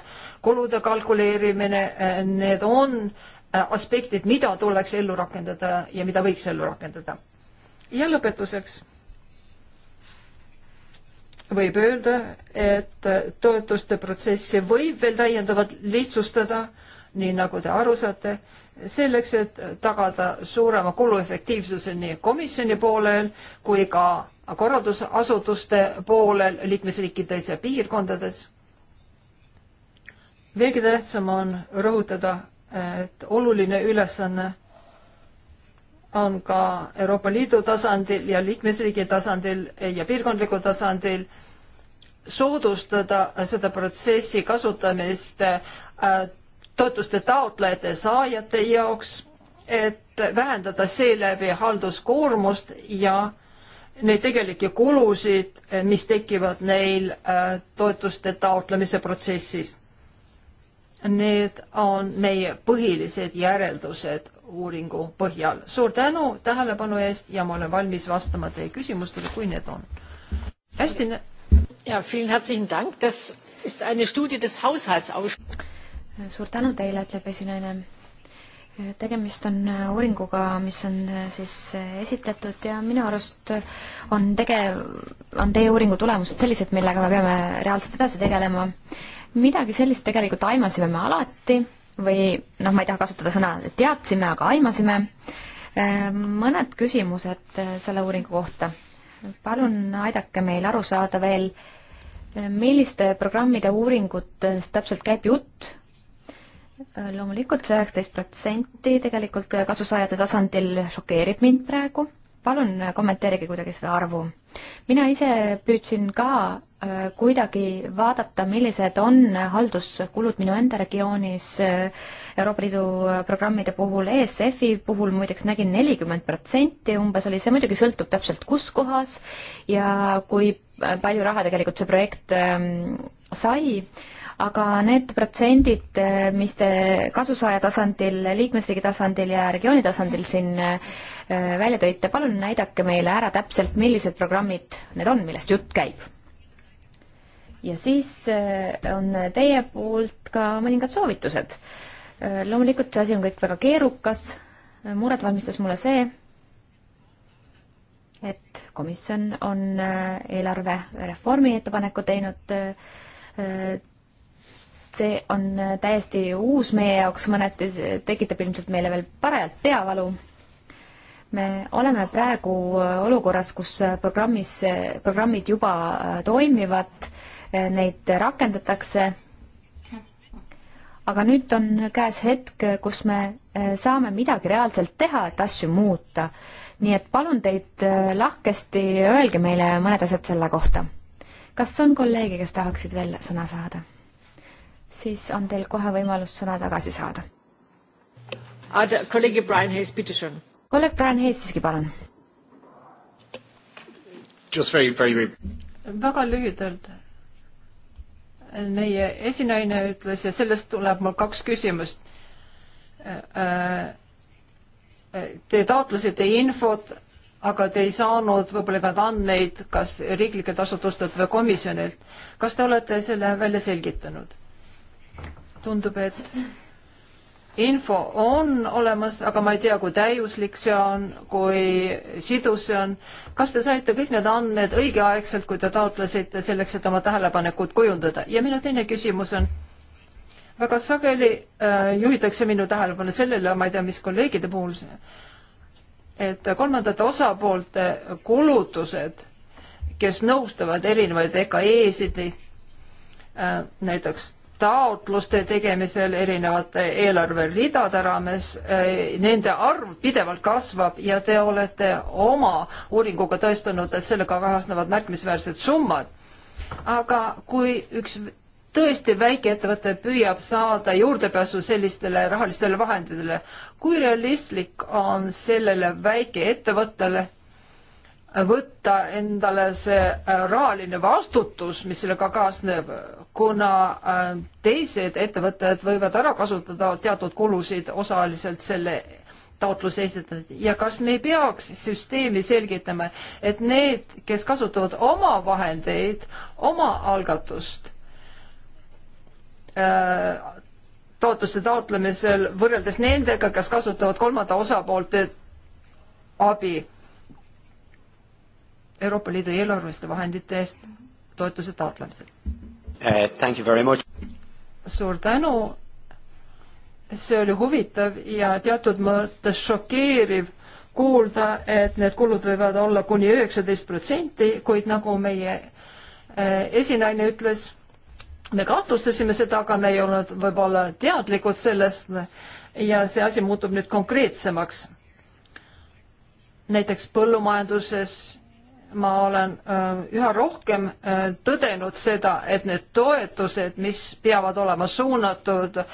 kulude kalkuleerimine, need on äh, Äh, aspektid, mida tuleks ellu rakendada ja mida võiks ellu rakendada. ja lõpetuseks võib öelda, et äh, toetuste protsessi võib veel täiendavalt lihtsustada, nii nagu te aru saate, selleks, et tagada suurema kuluefektiivsuse nii komisjoni poolel kui ka korraldusasutuste poolel liikmesriikides ja piirkondades. veelgi tähtsam on rõhutada et oluline ülesanne on ka Euroopa Liidu tasandil ja liikmesriigi tasandil ja piirkondlikul tasandil soodustada seda protsessi kasutamist äh, toetuste taotlejate saajate jaoks, et vähendada seeläbi halduskoormust ja neid tegelikke kulusid, mis tekivad neil äh, toetuste taotlemise protsessis Need on meie põhilised järeldused uuringu põhjal. suur tänu tähelepanu eest ja ma olen valmis vastama teie küsimustele, kui need on. hästi. ja, vielen herzlichen Dank, das ist eine Studie des Haushaltsaus-. suur tänu teile, ütleb esinaine. tegemist on äh, uuringuga, mis on äh, siis äh, esitletud ja minu arust on tege-, on teie uuringu tulemused sellised, millega me peame reaalselt edasi tegelema midagi sellist tegelikult aimasime me alati või noh, ma ei taha kasutada sõna teadsime, aga aimasime. Ehm, mõned küsimused eh, selle uuringu kohta. palun aidake meil aru saada veel, eh, milliste programmide uuringutest eh, täpselt käib jutt? loomulikult see üheksateist protsenti tegelikult kasusaajate tasandil šokeerib mind praegu palun kommenteerige kuidagi seda arvu. mina ise püüdsin ka äh, kuidagi vaadata, millised on halduskulud minu enda regioonis äh, Euroopa Liidu programmide puhul, ESF-i puhul muideks nägin nelikümmend protsenti umbes oli, see muidugi sõltub täpselt kus kohas ja kui äh, palju raha tegelikult see projekt ähm, sai aga need protsendid, eh, mis te kasusaaja tasandil, liikmesriigi tasandil ja regiooni tasandil siin eh, välja tõite, palun näidake meile ära täpselt, millised programmid need on, millest jutt käib. ja siis eh, on teie poolt ka mõningad soovitused. loomulikult see asi on kõik väga keerukas, muret valmistas mulle see, et komisjon on eelarvereformi ettepaneku teinud see on täiesti uus meie jaoks mõneti, see tekitab ilmselt meile veel parajalt peavalu. me oleme praegu olukorras, kus programmis, programmid juba toimivad, neid rakendatakse, aga nüüd on käes hetk, kus me saame midagi reaalselt teha, et asju muuta. nii et palun teid lahkesti, öelge meile mõned asjad selle kohta. kas on kolleege, kes tahaksid veel sõna saada? siis on teil kohe võimalus sõna tagasi saada. Ah, kolleeg Brian Hayes, palun. kolleeg Brian Hayes siiski, palun. väga lühidalt. meie esinaine ütles ja sellest tuleb mul kaks küsimust. Äh, äh, te taotlesite infot aga te ei saanud võib-olla ka andmeid kas riiklikelt asutustelt või komisjonilt. kas te olete selle välja selgitanud? tundub, et info on olemas, aga ma ei tea, kui täiuslik see on, kui sidus see on. kas te saite kõik need andmed õigeaegselt, kui te taotlesite selleks, et oma tähelepanekut kujundada? ja minu teine küsimus on, väga sageli äh, juhitakse minu tähelepanu sellele, ma ei tea, mis kolleegide puhul see, et kolmandate osapoolte kulutused, kes nõustavad erinevaid EKE-sid äh,, näiteks taotluste tegemisel erinevate eelarveridade raames, eh, nende arv pidevalt kasvab ja te olete oma uuringuga tõestanud, et sellega kaasnevad märkimisväärsed summad. aga kui üks tõesti väikeettevõte püüab saada juurdepääsu sellistele rahalistele vahenditele, kui realistlik on sellele väikeettevõttele võtta endale see äh, rahaline vastutus, mis sellega kaasneb, kuna äh, teised ettevõtted võivad ära kasutada teatud kulusid osaliselt selle taotluse esitatud ja kas me ei peaks süsteemi selgitama, et need, kes kasutavad oma vahendeid, oma algatust äh,, toetuste taotlemisel võrreldes nendega, kes kasutavad kolmanda osapoolte abi Euroopa Liidu eelarveliste vahendite eest toetuse taotlemisel uh,. suur tänu. see oli huvitav ja teatud mõttes šokeeriv kuulda, et need kulud võivad olla kuni üheksateist protsenti, kuid nagu meie eh, esinaine ütles, me kahtlustasime seda, aga me ei olnud võib-olla teadlikud sellest ja see asi muutub nüüd konkreetsemaks. näiteks põllumajanduses ma olen äh, üha rohkem äh, tõdenud seda, et need toetused, mis peavad olema suunatud äh,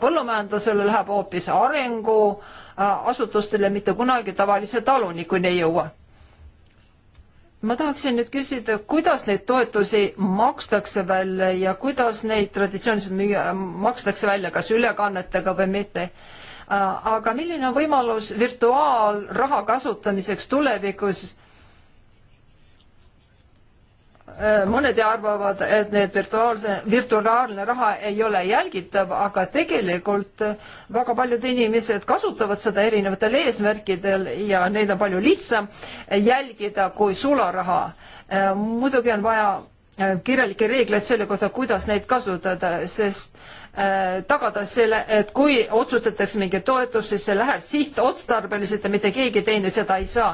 põllumajandusele, läheb hoopis arenguasutustele, mitte kunagi tavalise talunikuni ei jõua. ma tahaksin nüüd küsida, kuidas neid toetusi makstakse välja ja kuidas neid traditsiooniliselt makstakse välja, kas ülekannetega või mitte aga milline on võimalus virtuaalraha kasutamiseks tulevikus Äh, mõned arvavad, et need virtuaalse, virtuaalne raha ei ole jälgitav, aga tegelikult väga paljud inimesed kasutavad seda erinevatel eesmärkidel ja neid on palju lihtsam jälgida kui sularaha. Äh, muidugi on vaja äh, kirjalikke reegleid selle kohta, kuidas neid kasutada, sest tagada selle, et kui otsustatakse mingi toetus, siis see läheb sihtotstarbeliselt ja mitte keegi teine seda ei saa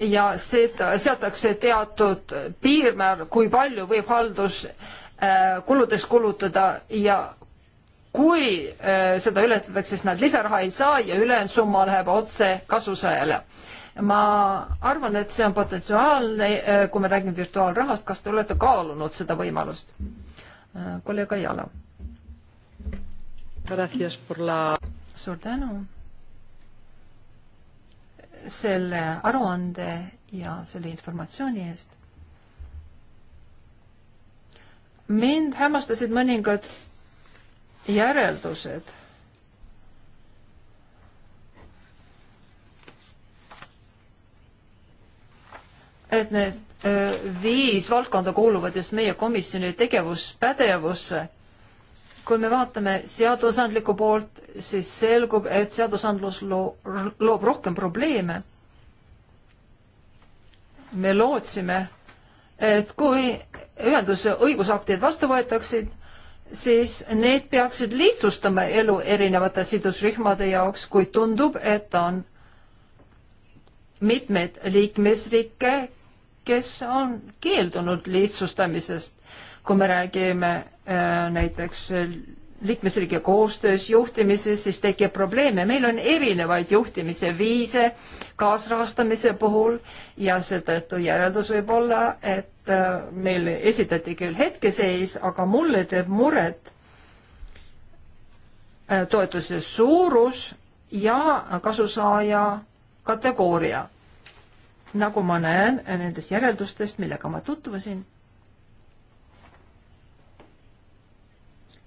ja seda, seatakse teatud piirmäär, kui palju võib halduskuludeks äh, kulutada ja kui äh, seda ületatakse, siis nad lisaraha ei saa ja ülejäänud summa läheb otse kasusaajale. ma arvan, et see on potentsiaalne, äh, kui me räägime virtuaalrahast, kas te olete kaalunud seda võimalust? kolleeg Ajala. suur tänu selle aruande ja selle informatsiooni eest. mind hämmastasid mõningad järeldused. et need öö, äh, viis valdkonda kuuluvad just meie komisjoni tegevuspädevusse kui me vaatame seadusandliku poolt, siis selgub, et seadusandlus loo-, loob rohkem probleeme. me lootsime, et kui ühenduse õigusaktid vastu võetaksid, siis need peaksid lihtsustama elu erinevate sidusrühmade jaoks, kuid tundub, et on mitmeid liikmesriike, kes on keeldunud lihtsustamisest kui me räägime äh, näiteks äh, liikmesriigi koostöös juhtimises, siis tekib probleeme. meil on erinevaid juhtimise viise kaasrahastamise puhul ja seetõttu järeldus võib olla, et äh, meile esitati küll hetkeseis, aga mulle teeb muret toetuse suurus ja kasusaaja kategooria. nagu ma näen nendest järeldustest, millega ma tutvusin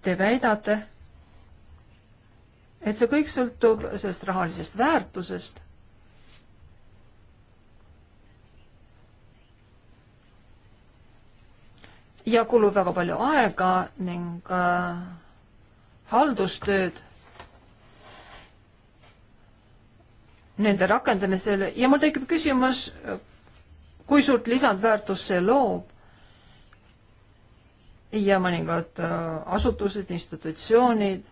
Te väidate, et see kõik sõltub sellest rahalisest väärtusest. ja kulub väga palju aega ning äh, haldustööd nende rakendamisele ja mul tekib küsimus, kui suurt lisandväärtust see loob ja mõningad äh, asutused, institutsioonid,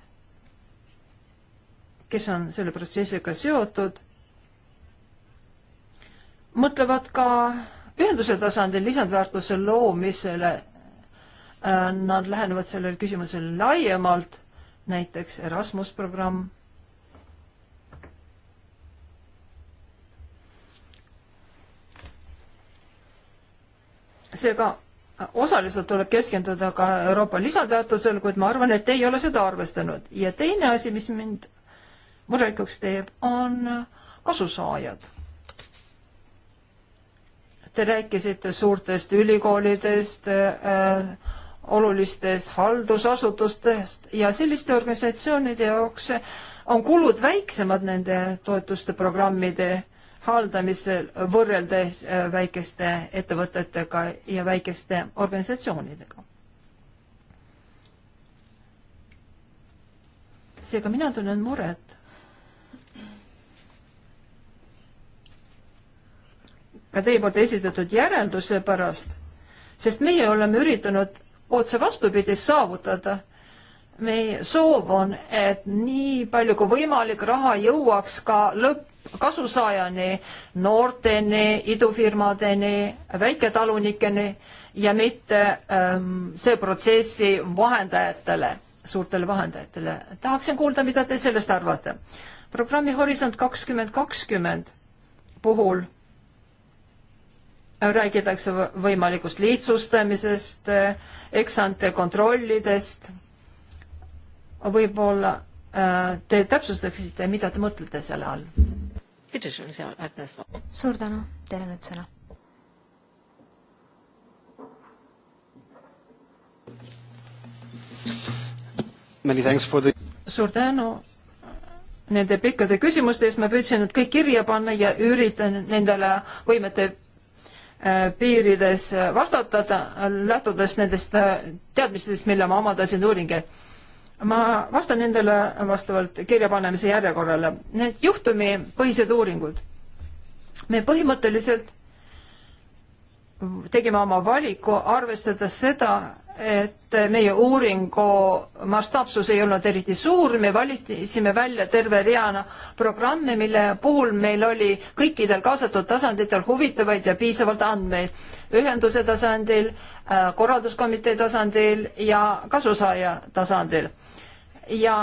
kes on selle protsessiga seotud, mõtlevad ka ühenduse tasandil lisandväärtuse loomisele. Äh, nad lähenevad sellele küsimusele laiemalt, näiteks Erasmus programm seega osaliselt tuleb keskenduda ka Euroopa lisandväärtusele, kuid ma arvan, et ei ole seda arvestanud. ja teine asi, mis mind murelikuks teeb, on kasusaajad. Te rääkisite suurtest ülikoolidest äh,, olulistest haldusasutustest ja selliste organisatsioonide jaoks on kulud väiksemad nende toetuste programmide äh, haldamisel võrreldes äh, väikeste ettevõtetega ja väikeste organisatsioonidega. seega mina tunnen muret ka teie poolt esitatud järelduse pärast, sest meie oleme üritanud otse vastupidi saavutada meie soov on, et nii palju kui võimalik raha jõuaks ka lõpp, kasusaajani, noorteni, idufirmadeni, väiketalunikeni ja mitte ähm, see protsessi vahendajatele, suurtele vahendajatele. tahaksin kuulda, mida te sellest arvate. programmi Horisont kakskümmend kakskümmend puhul räägitakse võimalikust lihtsustamisest, eksante kontrollidest võib-olla äh, te täpsustaksite, mida te mõtlete selle all? suur tänu, teile nüüd sõna. The... suur tänu nende pikkade küsimuste eest, ma püüdsin need kõik kirja panna ja üritan nendele võimete äh, piirides äh, vastatada, lähtudes nendest äh, teadmistest, mille ma omandasin uuringi ma vastan nendele vastavalt kirjapanemise järjekorrale. Need juhtumipõhised uuringud. me põhimõtteliselt tegime oma valiku, arvestades seda, et meie uuringu mastaapsus ei olnud eriti suur, me valisime välja terve rea programme, mille puhul meil oli kõikidel kaasatud tasanditel huvitavaid ja piisavalt andmeid. ühenduse tasandil, äh, korralduskomitee tasandil ja kasusaaja tasandil. ja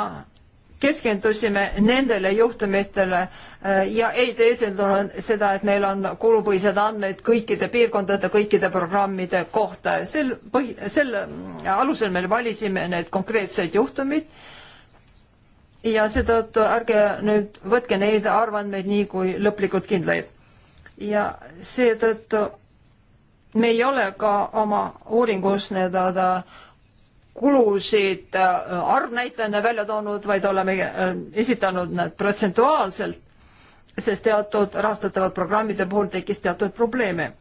keskendusime nendele juhtumitele äh, ja ei teeseldunud seda, et meil on kulupõhised andmed kõikide piirkondade, kõikide programmide kohta. sel põhi, selle äh, alusel me valisime need konkreetsed juhtumid ja seetõttu ärge nüüd võtke neid arvandmeid nii kui lõplikult kindlaid. ja seetõttu me ei ole ka oma uuringus nii-öelda äh, kulusid äh, arvnäitajana välja toonud, vaid oleme äh, esitanud nad protsentuaalselt, sest teatud rahastatavad programmide puhul tekkis teatud probleeme.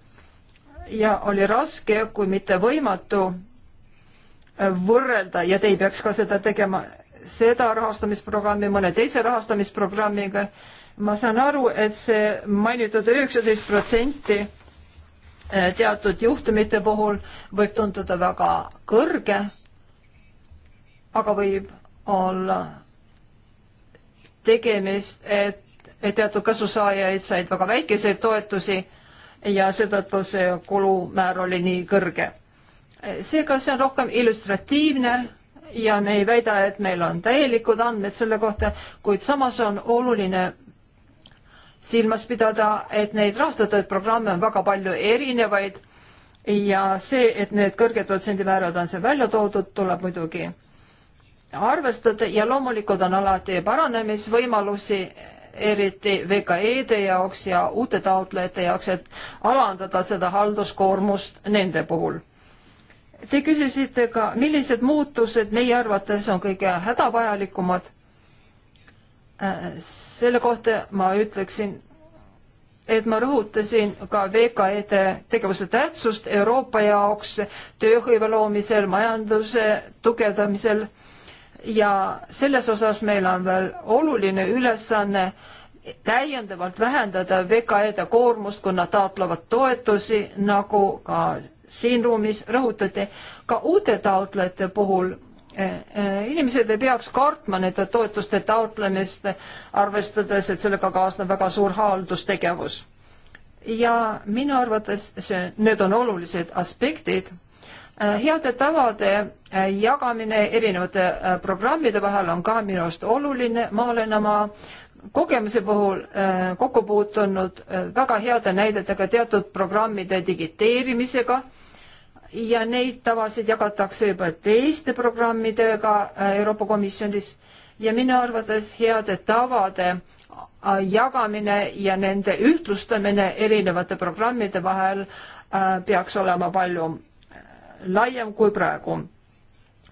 ja oli raske, kui mitte võimatu äh, võrrelda ja te ei peaks ka seda tegema, seda rahastamisprogrammi mõne teise rahastamisprogrammiga. ma saan aru, et see mainitud üheksateist protsenti teatud juhtumite puhul võib tunduda väga kõrge aga võib olla tegemist, et, et teatud kasusaajaid said väga väikeseid toetusi ja seetõttu see kulumäär oli nii kõrge. seega see on rohkem illustratiivne ja me ei väida, et meil on täielikud andmed selle kohta, kuid samas on oluline silmas pidada, et neid rahastatud programme on väga palju erinevaid ja see, et need kõrged protsendimäärad on seal välja toodud, tuleb muidugi äh, arvestada ja loomulikult on alati paranemisvõimalusi, eriti VKE-de jaoks ja uute taotlejate jaoks, et alandada seda halduskoormust nende puhul. Te küsisite ka, millised muutused meie arvates on kõige hädavajalikumad. selle kohta ma ütleksin, et ma rõhutasin ka VKE-de tegevuse tähtsust Euroopa jaoks tööhõive loomisel, majanduse tugevdamisel ja selles osas meil on veel oluline ülesanne täiendavalt vähendada VKE-de koormust, kui nad taotlevad toetusi, nagu ka siin ruumis rõhutati, ka uute taotlejate puhul eh, eh, inimesed ei peaks kartma nende toetuste taotlemist, arvestades, et sellega kaasneb väga suur haldustegevus. ja minu arvates see, need on olulised aspektid Äh, heade tavade äh, jagamine erinevate äh, programmide vahel on ka minu arust oluline, ma olen oma kogemuse puhul kokku puutunud väga heade näidetega teatud programmide digiteerimisega ja neid tavasid jagatakse juba teiste programmidega Euroopa Komisjonis ja minu arvates heade tavade jagamine ja nende ühtlustamine erinevate programmide vahel peaks olema palju laiem kui praegu.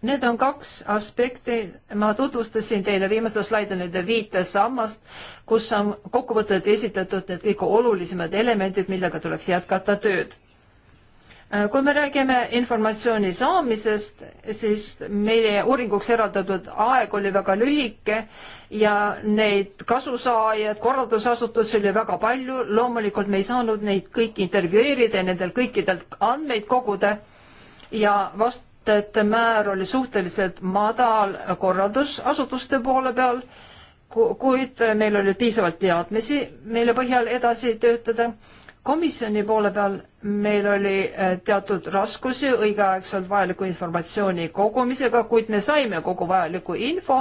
Need on kaks aspekti, ma tutvustasin teile viimasel slaidil nende viite sammast, kus on kokkuvõtted esitatud need kõige olulisemad elemendid, millega tuleks jätkata tööd kui me räägime informatsiooni saamisest, siis meie uuringuks eraldatud aeg oli väga lühike ja neid kasusaajaid, korraldusasutusi oli väga palju, loomulikult me ei saanud neid kõiki intervjueerida ja nendel kõikidelt andmeid koguda ja vastajate määr oli suhteliselt madal korraldusasutuste poole peal, kuid meil oli piisavalt teadmisi, mille põhjal edasi töötada. komisjoni poole peal meil oli eh, teatud raskusi õigeaegselt vajaliku informatsiooni kogumisega, kuid me saime kogu vajaliku info,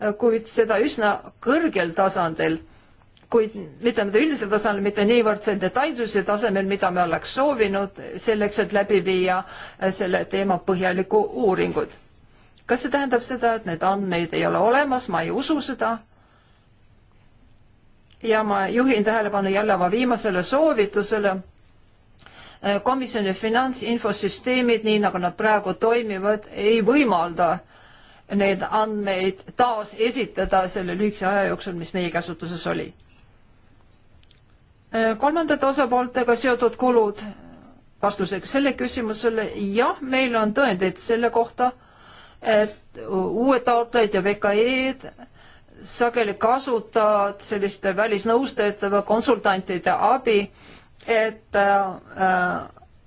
eh, kuid seda üsna kõrgel tasandil kuid ütleme ta üldisel tasemel, mitte niivõrd see detailsuse tasemel, mida me oleks soovinud selleks, et läbi viia äh, selle teema põhjalikku uuringut. kas see tähendab seda, et neid andmeid ei ole olemas, ma ei usu seda. ja ma juhin tähelepanu jälle oma viimasele soovitusele. Äh, komisjoni finantsinfosüsteemid, nii nagu nad praegu toimivad, ei võimalda neid andmeid taas esitada selle lühikese aja jooksul, mis meie käsutuses oli Äh, kolmandate osapooltega seotud kulud? vastuseks selle küsimusele, jah, meil on tõendeid selle kohta, et uued taotlejad ja VKE-d sageli kasutavad selliste välisnõustajate või konsultantide abi, et äh, äh,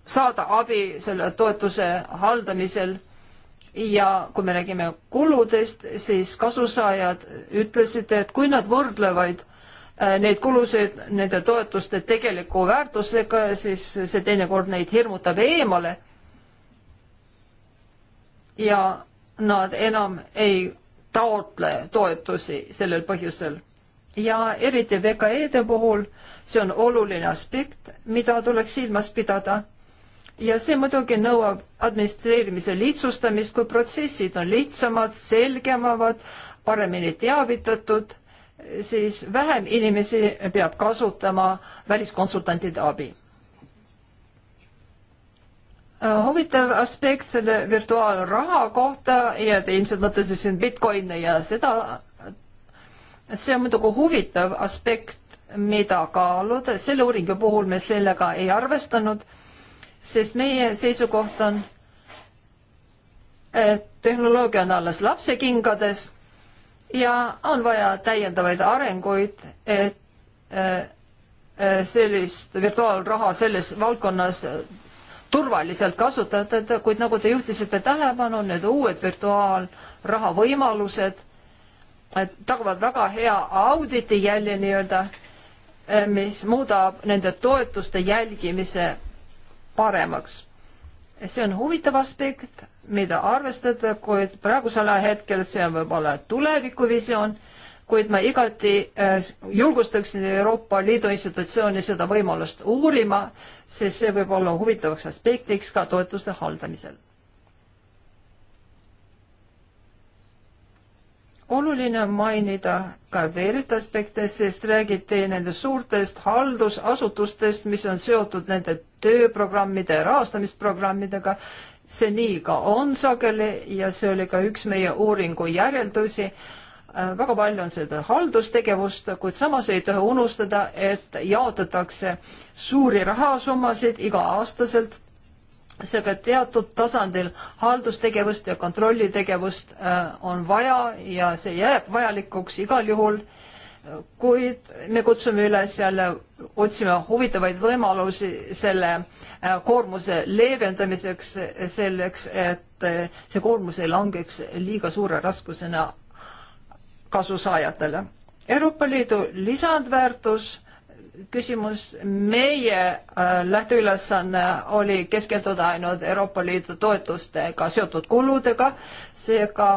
saada abi selle toetuse haldamisel ja kui me räägime kuludest, siis kasusaajad ütlesid, et kui nad võrdlevaid äh, Äh, neid kulusid nende toetuste tegeliku väärtusega, siis see teinekord neid hirmutab eemale. ja nad enam ei taotle toetusi sellel põhjusel. ja eriti VKE-de puhul see on oluline aspekt, mida tuleks silmas pidada. ja see muidugi nõuab administreerimise lihtsustamist, kui protsessid on lihtsamad, selgemad, paremini teavitatud siis vähem inimesi peab kasutama väliskonsultantide abi. huvitav aspekt selle virtuaalraha kohta ja te ilmselt mõtlesite siin Bitcoini ja seda, see on muidugi huvitav aspekt, mida kaaluda, selle uuringu puhul me sellega ei arvestanud, sest meie seisukoht on, et tehnoloogia on alles lapsekingades ja on vaja täiendavaid arenguid, et äh, äh, sellist virtuaalraha selles valdkonnas turvaliselt kasutada, kuid nagu te juhtisite tähelepanu, need uued virtuaalraha võimalused tagavad väga hea auditi jälje nii-öelda, äh, mis muudab nende toetuste jälgimise paremaks. see on huvitav aspekt mida arvestada, kuid praegusel hetkel see on võib-olla tulevikuvisioon, kuid ma igati äh, julgustaksin Euroopa Liidu institutsiooni seda võimalust uurima, sest see võib olla huvitavaks aspektiks ka toetuste haldamisel. oluline on mainida ka veel ühte aspekti, sest räägiti nendest suurtest haldusasutustest, mis on seotud nende tööprogrammide ja rahastamisprogrammidega see nii ka on sageli ja see oli ka üks meie uuringu järeldusi. Äh, väga palju on seda haldustegevust, kuid samas ei tohi unustada, et jaotatakse suuri rahasummasid iga-aastaselt seega teatud tasandil haldustegevust ja kontrollitegevust äh, on vaja ja see jääb vajalikuks igal juhul kuid me kutsume üles jälle otsima huvitavaid võimalusi selle äh, koormuse leevendamiseks, selleks, et äh, see koormus ei langeks liiga suure raskusena kasusaajatele. Euroopa Liidu lisandväärtus küsimus, meie äh, lähteülesanne oli keskenduda ainult Euroopa Liidu toetustega seotud kuludega, seega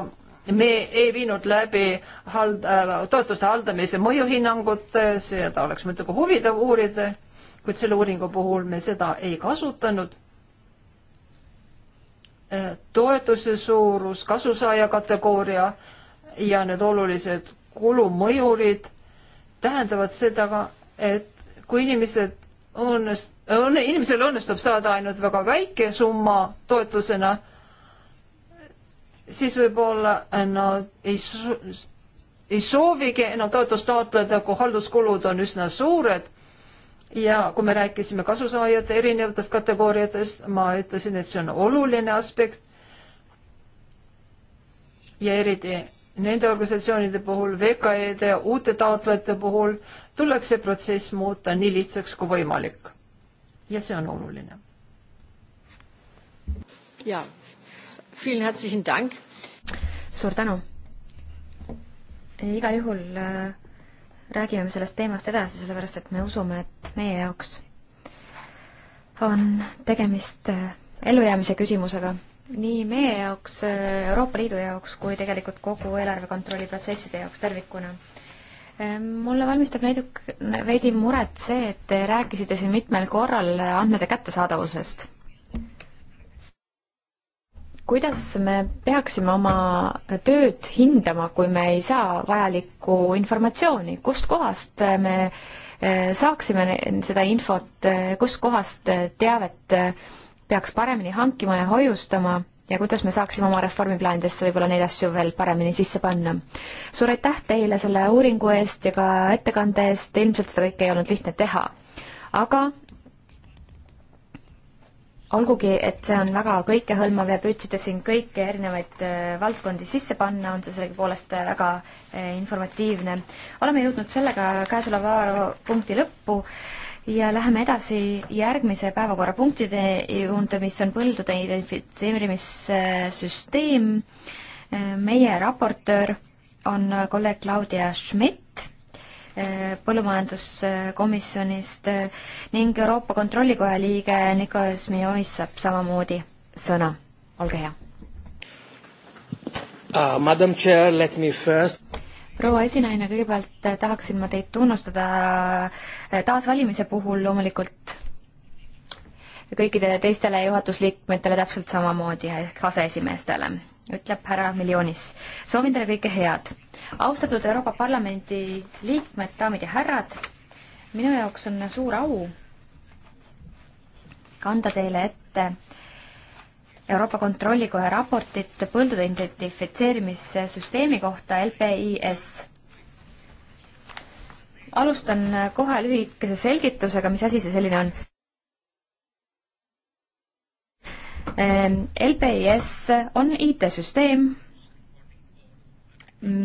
me ei viinud läbi hald- äh,, toetuste haldamise mõjuhinnangut, äh, seda oleks muidugi huvitav uurida, kuid selle uuringu puhul me seda ei kasutanud. Äh, toetuse suurus, kasusaaja kategooria ja need olulised kulumõjurid tähendavad seda ka, et kui inimesed õnnest-, õnne, inimesel õnnestub saada ainult väga väike summa toetusena siis võib-olla äh, nad ei, ei soovigi enam toetust taotleda, kui halduskulud on üsna suured. ja kui me rääkisime kasusaajate erinevatest kategooriatest, ma ütlesin, et see on oluline aspekt. ja eriti nende organisatsioonide puhul, VKE-de, uute taotlejate puhul tuleks see protsess muuta nii lihtsaks kui võimalik. ja see on oluline. jaa suur tänu! igal juhul äh, räägime me sellest teemast edasi, sellepärast et me usume, et meie jaoks on tegemist äh, ellujäämise küsimusega nii meie jaoks, äh, Euroopa Liidu jaoks kui tegelikult kogu eelarvekontrolli protsesside jaoks tervikuna. mulle valmistab näiduk-, veidi muret see, et te rääkisite siin mitmel korral andmete kättesaadavusest kuidas me peaksime oma tööd hindama, kui me ei saa vajalikku informatsiooni, kustkohast me eh, saaksime seda infot, eh, kustkohast eh, teavet peaks paremini hankima ja hoiustama ja kuidas me saaksime oma reformiplaanidesse võib-olla neid asju veel paremini sisse panna. suur aitäh teile selle uuringu eest ja ka ettekande eest, ilmselt seda kõike ei olnud lihtne teha. aga olgugi, et see on väga kõikehõlmav ja püüdsite siin kõiki erinevaid äh, valdkondi sisse panna, on see sellegipoolest äh, väga äh, informatiivne. oleme jõudnud sellega käesoleva punkti lõppu ja läheme edasi järgmise päevakorrapunktide juurde, mis on põldude identifitseerimissüsteem. meie raportöör on kolleeg Claudia Schmidt põllumajanduskomisjonist eh, ning Euroopa Kontrollikoja liige Nikolas Miois saab samamoodi sõna, olge hea uh,. Madam Chair, let me first proua esinaine, kõigepealt eh, tahaksin ma teid tunnustada eh, taasvalimise puhul loomulikult kõikidele teistele juhatusliikmetele täpselt samamoodi ehk aseesimeestele ütleb härra Miljonis. soovin teile kõike head. austatud Euroopa Parlamendi liikmed, daamid ja härrad, minu jaoks on suur au kanda teile ette Euroopa Kontrollikoja raportit põldude identifitseerimissüsteemi kohta LPIS. alustan kohe lühikese selgitusega, mis asi see selline on Ehm, LBIS on IT-süsteem,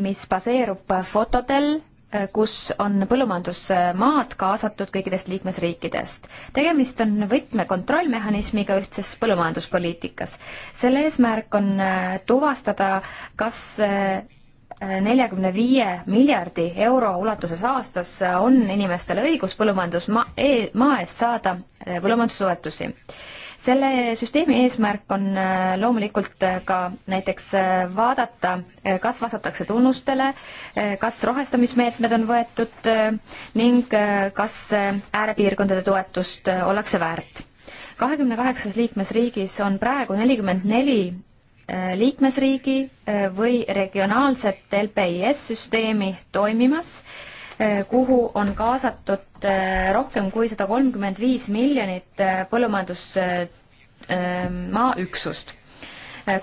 mis baseerub fotodel, eh, kus on põllumajandusmaad kaasatud kõikidest liikmesriikidest. tegemist on võtmekontrollmehhanismiga ühtses põllumajanduspoliitikas. selle eesmärk on eh, tuvastada, kas eh, neljakümne viie miljardi euro ulatuses aastas on inimestel õigus põllumajandusmaa e, maa eest saada põllumajandustoetusi selle süsteemi eesmärk on äh, loomulikult äh, ka näiteks äh, vaadata, kas vastatakse tunnustele, kas rohestamismeetmed on võetud ning kas äärepiirkondade toetust ollakse väärt. kahekümne kaheksas liikmesriigis on praegu nelikümmend neli liikmesriigi või regionaalset LPIS süsteemi toimimas Eh, kuhu on kaasatud eh, rohkem kui sada kolmkümmend viis miljonit eh, põllumajandusmaaüksust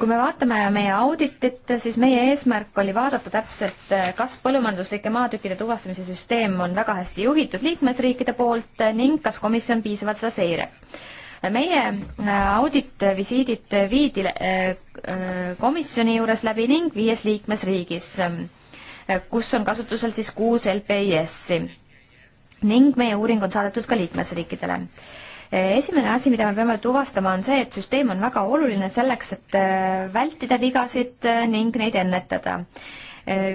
kui me vaatame meie auditit, siis meie eesmärk oli vaadata täpselt, kas põllumajanduslike maatükkide tuvastamise süsteem on väga hästi juhitud liikmesriikide poolt ning kas komisjon piisavalt seda seirab. meie auditvisiidid viidi komisjoni juures läbi ning viies liikmesriigis kus on kasutusel siis kuus LPIS-i ning meie uuring on saadetud ka liikmesriikidele. esimene asi, mida me peame tuvastama, on see, et süsteem on väga oluline selleks, et äh, vältida vigasid äh, ning neid ennetada.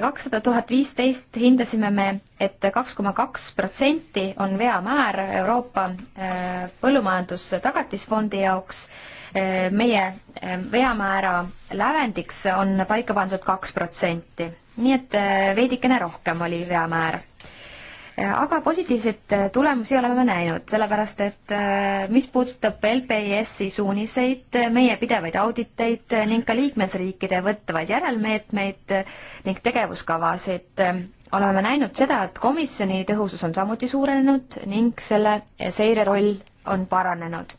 kakssada tuhat viisteist hindasime me et, et kaks koma kaks protsenti on veamäär Euroopa äh, Põllumajandustagatisfondi jaoks. meie veamäära lävendiks on paika pandud kaks protsenti nii et äh, veidikene rohkem oli veamäär äh, aga positiivseid äh, tulemusi oleme näinud, sellepärast et mis puudutab LPIS-i suuniseid, meie pidevaid auditeid ning ka liikmesriikide võtavaid järelmeetmeid ning tegevuskavasid, oleme näinud seda, et komisjoni tõhusus on samuti suurenenud ning selle seire roll on paranenud.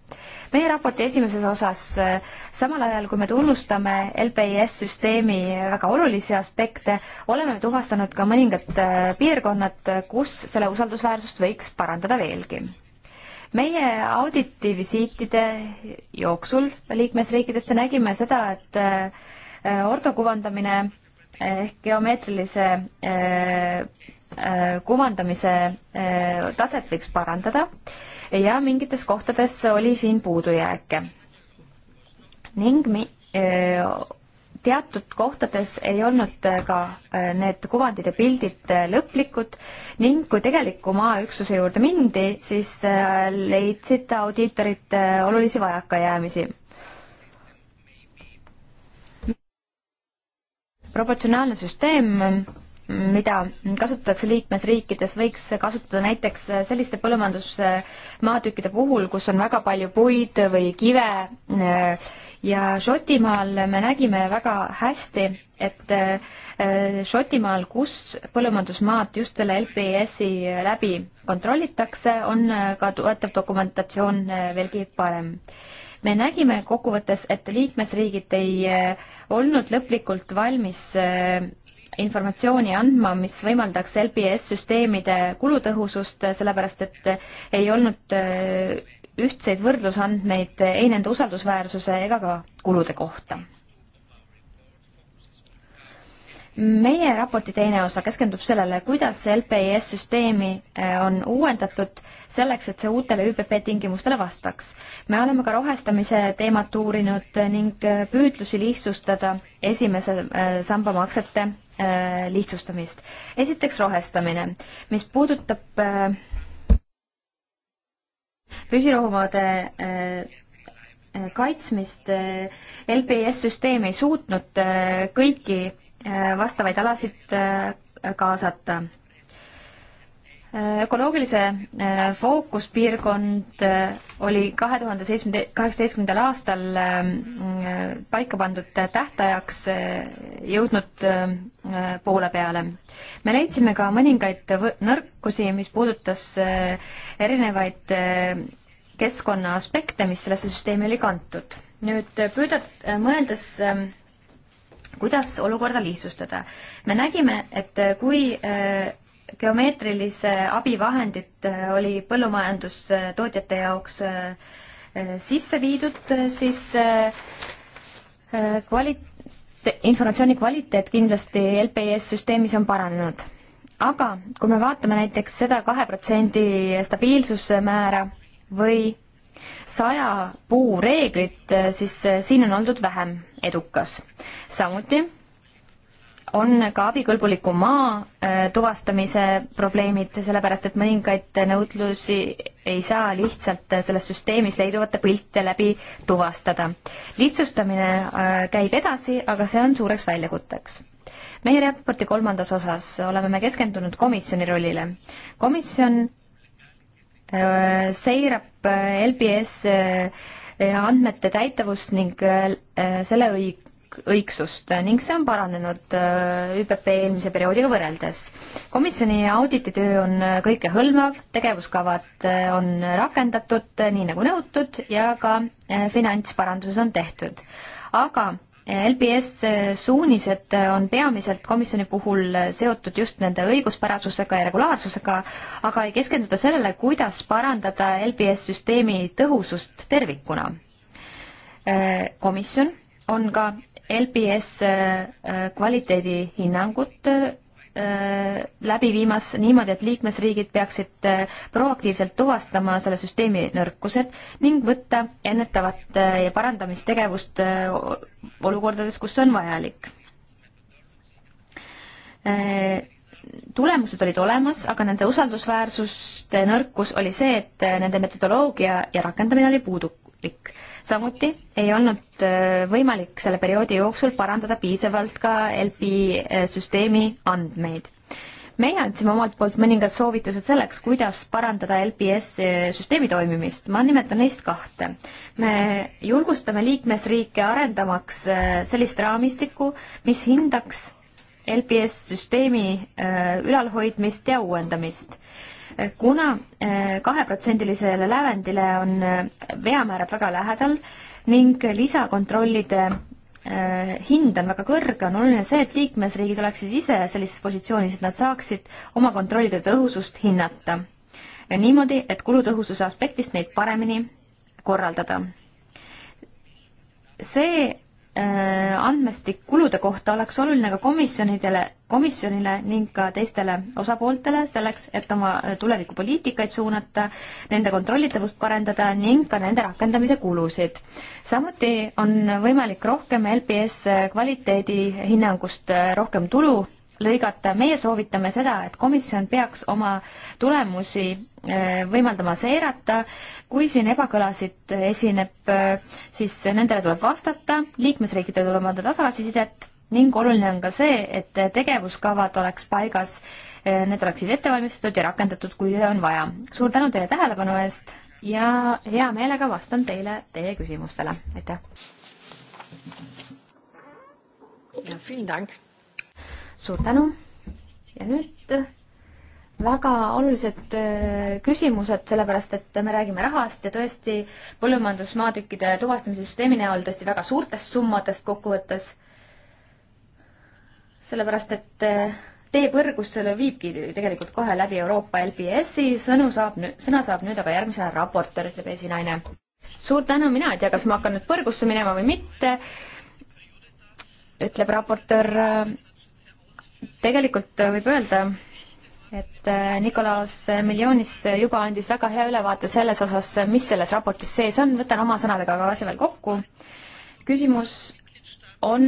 meie raporti esimeses osas, äh, samal ajal kui me tunnustame LPIS süsteemi väga olulisi aspekte, oleme tuvastanud ka mõningad äh, piirkonnad, kus selle usaldusväärsust võiks parandada veelgi meie auditi visiitide jooksul liikmesriikidesse nägime seda, et äh, ortokuvandamine ehk geomeetrilise kuvandamise taset võiks parandada ja mingites kohtades oli siin puudujääke. ning mi-, e, teatud kohtades ei olnud ka e, need kuvandid ja pildid lõplikud ning kui tegeliku maaüksuse juurde mindi, siis e, leidsid audiitorid olulisi vajakajäämisi. proportsionaalne süsteem mida kasutatakse liikmesriikides, võiks kasutada näiteks selliste põllumajandusmaatükkide puhul, kus on väga palju puid või kive ja Šotimaal me nägime väga hästi, et äh, Šotimaal, kus põllumajandusmaad just selle LPS-i läbi kontrollitakse, on äh, ka toetav dokumentatsioon äh, veelgi parem me nägime kokkuvõttes, et liikmesriigid ei olnud lõplikult valmis informatsiooni andma, mis võimaldaks LBS-süsteemide kulutõhusust, sellepärast et ei olnud äh, ühtseid võrdlusandmeid ei nende usaldusväärsuse ega ka kulude kohta. meie raporti teine osa keskendub sellele, kuidas LBS-süsteemi äh, on uuendatud selleks, et see uutele ÜPP tingimustele vastaks. me oleme ka rohestamise teemat uurinud ning äh, püüdlusi lihtsustada esimese samba maksete Äh, lihtsustamist. esiteks rohestamine, mis puudutab äh, püsirohumaade äh, kaitsmist, LPS-süsteem ei suutnud kõiki vastavaid alasid kaasata ökoloogilise äh, fookuspiirkond äh, oli kahe tuhande seitsme, kaheksateistkümnendal aastal äh, paika pandud tähtajaks jõudnud poole peale. me leidsime ka mõningaid nõrkusi, mis puudutas erinevaid keskkonna aspekte, mis sellesse süsteemi oli kantud. nüüd püüda, mõeldes kuidas olukorda lihtsustada. me nägime, et kui geomeetrilise abivahendit äh, oli põllumajandustootjate jaoks äh, äh, sisse viidud, siis kvalit-, informatsiooni kvaliteet kindlasti LPIS süsteemis on paranenud. aga kui me vaatame näiteks seda kahe protsendi stabiilsusmäära või saja puu reeglit, siis siin on oldud vähem edukas. samuti on ka abikõlbuliku maa äh, tuvastamise probleemid, sellepärast et mõningaid nõudlusi ei saa lihtsalt äh, selles süsteemis leiduvate pilte läbi tuvastada. lihtsustamine äh, käib edasi, aga see on suureks väljakutseks meie raporti kolmandas osas oleme me keskendunud komisjoni rollile. komisjon seirab LBS andmete täitavust ning selle õig-, õig-, õigsust ning see on paranenud äh, ÜPP eelmise perioodiga võrreldes. komisjoni audititöö on äh, kõikehõlmav, tegevuskavad äh, on rakendatud nii nagu nõutud ja ka finantsparandused on tehtud. aga LBS suunised on peamiselt komisjoni puhul seotud just nende õiguspärasusega ja regulaarsusega, aga ei keskenduda sellele, kuidas parandada LBS süsteemi tõhusust tervikuna. komisjon on ka LPS äh, äh, kvaliteedihinnangut äh, läbi viimas niimoodi, et liikmesriigid peaksid proaktiivselt tuvastama selle süsteemi nõrkused ning võtta ennetavat ja parandamistegevust olukordades, kus on vajalik. tulemused olid olemas, aga nende usaldusväärsuste nõrkus oli see, et nende metodoloogia ja rakendamine oli puudulik samuti ei olnud äh, võimalik selle perioodi jooksul parandada piisavalt ka LP äh, süsteemi andmeid. meie andsime omalt poolt mõningad soovitused selleks, kuidas parandada LPS äh, süsteemi toimimist. ma nimetan neist kahte. me julgustame liikmesriike arendamaks sellist raamistikku, mis hindaks LPS süsteemi ülalhoidmist ja uuendamist kuna äh, kaheprotsendilisele lävendile on äh, veamäärad väga lähedal ning lisakontrollide äh, hind on väga kõrge, on oluline see, et liikmesriigid oleksid ise sellises positsioonis, et nad saaksid oma kontrollide tõhusust hinnata. niimoodi, et kulutõhususe aspektist neid paremini korraldada. see Äh, andmestik kulude kohta oleks oluline ka komisjonidele, komisjonile ning ka teistele osapooltele selleks, et oma äh, tulevikupoliitikaid suunata, nende kontrollitavust parendada ning ka nende rakendamise kulusid. samuti on võimalik rohkem LPS kvaliteedihinnangust äh, rohkem tulu lõigata. meie soovitame seda, et komisjon peaks oma tulemusi eh, võimaldama seirata. kui siin ebakõlasid esineb, eh, siis nendele tuleb vastata, liikmesriikidele tuleb anda tagasisidet ning oluline on ka see, et tegevuskavad oleks paigas, eh, need oleksid ette valmistatud ja rakendatud, kui on vaja. suur tänu teile tähelepanu eest ja hea meelega vastan teile teie küsimustele, aitäh! ja vielen Dank! suur tänu ja nüüd väga olulised äh, küsimused, sellepärast et me räägime rahast ja tõesti põllumajandusmaatükkide tuvastamise süsteemi näol tõesti väga suurtest summadest kokkuvõttes. sellepärast, et äh, teepõrgus selle viibki tegelikult kohe läbi Euroopa LBS-i, sõnu saab nüüd, sõna saab nüüd aga järgmisena raportöör, ütleb esinaine. suur tänu, mina ei tea, kas ma hakkan nüüd põrgusse minema või mitte, ütleb raportöör äh, tegelikult äh, võib öelda, et äh, Nikolaus Miljonis juba andis väga hea ülevaate selles osas, mis selles raportis sees on, võtan oma sõnadega ka asja veel kokku. küsimus on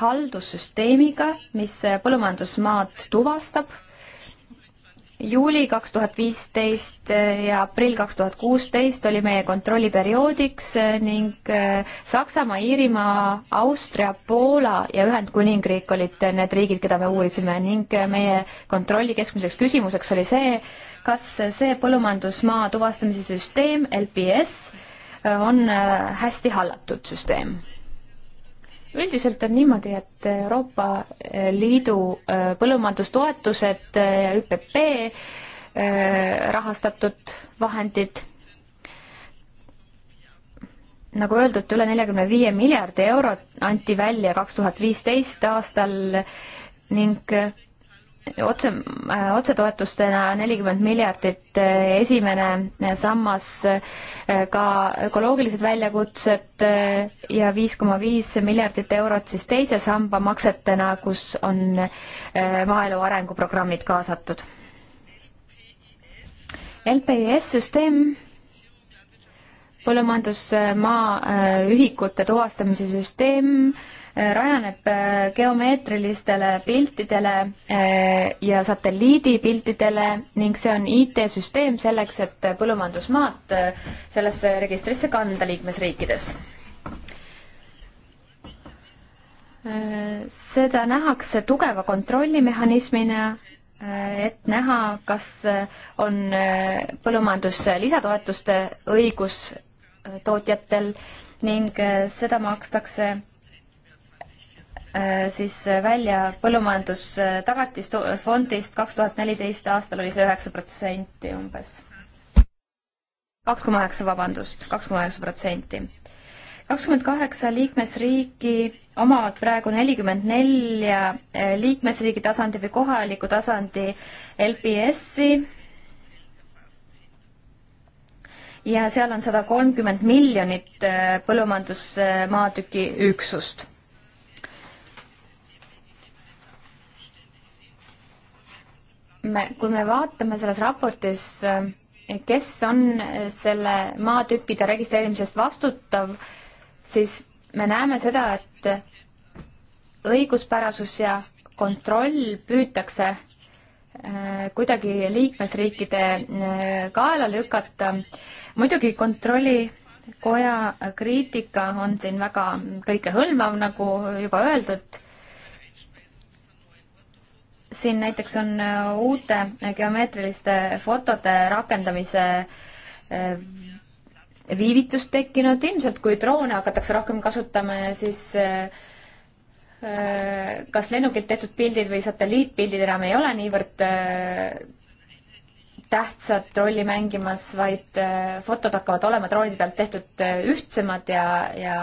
haldussüsteemiga, mis põllumajandusmaad tuvastab juuli kaks tuhat viisteist ja aprill kaks tuhat kuusteist oli meie kontrolliperioodiks ning äh, Saksamaa, Iirimaa, Austria, Poola ja Ühendkuningriik olid need riigid, keda me uurisime ning äh, meie kontrolli keskmiseks küsimuseks oli see, kas see põllumajandusmaa tuvastamise süsteem, LPS, äh, on hästi hallatud süsteem üldiselt on niimoodi, et Euroopa Liidu äh, põllumajandustoetused ja äh, ÜPP äh, rahastatud vahendid, nagu öeldud, üle neljakümne viie miljardi euro anti välja kaks tuhat viisteist aastal ning otse, äh, otsetoetustena nelikümmend miljardit, äh, esimene äh, sammas, ka ökoloogilised väljakutsed ja viis koma viis miljardit eurot siis teise samba maksetena, kus on maaelu arenguprogrammid kaasatud. LPIS e süsteem põllumajandusmaa ühikute tuvastamise süsteem äh, rajaneb äh, geomeetrilistele piltidele äh, ja satelliidipiltidele ning see on IT-süsteem selleks, et põllumajandusmaad äh, sellesse registrisse kanda liikmesriikides seda nähakse tugeva kontrollimehhanismina, et näha, kas on põllumajandus lisatoetuste õigus tootjatel ning seda makstakse Äh, siis äh, välja põllumajandustagatisfondist äh, kaks tuhat neliteist aastal oli see üheksa protsenti umbes. kaks koma üheksa, vabandust, kaks koma üheksa protsenti. kakskümmend kaheksa liikmesriiki omavad praegu nelikümmend nelja liikmesriigi tasandi või kohaliku tasandi LPS-i ja seal on sada kolmkümmend miljonit põllumajandusmaatüki üksust me, kui me vaatame selles raportis, äh, kes on selle maatükkide registreerimisest vastutav, siis me näeme seda, et õiguspärasus ja kontroll püütakse äh, kuidagi liikmesriikide äh, kaela lükata. muidugi kontrollikoja kriitika on siin väga kõikehõlmav, nagu juba öeldud siin näiteks on äh, uute geomeetriliste fotode rakendamise äh, viivitust tekkinud, ilmselt kui droone hakatakse rohkem kasutama ja äh, siis kas lennukilt tehtud pildid või satelliitpildid enam ei ole niivõrd tähtsat rolli mängimas, vaid fotod hakkavad olema droonide pealt tehtud ühtsemad ja, ja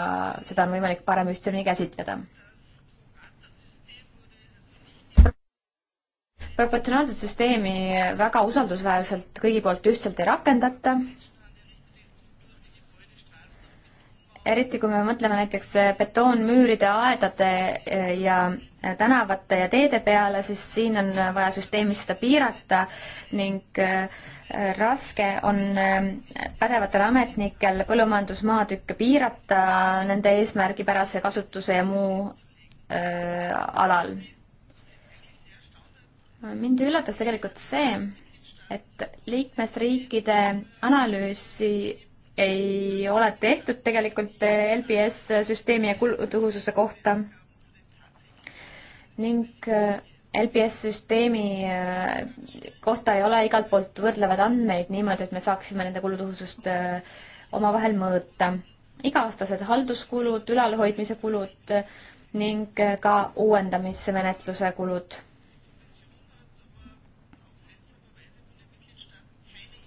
seda on võimalik parem ühtsemini käsitleda proportsionaalset süsteemi väga usaldusväärselt kõigi poolt ühtselt ei rakendata. eriti kui me mõtleme näiteks betoonmüüride, aedade e, ja tänavate ja teede peale, siis siin on vaja süsteemis seda piirata ning e, raske on e, pädevatel ametnikel põllumajandusmaatükke piirata nende eesmärgipärase kasutuse ja muu öö, alal mind üllatas tegelikult see, et liikmesriikide analüüsi ei ole tehtud tegelikult LBS süsteemi ja kulutõhususe kohta ning äh, LBS süsteemi äh, kohta ei ole igalt poolt võrdlevaid andmeid niimoodi, et me saaksime nende kulutõhusust äh, omavahel mõõta. iga-aastased halduskulud, ülalhoidmise kulud ning ka uuendamismenetluse kulud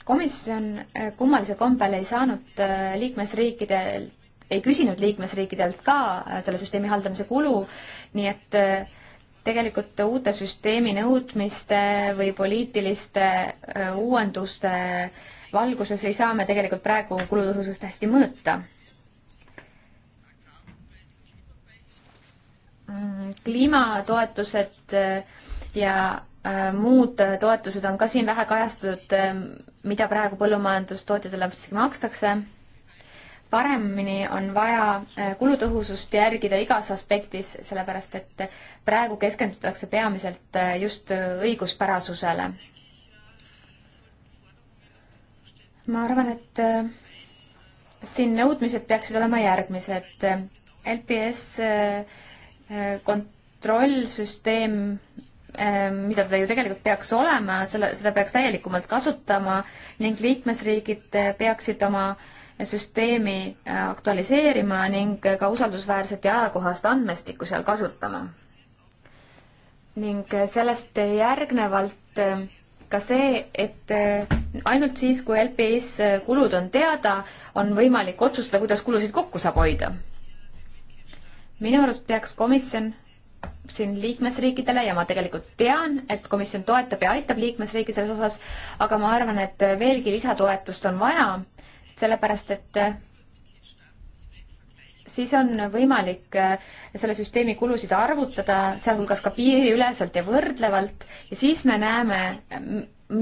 komisjon äh, kummalisel kombel ei saanud äh, liikmesriikidelt, ei küsinud liikmesriikidelt ka äh, selle süsteemi haldamise kulu, nii et tegelikult uute süsteemi nõudmiste või poliitiliste uuenduste valguses ei saa me tegelikult praegu kulutõhusust hästi mõõta. Mm, kliimatoetused ja Äh, muud äh, toetused on ka siin vähe kajastatud, äh, mida praegu põllumajandustootjatele makstakse. paremini on vaja kulutõhusust järgida igas aspektis, sellepärast et praegu keskendutakse peamiselt just õiguspärasusele. ma arvan, et siin nõudmised peaksid olema järgmised. LPS kont-, kontrollsüsteem Ehm, mida ta ju tegelikult peaks olema, selle, seda peaks täielikumalt kasutama ning liikmesriigid peaksid oma süsteemi äh, aktualiseerima ning ka usaldusväärset ja ajakohast andmestikku seal kasutama. ning sellest järgnevalt äh, ka see, et äh, ainult siis, kui LPS kulud on teada, on võimalik otsustada, kuidas kulusid kokku saab hoida. minu arust peaks komisjon siin liikmesriikidele ja ma tegelikult tean, et komisjon toetab ja aitab liikmesriigi selles osas, aga ma arvan, et veelgi lisatoetust on vaja, sellepärast et siis on võimalik äh, selle süsteemi kulusid arvutada, sealhulgas ka piiriüleselt ja võrdlevalt ja siis me näeme,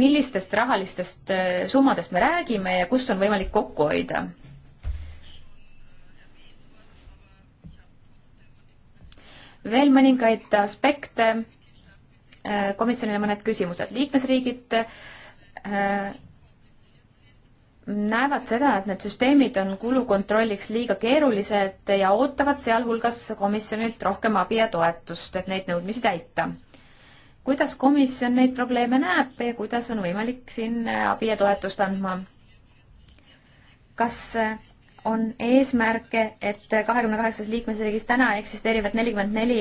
millistest rahalistest äh, summadest me räägime ja kus on võimalik kokku hoida veel mõningaid aspekte, äh, komisjonile mõned küsimused. liikmesriigid äh, näevad seda, et need süsteemid on kulukontrolliks liiga keerulised ja ootavad sealhulgas komisjonilt rohkem abi ja toetust, et neid nõudmisi täita. kuidas komisjon neid probleeme näeb ja kuidas on võimalik siin abi ja toetust andma? kas äh, on eesmärke, et kahekümne kaheksas liikmesriigis täna eksisteerivad nelikümmend neli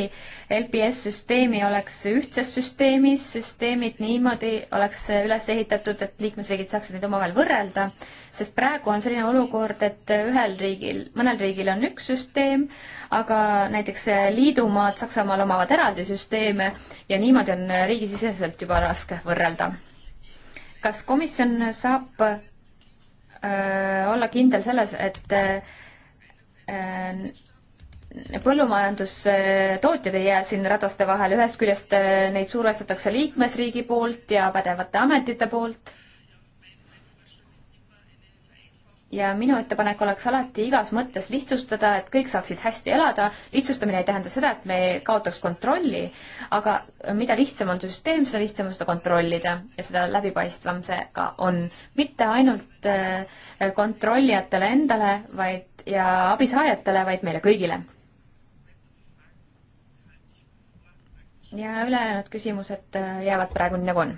LPS-süsteemi oleks ühtses süsteemis, süsteemid niimoodi oleks üles ehitatud, et liikmesriigid saaksid neid omavahel võrrelda, sest praegu on selline olukord, et ühel riigil, mõnel riigil on üks süsteem, aga näiteks liidumaad Saksamaal omavad eraldi süsteeme ja niimoodi on riigisiseselt juba raske võrrelda. kas komisjon saab Äh, olla kindel selles, et äh, põllumajandustootjad ei jää siin rataste vahele, ühest küljest äh, neid survestatakse liikmesriigi poolt ja pädevate ametite poolt ja minu ettepanek oleks alati igas mõttes lihtsustada, et kõik saaksid hästi elada. lihtsustamine ei tähenda seda, et me kaotaks kontrolli, aga mida lihtsam on süsteem, seda lihtsam on seda kontrollida ja seda läbipaistvam see ka on. mitte ainult äh, kontrollijatele endale, vaid ja abisaajatele, vaid meile kõigile. ja ülejäänud küsimused äh, jäävad praegu nii nagu on.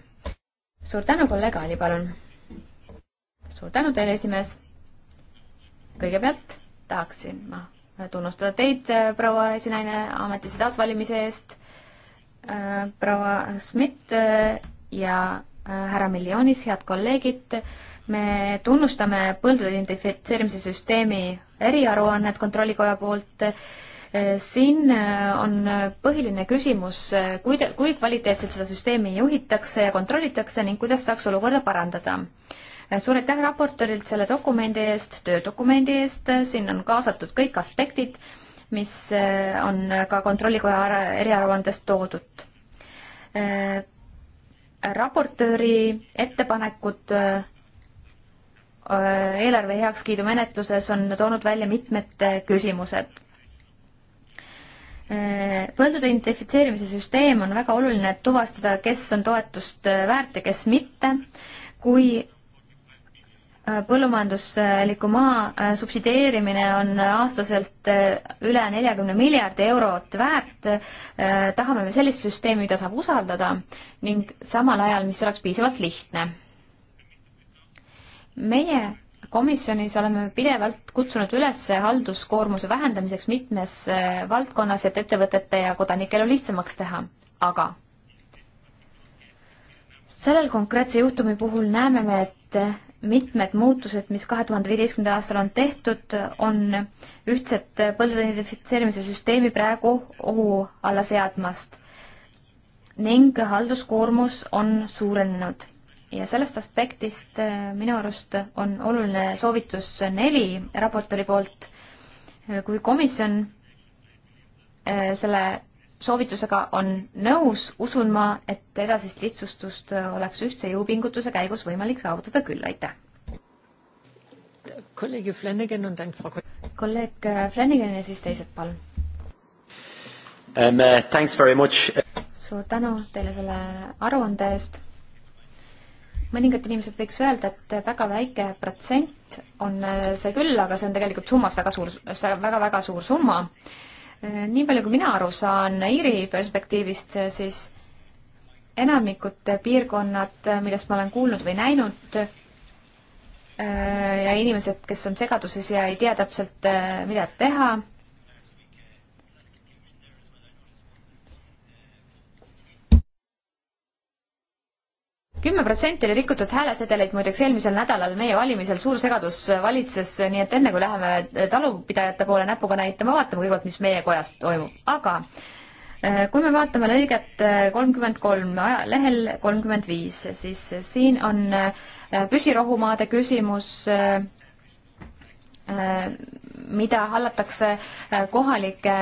suur tänu, kolleeg Aali, palun. suur tänu teile, esimees kõigepealt tahaksin ma tunnustada teid, äh, proua esinaine, ametisse taasvalimise eest, äh, proua Schmidt äh, ja härra Miljonis, head kolleegid, me tunnustame põldude identifitseerimise süsteemi eriaruannet Kontrollikoja poolt, siin on põhiline küsimus, kuida-, kui kvaliteetselt seda süsteemi juhitakse ja kontrollitakse ning kuidas saaks olukorda parandada suur aitäh raportöörilt selle dokumendi eest, töödokumendi eest, siin on kaasatud kõik aspektid, mis eh, on ka Kontrollikoja eriaruandest toodud. Eh, raportööri ettepanekud eh, eelarve heakskiidu menetluses on toonud välja mitmed küsimused. Põldude identifitseerimise süsteem on väga oluline, et tuvastada, kes on toetust väärt ja kes mitte. kui põllumajandusliku maa äh, subsideerimine on äh, aastaselt äh, üle neljakümne miljardi eurot väärt. tahame me sellist süsteemi, mida saab usaldada ning samal ajal, mis oleks piisavalt lihtne. meie komisjonis oleme pidevalt kutsunud üles halduskoormuse vähendamiseks mitmes valdkonnas, et ettevõtete ja kodanikel on lihtsamaks teha, aga sellel konkreetse juhtumi puhul näeme me, et mitmed muutused, mis kahe tuhande viieteistkümnendal aastal on tehtud, on ühtset põldude identifitseerimise süsteemi praegu ohu alla seadmast ning halduskoormus on suurenenud. ja sellest aspektist äh, minu arust on oluline soovitus neli raportori poolt, äh, kui komisjon äh, selle soovitusega on nõus, usun ma, et edasist lihtsustust äh, oleks ühtse jõupingutuse käigus võimalik saavutada küll, aitäh. kolleeg Flanagan on tänkt. kolleeg äh, Flanagan ja siis teised, palun um,. Uh, thanks very much. suur tänu teile selle aruande eest. mõningad inimesed võiks öelda, et väga väike protsent on äh, see küll, aga see on tegelikult summas väga suur, väga-väga suur summa Äh, nii palju, kui mina aru saan Iiri perspektiivist, äh, siis enamikud piirkonnad, äh, millest ma olen kuulnud või näinud, ja inimesed, kes on segaduses ja ei tea täpselt, mida teha kümme protsenti oli rikutud häälesedeleid, muideks eelmisel nädalal meie valimisel suur segadus äh, valitses, äh, nii et enne kui läheme äh, talupidajate poole näpuga näitama, vaatame kõigepealt, mis meie kojas toimub, aga kui me vaatame lõiget kolmkümmend kolm, lehel kolmkümmend viis, siis siin on püsirohumaade küsimus, mida hallatakse kohalike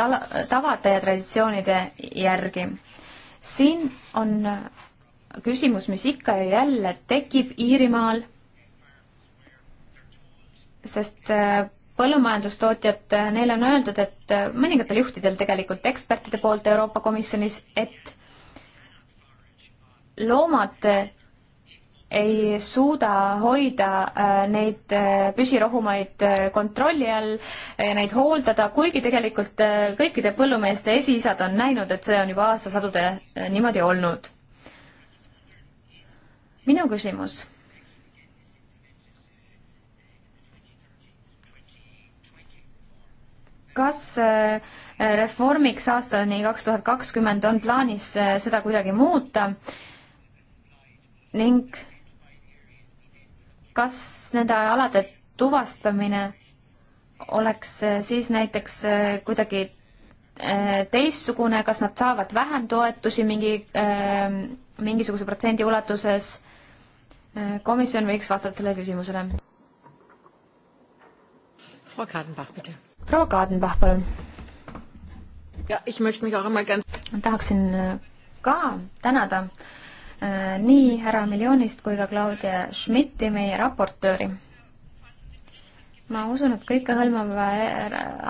tala, tavade ja traditsioonide järgi. siin on küsimus, mis ikka ja jälle tekib Iirimaal, sest äh, põllumajandustootjad, äh, neile on öeldud, et äh, mõningatel juhtidel tegelikult ekspertide poolt Euroopa Komisjonis, et loomad ei suuda hoida neid püsirohumaid kontrolli all, neid hooldada, kuigi tegelikult kõikide põllumeeste esiisad on näinud, et see on juba aastasadude niimoodi olnud minu küsimus kas äh, reformiks aastani kaks tuhat kakskümmend on plaanis äh, seda kuidagi muuta ning kas nende alade tuvastamine oleks äh, siis näiteks kuidagi teistsugune, kas nad saavad vähem toetusi mingi, mingisuguse protsendi ulatuses komisjon võiks vastata sellele küsimusele. proua Kadenbach, bitte. proua Kadenbach, palun. tahaksin äh, ka tänada äh, nii härra Miljonist kui ka Claudia Schmidti, meie raportööri ma usun, et kõikehõlmav äh,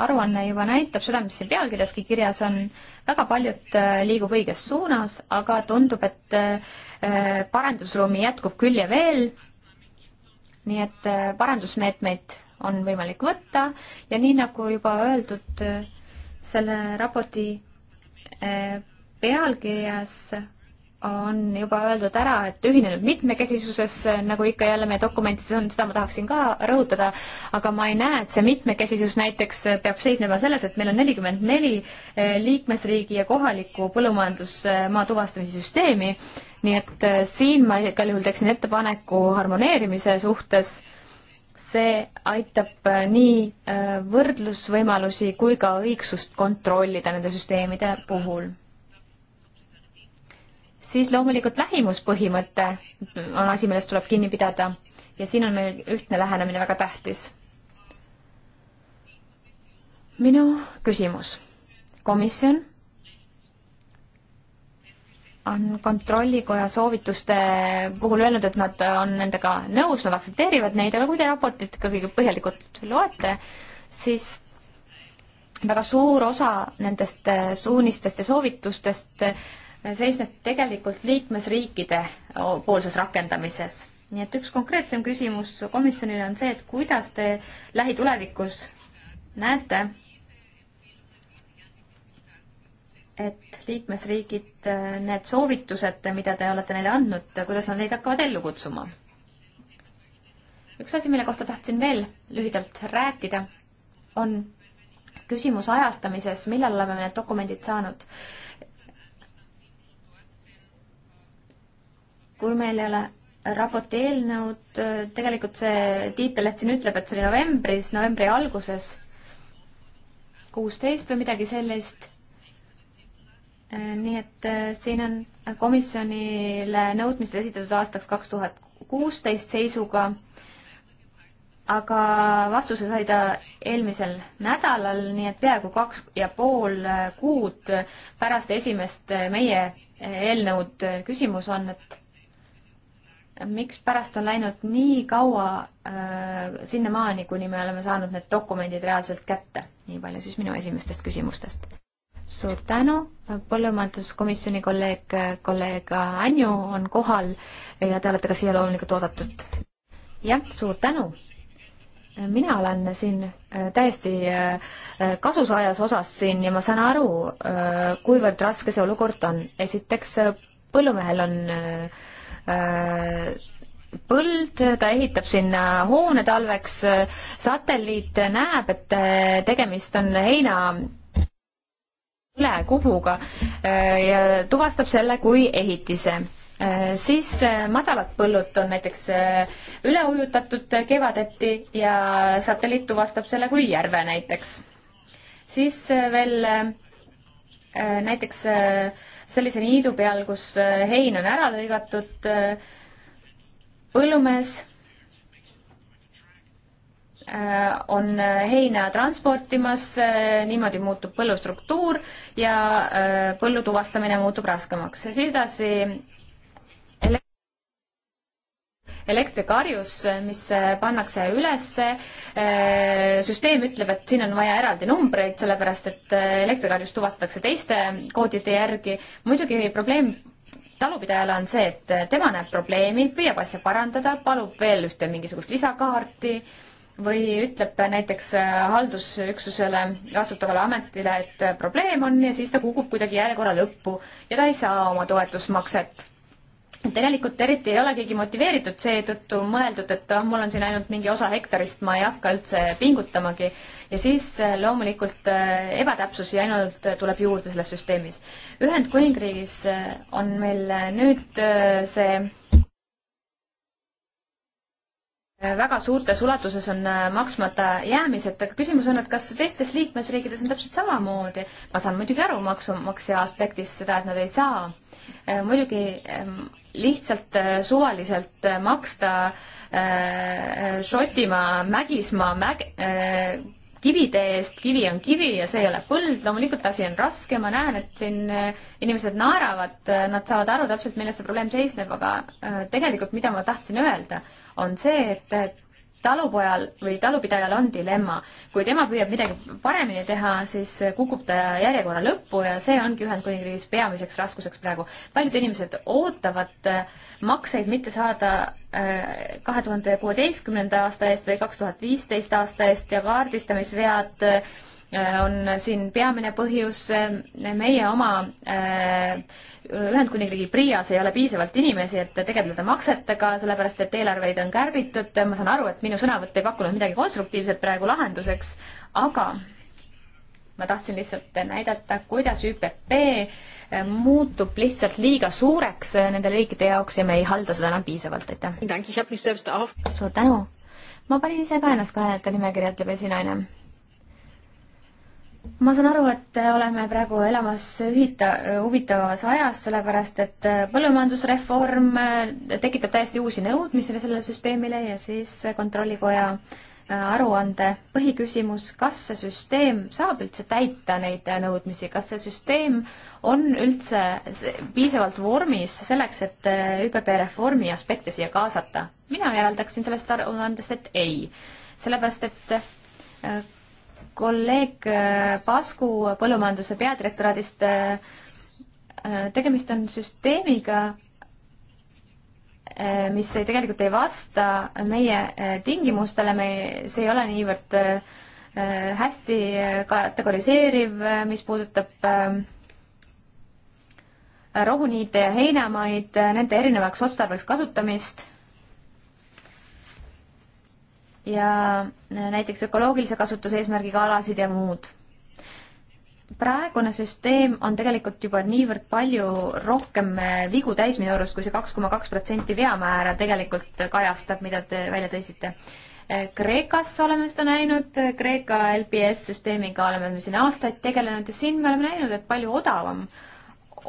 aruanne juba näitab seda, mis siin pealkirjaski kirjas on. väga paljud äh, liigub õiges suunas, aga tundub, et äh, parendusruumi jätkub küll ja veel. nii et parendusmeetmeid on võimalik võtta ja nii nagu juba öeldud, selle raporti pealkirjas on juba öeldud ära, et ühinenud mitmekesisuses, nagu ikka jälle meie dokumentides on, seda ma tahaksin ka rõhutada, aga ma ei näe, et see mitmekesisus näiteks peab seisnema selles, et meil on nelikümmend neli eh, liikmesriigi ja kohalikku põllumajandusmaa tuvastamise süsteemi, nii et eh, siin ma igal juhul teeksin ettepaneku harmoneerimise suhtes, see aitab eh, nii võrdlusvõimalusi kui ka õigsust kontrollida nende süsteemide puhul siis loomulikult lähimuspõhimõte on asi, millest tuleb kinni pidada ja siin on meil ühtne lähenemine väga tähtis. minu küsimus. komisjon on Kontrollikoja soovituste puhul öelnud, et nad on nendega nõus, nad aktsepteerivad neid, aga kui te raportit ikkagi põhjalikult loete, siis väga suur osa nendest suunistest ja soovitustest seisneb tegelikult liikmesriikide poolses rakendamises. nii et üks konkreetsem küsimus komisjonile on see, et kuidas te lähitulevikus näete, et liikmesriigid, äh, need soovitused, mida te olete neile andnud, kuidas nad neid hakkavad ellu kutsuma? üks asi, mille kohta tahtsin veel lühidalt rääkida, on küsimus ajastamises, millal oleme need dokumendid saanud. kui meil ei ole raporti eelnõud, tegelikult see tiitel, et siin ütleb, et see oli novembris, novembri alguses, kuusteist või midagi sellist. nii et äh, siin on komisjonile nõudmised esitatud aastaks kaks tuhat kuusteist seisuga, aga vastuse sai ta eelmisel nädalal, nii et peaaegu kaks ja pool äh, kuud pärast esimest äh, meie eelnõud. küsimus on, et mikspärast on läinud nii kaua äh, sinnamaani, kuni me oleme saanud need dokumendid reaalselt kätte? nii palju siis minu esimestest küsimustest. suur tänu, põllumajanduskomisjoni kolleeg, kolleeg Anju on kohal ja te olete ka siia loomulikult oodatud. jah, suur tänu. mina olen siin äh, täiesti äh, kasusaajas osas siin ja ma saan aru, äh, kuivõrd raske see olukord on. esiteks, põllumehel on äh, Äh, põld, ta ehitab sinna hoone talveks, satelliit näeb, et äh, tegemist on heina ülekuhuga äh, ja tuvastab selle kui ehitise siis madalad põllud on näiteks üle ujutatud kevadeti ja satelliit tuvastab selle kui järve näiteks. siis veel näiteks äh, sellise niidu peal, kus äh, hein on ära lõigatud. Äh, põllumees äh, on heina transportimas, niimoodi muutub põllustruktuur ja põllu tuvastamine muutub raskemaks. sedasi elektrikarjus, mis äh, pannakse ülesse. Äh, süsteem ütleb, et siin on vaja eraldi numbreid, sellepärast et äh, elektrikarjus tuvastatakse teiste koodide järgi. muidugi probleem talupidajale on see, et tema näeb probleemi, püüab asja parandada, palub veel ühte mingisugust lisakaarti või ütleb näiteks haldusüksusele, vastutavale ametile, et probleem on ja siis ta kukub kuidagi järjekorra lõppu ja ta ei saa oma toetusmakset tegelikult eriti ei ole keegi motiveeritud seetõttu mõeldud, et ah, mul on siin ainult mingi osa hektarist, ma ei hakka üldse pingutamagi. ja siis eh, loomulikult eh, ebatäpsusi ainult eh, tuleb juurde selles süsteemis. Ühendkuningriigis on meil nüüd see väga suurtes ulatuses on äh, maksmata jäämised, aga küsimus on, et kas teistes liikmesriikides on täpselt samamoodi? ma saan muidugi aru maksumaksja aspektist seda, et nad ei saa äh, muidugi ähm, lihtsalt äh, suvaliselt maksta Šotimaa mägismaa mäg-, kivide eest, kivi on kivi ja see ei ole põld, loomulikult asi on raske, ma näen, et siin inimesed naeravad, nad saavad aru täpselt, milles see probleem seisneb, aga tegelikult mida ma tahtsin öelda on see, et talupojal või talupidajal on dilemma. kui tema püüab midagi paremini teha, siis kukub ta järjekorra lõppu ja see ongi Ühendkuningriigis peamiseks raskuseks praegu. paljud inimesed ootavad äh, makseid mitte saada äh, kahe tuhande kuueteistkümnenda aasta eest või kaks tuhat viisteist aasta eest ja kaardistamisvead ka äh, Äh, on siin peamine põhjus äh, meie oma äh, Ühendkuningriigi PRIA-s ei ole piisavalt inimesi, et tegeleda maksetega, sellepärast et eelarveid on kärbitud, ma saan aru, et minu sõnavõtt ei pakkunud midagi konstruktiivset praegu lahenduseks, aga ma tahtsin lihtsalt näidata, kuidas ÜPP muutub lihtsalt liiga suureks nende riikide jaoks ja me ei halda seda enam piisavalt, aitäh. suur tänu. ma panin ise ka ennast kõnelejate nimekirja, ütleb esinaine ma saan aru, et oleme praegu elamas ühita-, huvitavas ajas, sellepärast et põllumajandusreform äh, tekitab täiesti uusi nõudmisi sellele süsteemile ja siis Kontrollikoja äh, aruande põhiküsimus, kas see süsteem saab üldse täita neid nõudmisi, kas see süsteem on üldse piisavalt vormis selleks, et äh, ÜPP reformi aspekte siia kaasata? mina järeldaksin sellest aruandest, et ei. sellepärast, et kolleeg äh, Pasku põllumajanduse peadirektoraadist. Äh, äh, tegemist on süsteemiga, mis ei, tegelikult ei vasta meie tingimustele, me, see ei ole niivõrd hästi kategoriseeriv, mis puudutab rohuniite ja heinamaid, nende erinevaks otstarbeks kasutamist ja näiteks ökoloogilise kasutuse eesmärgiga alasid ja muud. praegune süsteem on tegelikult juba niivõrd palju rohkem vigu täis minu arust, kui see kaks koma kaks protsenti veamäära tegelikult kajastab, mida te välja tõstsite. Kreekas oleme seda näinud, Kreeka LPS-süsteemiga oleme me siin aastaid tegelenud ja siin me oleme näinud, et palju odavam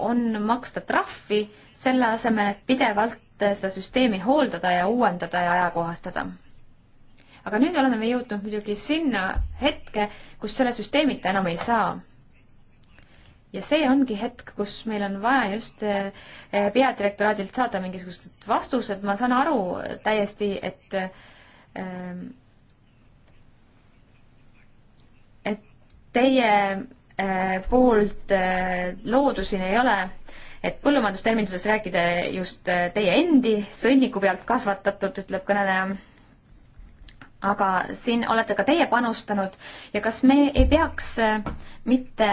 on maksta trahvi, selle asemel, et pidevalt seda süsteemi hooldada ja uuendada ja ajakohastada aga nüüd oleme me jõudnud muidugi sinna hetke, kus selle süsteemita enam ei saa. ja see ongi hetk, kus meil on vaja just eh, peadirektoraadilt saada mingisugused vastused, ma saan aru täiesti, et ehm, et teie eh, poolt eh, loodu siin ei ole, et põllumajandusterminitest rääkida just teie endi sõnniku pealt kasvatatud, ütleb kõneleja aga siin olete ka teie panustanud ja kas me ei peaks äh, mitte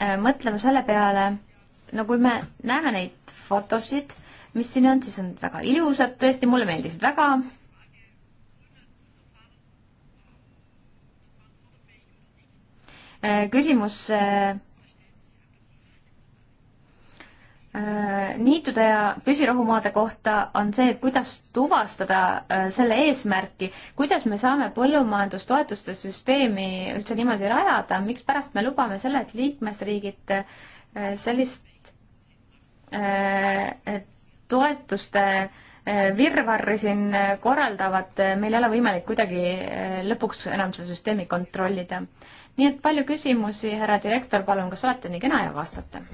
äh, mõtlema selle peale, no kui me näeme neid fotosid, mis siin on, siis on väga ilusad, tõesti, mulle meeldisid väga. Äh, küsimus Äh, niitude ja püsirohumaade kohta on see, et kuidas tuvastada äh, selle eesmärki, kuidas me saame põllumajandustoetuste süsteemi üldse niimoodi rajada, mikspärast me lubame selle, et liikmesriigid äh, sellist toetuste virvarri siin korraldavad, meil ei ole võimalik kuidagi lõpuks enam seda süsteemi kontrollida. nii et palju küsimusi, härra direktor, palun, kas olete nii kena ja vastate?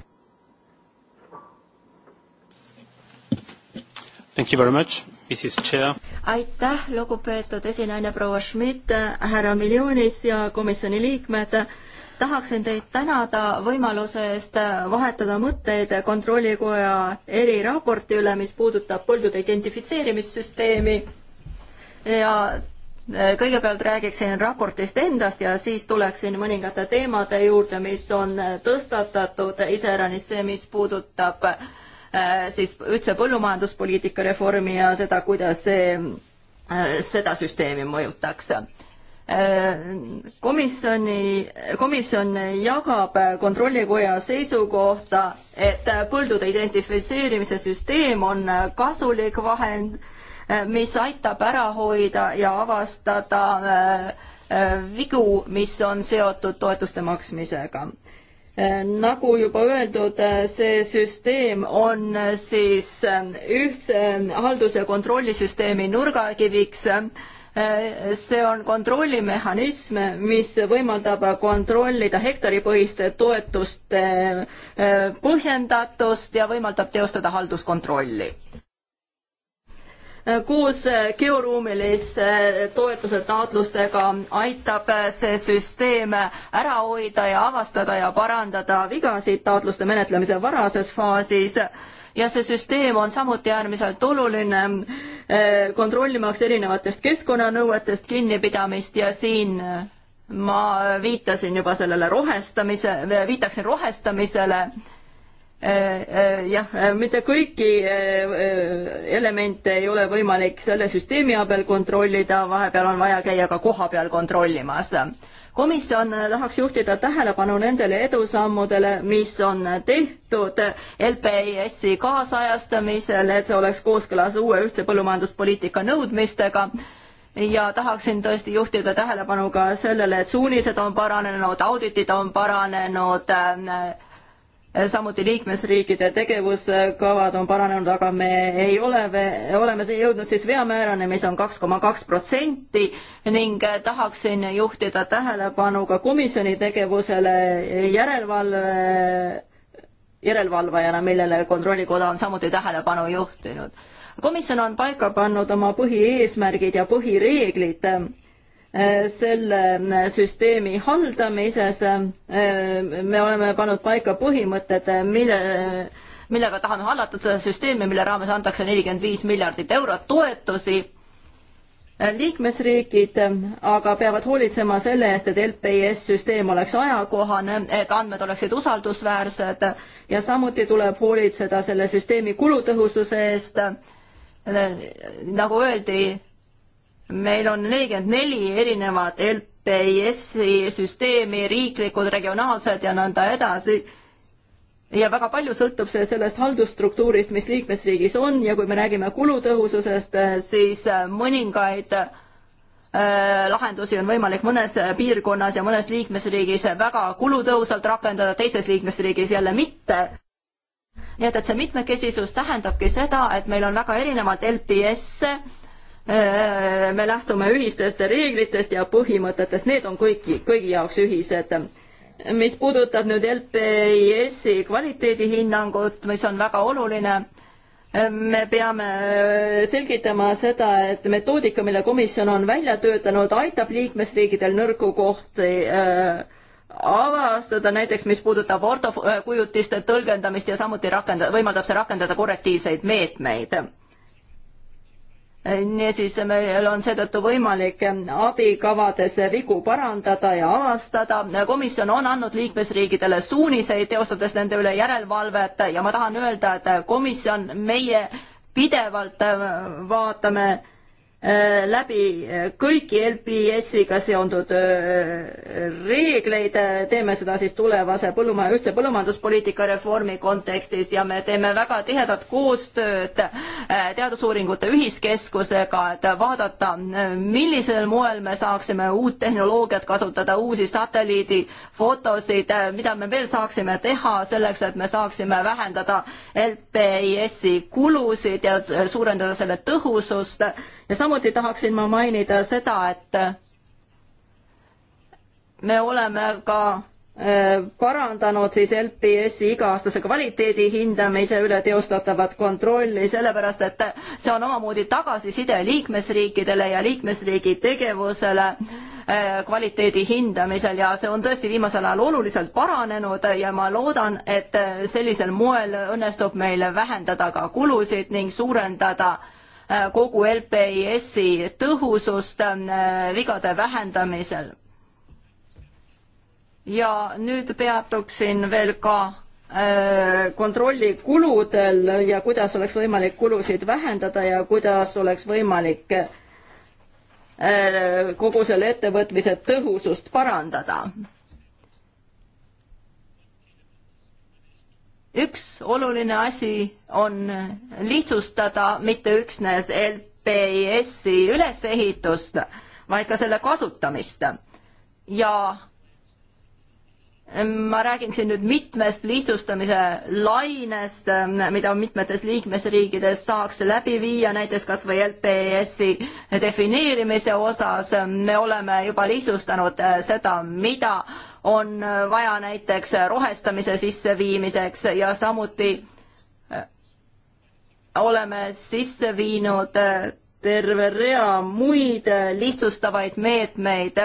Thank you very much, Mrs Chair. aitäh, lugupeetud esinaine proua Schmidt, härra Miljonis ja komisjoni liikmed. tahaksin teid tänada võimaluse eest vahetada mõtteid Kontrollikoja eriraporti üle, mis puudutab põldude identifitseerimissüsteemi ja kõigepealt räägiksin raportist endast ja siis tuleksin mõningate teemade juurde, mis on tõstatatud, iseäranis see, mis puudutab äh, Äh, siis üldse põllumajanduspoliitika reformi ja seda, kuidas see, äh, seda süsteemi mõjutaks äh, komisjoni, komisjon jagab Kontrollikoja seisukohta, et põldude identifitseerimise süsteem on kasulik vahend, mis aitab ära hoida ja avastada vigu, mis on seotud toetuste maksmisega nagu juba öeldud, see süsteem on siis äh, ühtse äh, haldus- ja kontrollisüsteemi nurgakiviks. Äh, see on kontrollimehhanism, mis võimaldab kontrollida hektaripõhiste toetuste põhjendatust ja võimaldab teostada halduskontrolli Äh, koos äh, georuumilise äh, toetuse taotlustega aitab see süsteem ära hoida ja avastada ja parandada vigasid taotluste menetlemise varases faasis ja see süsteem on samuti äärmiselt oluline kontrollimaks erinevatest keskkonnanõuetest kinnipidamist ja siin ma viitasin juba sellele rohestamise, viitaksin rohestamisele jah, mitte kõiki eh, elemente ei ole võimalik selle süsteemi abil kontrollida, vahepeal on vaja käia ka kohapeal kontrollimas. komisjon tahaks juhtida tähelepanu nendele edusammudele, mis on tehtud LPIS-i kaasajastamisel, et see oleks kooskõlas uue ühtse põllumajanduspoliitika nõudmistega ja tahaksin tõesti juhtida tähelepanu ka sellele, et suunised on paranenud, auditid on paranenud äh,, Eh, samuti liikmesriikide tegevuskavad on paranenud, aga me ei ole, oleme jõudnud siis veamäärani, mis on kaks koma kaks protsenti ning eh, tahaksin juhtida tähelepanu ka komisjoni tegevusele järelevalve, järelevalvajana, millele Kontrollikoda on samuti tähelepanu juhtinud. komisjon on paika pannud oma põhieesmärgid ja põhireeglid eh, Äh, selle äh, süsteemi haldamises. Äh, me oleme pannud paika põhimõtted, mille, millega tahame hallata seda süsteemi, mille raames antakse nelikümmend viis miljardit eurot toetusi liikmesriigid aga peavad hoolitsema selle eest, et LPIS süsteem oleks ajakohane, et andmed oleksid usaldusväärsed ja samuti tuleb hoolitseda selle süsteemi kulutõhususe eest. nagu öeldi, meil on nelikümmend neli erinevat LPIS-i süsteemi, riiklikud, regionaalsed ja nõnda edasi. ja väga palju sõltub see sellest haldusstruktuurist, mis liikmesriigis on ja kui me räägime kulutõhususest, siis äh, mõningaid äh, lahendusi on võimalik mõnes piirkonnas ja mõnes liikmesriigis väga kulutõhusalt rakendada, teises liikmesriigis jälle mitte nii et, et see mitmekesisus tähendabki seda, et meil on väga erinevalt LPS-e Äh, me lähtume ühistest reeglitest ja põhimõtetest, need on kõigi, kõigi jaoks ühised. mis puudutab nüüd LPIS-i kvaliteedihinnangut, mis on väga oluline, me peame äh, selgitama seda, et metoodika, mille komisjon on välja töötanud, aitab liikmesriigidel nõrku kohti äh, avastada, näiteks mis puudutab ortokujutiste äh, tõlgendamist ja samuti rakenda-, võimaldab see rakendada korrektiivseid meetmeid niisiis meil on seetõttu võimalik abikavades vigu parandada ja avastada. komisjon on andnud liikmesriigidele suuniseid, teostades nende üle järelevalvet ja ma tahan öelda, et komisjon, meie pidevalt vaatame äh, Äh, läbi äh, kõiki LPS-iga seonduvad äh, reegleid, teeme seda siis tulevase põllumaja, ühtse põllumajanduspoliitika reformi kontekstis ja me teeme väga tihedat koostööd Teadusuuringute Ühiskeskusega, et vaadata, millisel moel me saaksime uut tehnoloogiat kasutada, uusi satelliidifotosid, mida me veel saaksime teha selleks, et me saaksime vähendada LPS-i kulusid ja suurendada selle tõhusust ja samuti tahaksin ma mainida seda, et me oleme ka e, parandanud siis LPS-i iga-aastase kvaliteedi hindamise üle teostatavat kontrolli, sellepärast et see on omamoodi tagasiside liikmesriikidele ja liikmesriigi tegevusele e, kvaliteedi hindamisel ja see on tõesti viimasel ajal oluliselt paranenud ja ma loodan, et sellisel moel õnnestub meil vähendada ka kulusid ning suurendada äh, Äh, kogu LPIS-i tõhusust äh, vigade vähendamisel. ja nüüd peatuksin veel ka äh, kontrolli kuludel ja kuidas oleks võimalik kulusid vähendada ja kuidas oleks võimalik kogu selle ettevõtmise tõhusust parandada üks oluline asi on lihtsustada mitte üksnes LPIS-i ülesehitust, vaid ka selle kasutamist. ja ma räägin siin nüüd mitmest lihtsustamise lainest, ähm, mida mitmetes liikmesriikides saaks läbi viia, näiteks kas või LPS-i defineerimise osas. me oleme juba lihtsustanud äh, seda, mida on äh, vaja näiteks rohestamise sisseviimiseks ja samuti äh, oleme sisse viinud terve rea muid lihtsustavaid meetmeid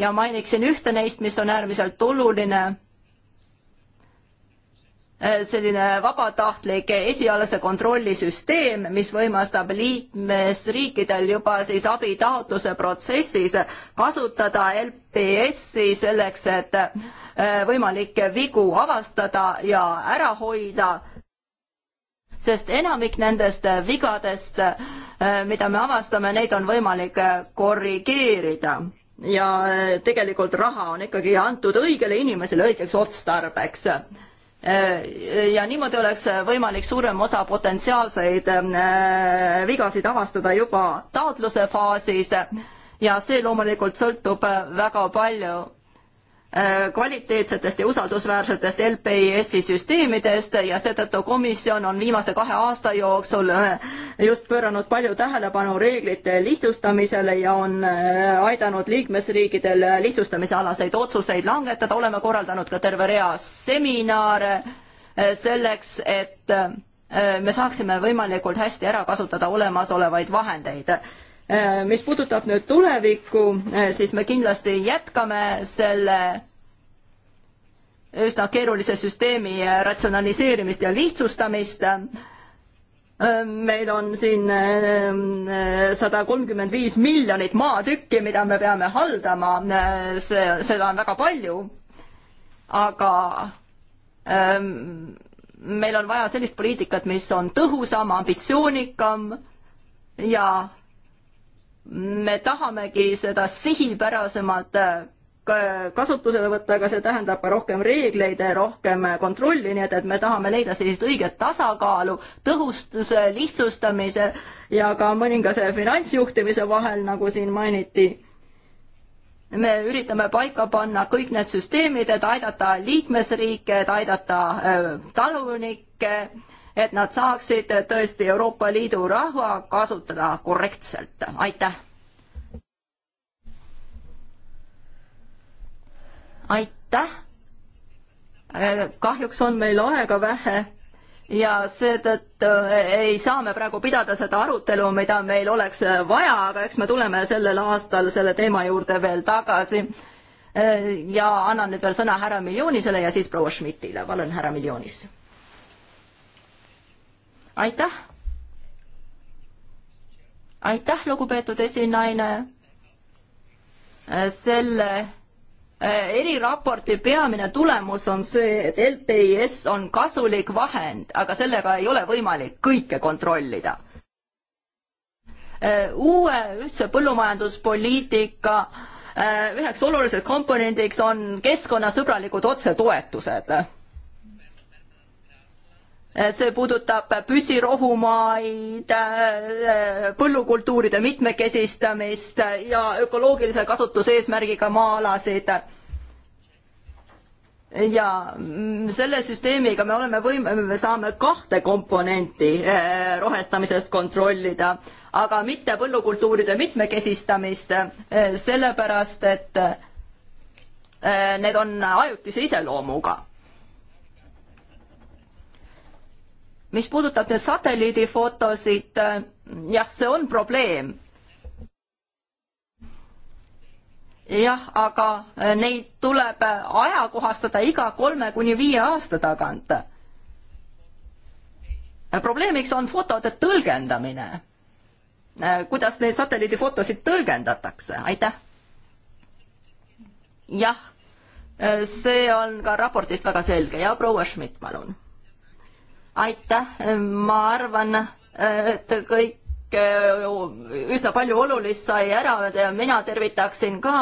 ja mainiksin ühte neist, mis on äärmiselt oluline. Äh, selline vabatahtlik esialase kontrollisüsteem, mis võimaldab liikmesriikidel juba siis abitaotluse protsessis kasutada LPS-i selleks, et äh, võimalikke vigu avastada ja ära hoida sest enamik nendest vigadest, äh, mida me avastame, neid on võimalik korrigeerida ja eh, tegelikult raha on ikkagi antud õigele inimesele õigeks otstarbeks. Eh, ja niimoodi oleks võimalik suurem osa potentsiaalseid eh, vigasid avastada juba taotluse faasis ja see loomulikult sõltub väga palju Äh, kvaliteetsetest ja usaldusväärsetest LPIS-i süsteemidest ja seetõttu komisjon on viimase kahe aasta jooksul äh, just pööranud palju tähelepanu reeglite lihtsustamisele ja on äh, aidanud liikmesriikidel lihtsustamise alaseid otsuseid langetada, oleme korraldanud ka terve rea seminare selleks, et me saaksime võimalikult hästi ära kasutada olemasolevaid vahendeid Äh, mis puudutab nüüd tulevikku, äh, siis me kindlasti jätkame selle üsna keerulise süsteemi ratsionaliseerimist ja lihtsustamist. Äh, meil on siin sada kolmkümmend viis miljonit maatükki, mida me peame haldama, see, seda on väga palju, aga ähm, meil on vaja sellist poliitikat, mis on tõhusam, ambitsioonikam ja me tahamegi seda sihipärasemat äh, kasutusele võtta, aga see tähendab ka rohkem reegleid, rohkem kontrolli, nii et, et me tahame leida sellist õiget tasakaalu tõhustuse, lihtsustamise ja ka mõningase finantsjuhtimise vahel, nagu siin mainiti me üritame paika panna kõik need süsteemid, et aidata liikmesriike, et aidata äh, talunikke, et nad saaksid tõesti Euroopa Liidu raha kasutada korrektselt, aitäh. aitäh. kahjuks on meil aega vähe ja seetõttu ei saa me praegu pidada seda arutelu, mida meil oleks vaja, aga eks me tuleme sellel aastal selle teema juurde veel tagasi. ja annan nüüd veel sõna härra Miljonisele ja siis proua Schmidtile, palun härra Miljonis aitäh. aitäh, lugupeetud esinaine. selle äh, eriraporti peamine tulemus on see, et LTIS on kasulik vahend, aga sellega ei ole võimalik kõike kontrollida äh, uue ühtse põllumajanduspoliitika äh, üheks oluliseks komponendiks on keskkonnasõbralikud otsetoetused. Äh, see puudutab püsirohumaid, äh, äh, põllukultuuride mitmekesistamist ja ökoloogilise kasutuseesmärgiga maa-alasid. ja mm, selle süsteemiga me oleme võim-, me saame kahte komponenti rohestamisest kontrollida, aga mitte põllukultuuride mitmekesistamist, sellepärast et need on ajutise iseloomuga mis puudutab nüüd satelliidifotosid, jah, see on probleem. jah, aga neid tuleb ajakohastada iga kolme kuni viie aasta tagant. probleemiks on fotode tõlgendamine. kuidas neid satelliidifotosid tõlgendatakse, aitäh. jah, see on ka raportist väga selge ja proua Schmidt, palun aitäh, ma arvan, et kõik äh, üsna palju olulist sai ära öelda ja mina tervitaksin ka,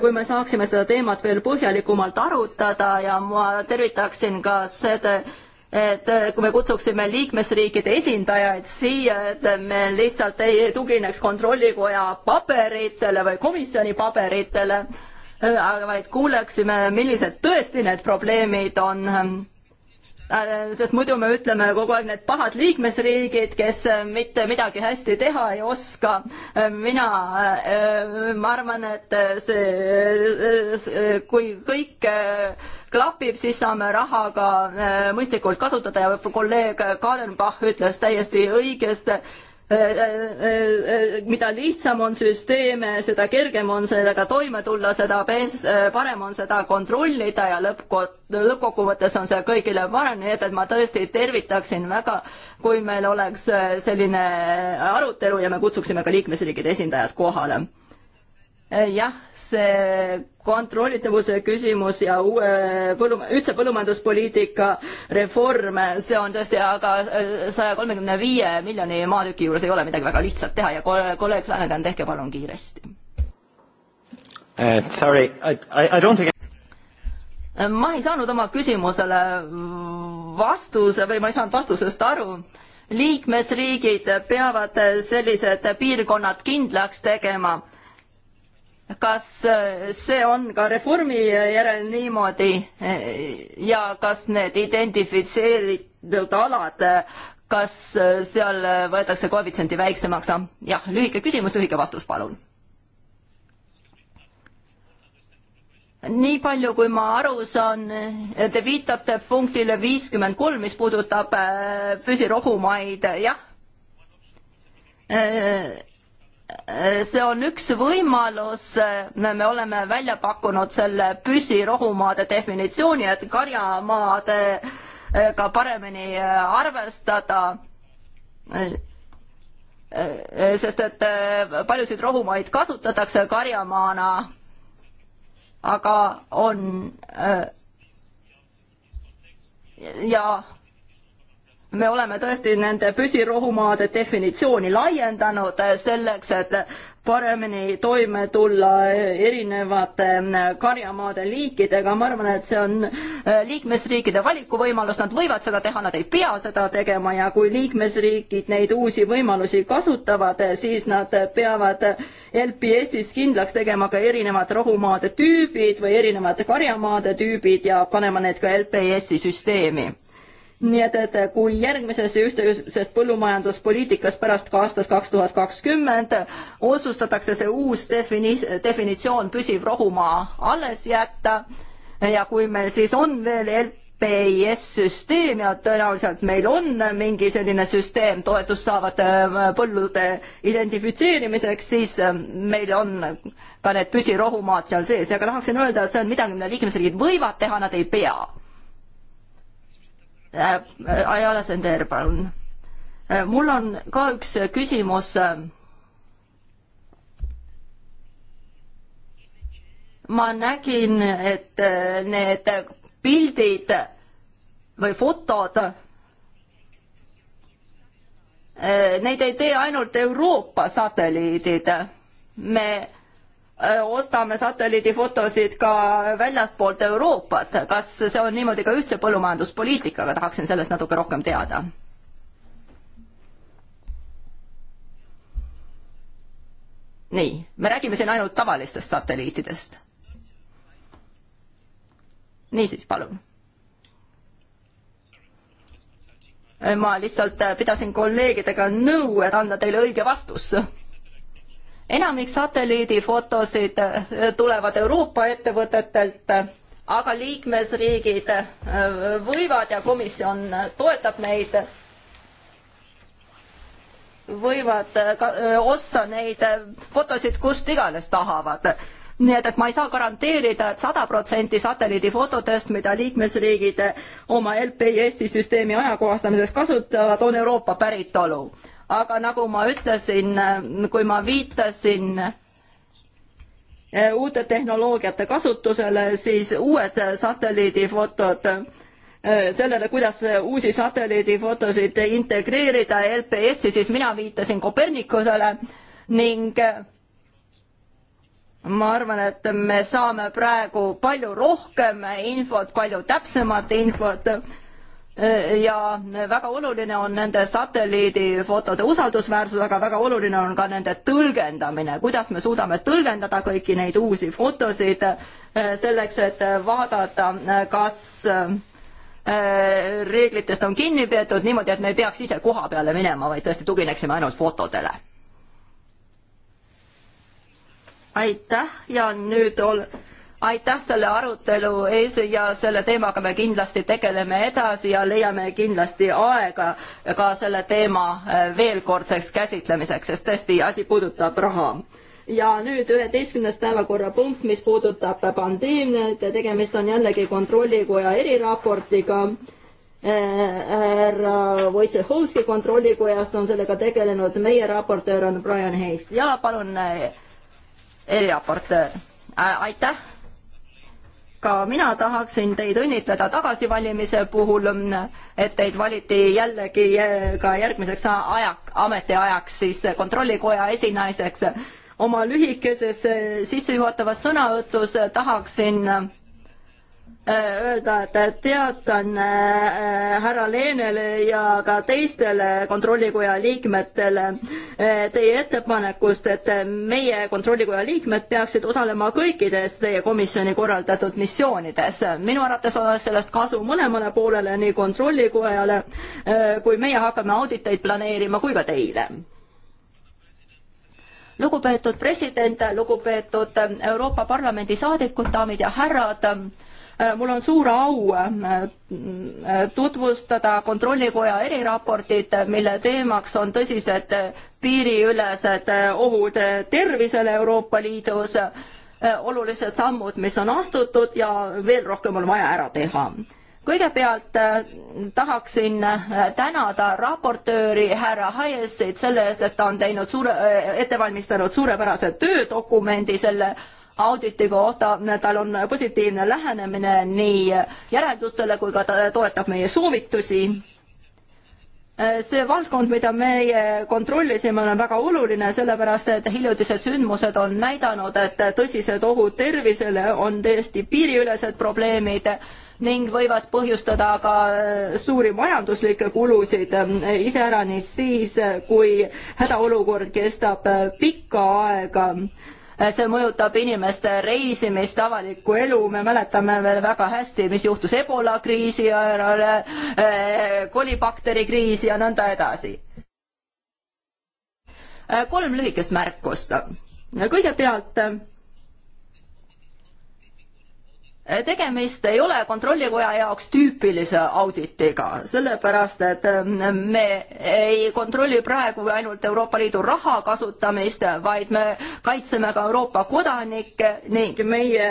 kui me saaksime seda teemat veel põhjalikumalt arutada ja ma tervitaksin ka seda, et kui me kutsuksime liikmesriikide esindajaid siia, et me lihtsalt ei tugineks kontrollikoja paberitele või komisjoni paberitele, äh, aga vaid kuuleksime, millised tõesti need probleemid on Äh, sest muidu me ütleme kogu aeg need pahad liikmesriigid, kes äh, mitte midagi hästi teha ei oska. Äh, mina, ma arvan, et see, kui kõik klapib, siis saame raha ka mõistlikult kasutada ja kolleeg Kadenbach ütles täiesti õigesti, Äh, äh, äh, mida lihtsam on süsteeme, seda kergem on sellega toime tulla, seda pes-, parem on seda kontrollida ja lõppkot-, lõppkokkuvõttes on see kõigile parem, nii et, et ma tõesti tervitaksin väga, kui meil oleks selline arutelu ja me kutsuksime ka liikmesriikide esindajad kohale Eh, jah, see kontrollitavuse küsimus ja uue põllu, üldse põllumajanduspoliitika reform, see on tõesti, aga eh, saja kolmekümne viie miljoni maatüki juures ei ole midagi väga lihtsat teha ja kolleeg Flanagan, tehke palun kiiresti uh,. Sorry, I, I don't think ma ei saanud oma küsimusele vastuse või ma ei saanud vastusest aru liikmesriigid peavad sellised piirkonnad kindlaks tegema kas eh, see on ka reformi järel niimoodi eh, ja kas need identifitseeritud alad, eh, kas seal võetakse koefitsienti väiksemaks? jah, lühike küsimus, lühike vastus, palun. nii palju, kui ma aru saan, te viitate punktile viiskümmend kolm, mis puudutab püsirohumaid, jah see on üks võimalus, me oleme välja pakkunud selle püsirohumaade definitsiooni, et karjamaadega eh, paremini eh, arvestada eh, sest et paljusid rohumaid kasutatakse karjamaana, aga on ja me oleme tõesti nende püsirohumaade definitsiooni laiendanud eh, selleks, et paremini toime tulla eh, erinevate mm, karjamaade liikidega, ma arvan, et see on eh, liikmesriikide valikuvõimalus, nad võivad seda teha, nad ei pea seda tegema ja kui liikmesriigid neid uusi võimalusi kasutavad, siis nad peavad LPS-is kindlaks tegema ka erinevad rohumaade tüübid või erinevad karjamaade tüübid ja panema need ka LPS-i süsteemi nii et, et kui järgmises ühtluses põllumajanduspoliitikas pärast ka aastat kaks tuhat kakskümmend otsustatakse see uus defini-, definitsioon püsiv rohumaa alles jätta ja kui meil siis on veel LPIS-süsteem ja tõenäoliselt meil on mingi selline süsteem toetust saavate äh, põllude identifitseerimiseks, siis äh, meil on ka need püsirohumaad seal sees ja ka tahaksin öelda, et see on midagi, mida liikmesriigid võivad teha, nad ei pea Äh, äh, Ajala Sender, palun. Äh, mul on ka üks küsimus. ma nägin, et need pildid või fotod, neid ei tee ainult Euroopa satelliidid. me Äh, ostame satelliidifotosid ka väljastpoolt Euroopat, kas see on niimoodi ka ühtse põllumajanduspoliitikaga, tahaksin sellest natuke rohkem teada? nii, me räägime siin ainult tavalistest satelliitidest. niisiis, palun. Äh, ma lihtsalt pidasin kolleegidega nõu, et anda teile õige vastus enamik satelliidifotosid äh, tulevad Euroopa ettevõtetelt, aga liikmesriigid äh, võivad ja komisjon äh, toetab neid, võivad ka, osta neid fotosid kust iganes tahavad. nii et, et ma ei saa garanteerida, et sada protsenti satelliidifotodest, mida liikmesriigid oma LPIS-i süsteemi ajakohastamiseks kasutavad, on Euroopa päritolu aga nagu ma ütlesin, kui ma viitasin eh, uute tehnoloogiate kasutusele, siis uued satelliidifotod eh, sellele, kuidas uusi satelliidifotosid integreerida LPS-i, siis mina viitasin Kopernikusele ning eh, ma arvan, et me saame praegu palju rohkem infot, palju täpsemat infot ja väga oluline on nende satelliidifotode usaldusväärsus, aga väga oluline on ka nende tõlgendamine, kuidas me suudame tõlgendada kõiki neid uusi fotosid eh, selleks, et vaadata, eh, kas eh, reeglitest on kinni peetud niimoodi, et me ei peaks ise koha peale minema, vaid tõesti tugineksime ainult fotodele. aitäh ja nüüd ol-, aitäh selle arutelu ees ja selle teemaga me kindlasti tegeleme edasi ja leiame kindlasti aega ka selle teema äh, veelkordseks käsitlemiseks, sest tõesti asi puudutab raha ja nüüd üheteistkümnes päevakorrapunkt, mis puudutab pandeemiat, tegemist on jällegi kontrollikoja eriraportiga äh, härra Wojciechowski kontrollikojast on sellega tegelenud, meie raportöör on Brian Hayes ja palun äh, eriraportöör, aitäh ka mina tahaksin teid õnnitleda tagasivalimise puhul, et teid valiti jällegi eh, ka järgmiseks ajak, ametiajaks siis kontrollikoja esinaiseks. oma lühikeses eh, sissejuhatavas sõnavõtus tahaksin Äh, öelda, et teatan äh, härra Leenele ja ka teistele kontrollikoja liikmetele äh, teie ettepanekust, et meie kontrollikoja liikmed peaksid osalema kõikides teie komisjoni korraldatud missioonides. minu arvates oleks sellest kasu mõlemale poolele, nii kontrollikojale kui meie hakkame auditeid planeerima, kui ka teile lugupeetud president, lugupeetud Euroopa Parlamendi saadikud, daamid ja härrad Äh, mul on suur au äh, tutvustada Kontrollikoja eriraportit, mille teemaks on tõsised piiriülesed äh, ohud tervisele Euroopa Liidus, olulised sammud, mis on astutud ja veel rohkem on vaja ära teha kõigepealt tahaksin tänada raportööri härra Hayesit selle eest, et ta on teinud suure, ette valmistanud suurepärase töödokumendi selle äh, auditi kohta, tal on positiivne lähenemine nii järeldustele kui ka ta toetab meie soovitusi. see valdkond, mida meie kontrollisime, on väga oluline, sellepärast et hiljutised sündmused on näidanud, et tõsised ohud tervisele on tõesti piiriülesed probleemid ning võivad põhjustada ka äh, suuri majanduslikke kulusid, iseäranis siis, kui hädaolukord kestab äh, pikka aega Eh, see mõjutab inimeste reisimist, avalikku elu, me mäletame veel väga hästi, mis juhtus Ebola kriisi ajal, eh, kolibakteri kriisi ja nõnda edasi. Eh, kolm lühikest märkust. kõigepealt tegemist ei ole Kontrollikoja jaoks tüüpilise auditiga, sellepärast et ähm, me ei kontrolli praegu ainult Euroopa Liidu raha kasutamist, vaid me kaitseme ka Euroopa kodanikke ning meie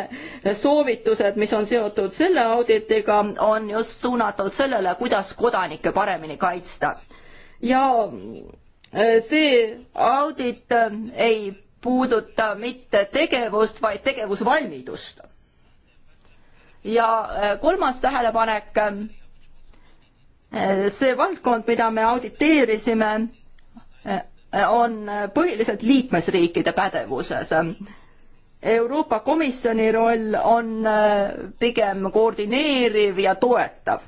soovitused, mis on seotud selle auditiga, on just suunatud sellele, kuidas kodanikke paremini kaitsta. ja äh, see audit äh, ei puuduta mitte tegevust, vaid tegevusvalmidust ja äh, kolmas tähelepanek, äh, see valdkond, mida me auditeerisime, äh, on põhiliselt liikmesriikide pädevuses Euroopa Komisjoni roll on pigem koordineeriv ja toetav.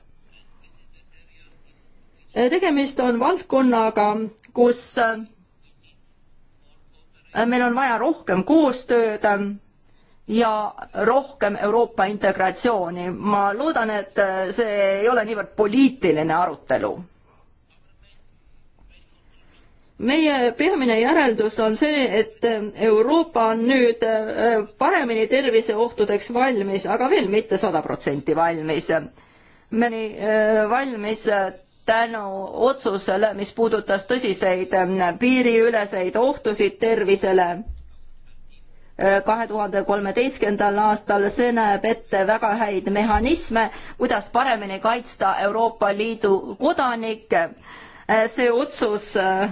tegemist on valdkonnaga, kus meil on vaja rohkem koostööd ja rohkem Euroopa integratsiooni. ma loodan, et see ei ole niivõrd poliitiline arutelu. meie peamine järeldus on see, et Euroopa on nüüd paremini terviseohtudeks valmis, aga veel mitte sada protsenti valmis. me olime äh, valmis tänu otsusele, mis puudutas tõsiseid äh, piiriüleseid ohtusid tervisele kahe tuhande kolmeteistkümnendal aastal, see näeb ette väga häid mehhanisme, kuidas paremini kaitsta Euroopa Liidu kodanikke. see otsus eh,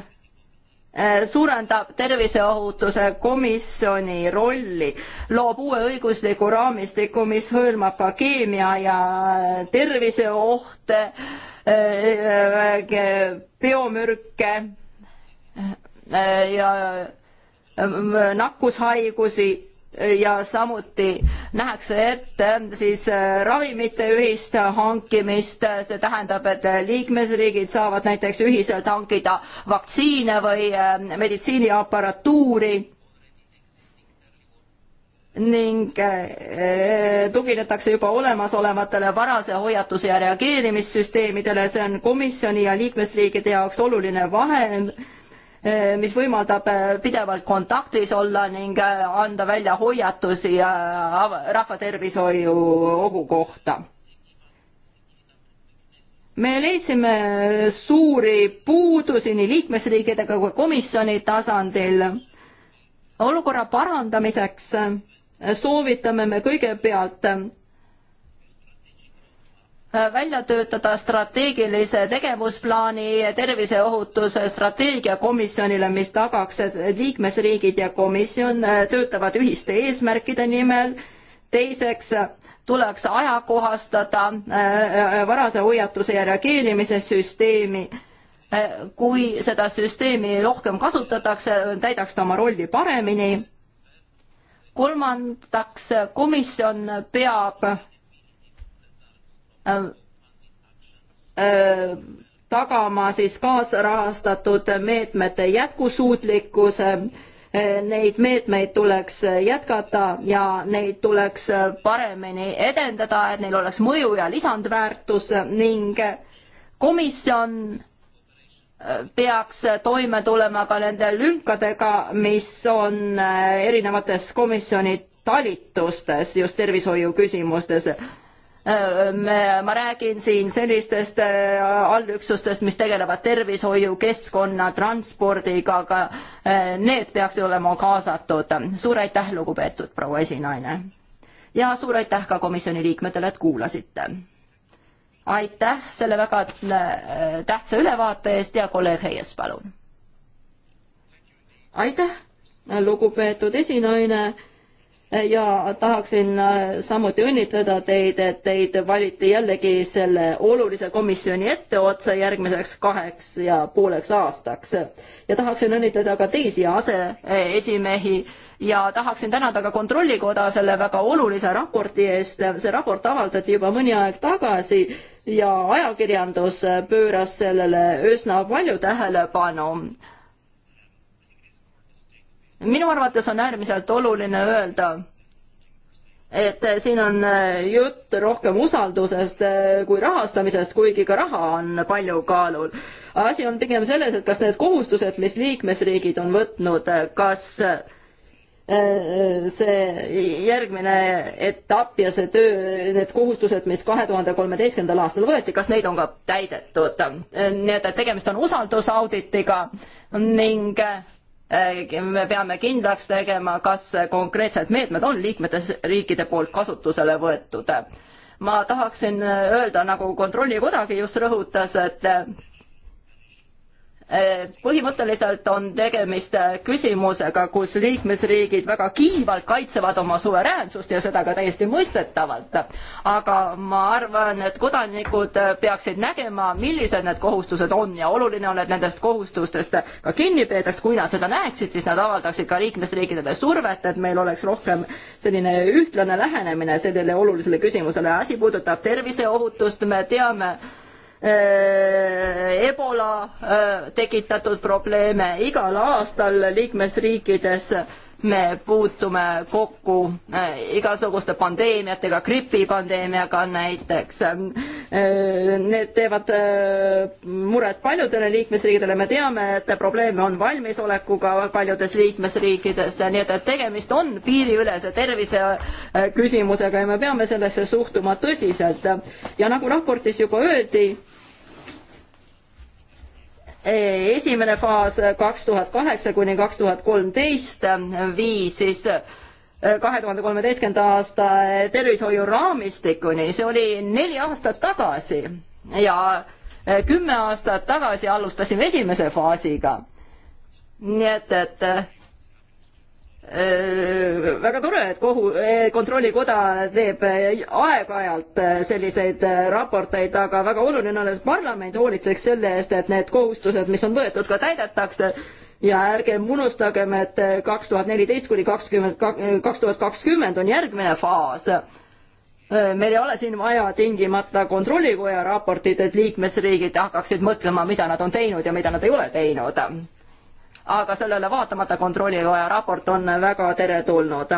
suurendab terviseohutuse komisjoni rolli, loob uue õigusliku raamistiku, mis hõlmab ka keemia ja terviseohte, eh, eh, biomürke ja Äh, nakkushaigusi äh, ja samuti nähakse ette äh, siis ravimite ühist hankimist, see tähendab, et liikmesriigid saavad näiteks ühiselt hankida vaktsiine või meditsiiniaparatuuri ning tuginetakse juba olemasolevatele varase hoiatuse ja reageerimissüsteemidele, see on komisjoni ja liikmesriikide jaoks oluline vahe Eh, mis võimaldab eh, pidevalt kontaktis olla ning eh, anda välja hoiatusi rahvatervishoiu ohu kohta. me leidsime suuri puudusi nii liikmesriikidega kui komisjoni tasandil. olukorra parandamiseks soovitame me kõigepealt Äh, välja töötada strateegilise tegevusplaani terviseohutuse strateegia komisjonile, mis tagaks, et liikmesriigid ja komisjon äh, töötavad ühiste eesmärkide nimel. teiseks äh, tuleks ajakohastada varase hoiatuse ja reageerimise süsteemi. kui seda süsteemi rohkem kasutatakse, täidaks ta oma rolli paremini. kolmandaks, komisjon peab Äh, äh, tagama siis kaasrahastatud meetmete jätkusuutlikkuse. Äh, neid meetmeid tuleks jätkata ja neid tuleks paremini edendada, et neil oleks mõju ja lisandväärtus ning komisjon peaks toime tulema ka nende lünkadega, mis on erinevates komisjoni talitustes just tervishoiu küsimustes Äh, me, ma räägin siin sellistest äh, allüksustest, mis tegelevad tervishoiu, keskkonna, transpordiga, aga äh, need peaksid olema kaasatud. suur aitäh, lugupeetud proua esinaine. ja suur aitäh ka komisjoni liikmetele, et kuulasite. aitäh selle väga tähtsa ülevaate eest ja kolleeg Heies, palun. aitäh, lugupeetud esinaine ja tahaksin äh, samuti õnnitleda teid, et teid valiti jällegi selle olulise komisjoni etteotsa järgmiseks kaheks ja pooleks aastaks. ja tahaksin õnnitleda ka teisi aseesimehi ja tahaksin tänada ka Kontrollikoda selle väga olulise raporti eest, see raport avaldati juba mõni aeg tagasi ja ajakirjandus pööras sellele üsna palju tähelepanu minu arvates on äärmiselt oluline öelda, et siin on äh, jutt rohkem usaldusest äh, kui rahastamisest, kuigi ka raha on palju kaalul. asi on pigem selles, et kas need kohustused, mis liikmesriigid on võtnud, äh, kas see järgmine etapp ja see töö, need kohustused, mis kahe tuhande kolmeteistkümnendal aastal võeti, kas neid on ka täidetud? nii et, et tegemist on usaldusauditiga ning Äh, me peame kindlaks tegema, kas konkreetsed meetmed on liikmesriikide poolt kasutusele võetud. ma tahaksin öelda, nagu Kontrollikodagi just rõhutas, et Äh, põhimõtteliselt on tegemist äh, küsimusega, kus liikmesriigid väga kiivalt kaitsevad oma suveräänsust ja seda ka täiesti mõistetavalt. aga ma arvan, et kodanikud äh, peaksid nägema, millised need kohustused on ja oluline on, et nendest kohustustest ka kinni peetakse, kui nad seda näeksid, siis nad avaldaksid ka liikmesriikidele survet, et meil oleks rohkem selline ühtlane lähenemine sellele olulisele küsimusele. asi puudutab terviseohutust, me teame, Äh, Ebola äh, tekitatud probleeme igal aastal liikmesriikides me puutume kokku äh, igasuguste pandeemiatega, gripipandeemiaga näiteks. Äh, need teevad äh, muret paljudele liikmesriikidele, me teame, et probleeme on valmisolekuga paljudes liikmesriikides, nii et, et tegemist on piiriülese tervise küsimusega ja me peame sellesse suhtuma tõsiselt. ja nagu raportis juba öeldi, esimene faas kaks tuhat kaheksa kuni kaks tuhat kolmteist viis siis äh, kahe tuhande kolmeteistkümnenda aasta äh, tervishoiu raamistikuni, see oli neli aastat tagasi ja äh, kümme aastat tagasi alustasime esimese faasiga. nii et, et Äh, väga tore, et kohu, äh, kontrollikoda teeb äh, aeg-ajalt selliseid raporteid, aga väga oluline on, et parlament hoolitseks selle eest, et need kohustused, mis on võetud, ka täidetakse ja ärgem unustagem, et kaks tuhat neliteist kuni kakskümmend, kaks tuhat kakskümmend on järgmine faas. meil ei ole siin vaja tingimata kontrollikoja raportit, et liikmesriigid hakkaksid mõtlema, mida nad on teinud ja mida nad ei ole teinud aga sellele vaatamata kontrollikoja raport on väga teretulnud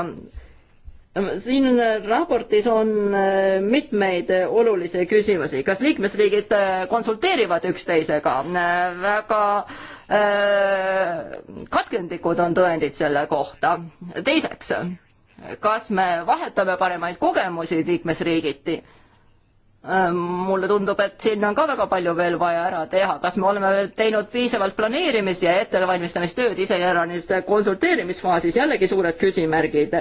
siin raportis on äh, mitmeid olulisi küsimusi, kas liikmesriigid äh, konsulteerivad üksteisega, äh, väga katkendikud on tõendid selle kohta. teiseks, kas me vahetame paremaid kogemusi liikmesriigiti Äh, mulle tundub, et siin on ka väga palju veel vaja ära teha, kas me oleme teinud piisavalt planeerimis- ja ettevalmistamistööd iseäranis konsulteerimisfaasis, jällegi suured küsimärgid.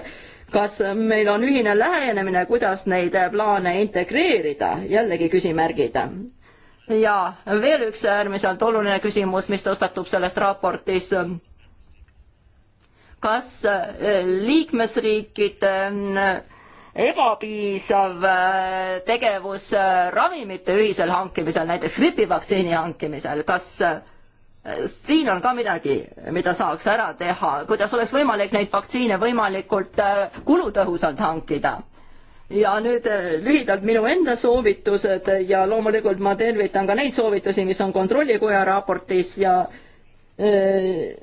kas meil on ühine lähenemine, kuidas neid plaane integreerida, jällegi küsimärgid. ja veel üks äärmiselt oluline küsimus, mis tõstatub selles raportis kas äh, liikmesriikide ebapiisav äh, tegevus äh, ravimite ühisel hankimisel, näiteks gripivaktsiini hankimisel, kas äh, siin on ka midagi, mida saaks ära teha, kuidas oleks võimalik neid vaktsiine võimalikult kulutõhusalt hankida? ja nüüd lühidalt minu enda soovitused ja loomulikult ma tervitan ka neid soovitusi, mis on Kontrollikoja raportis ja äh,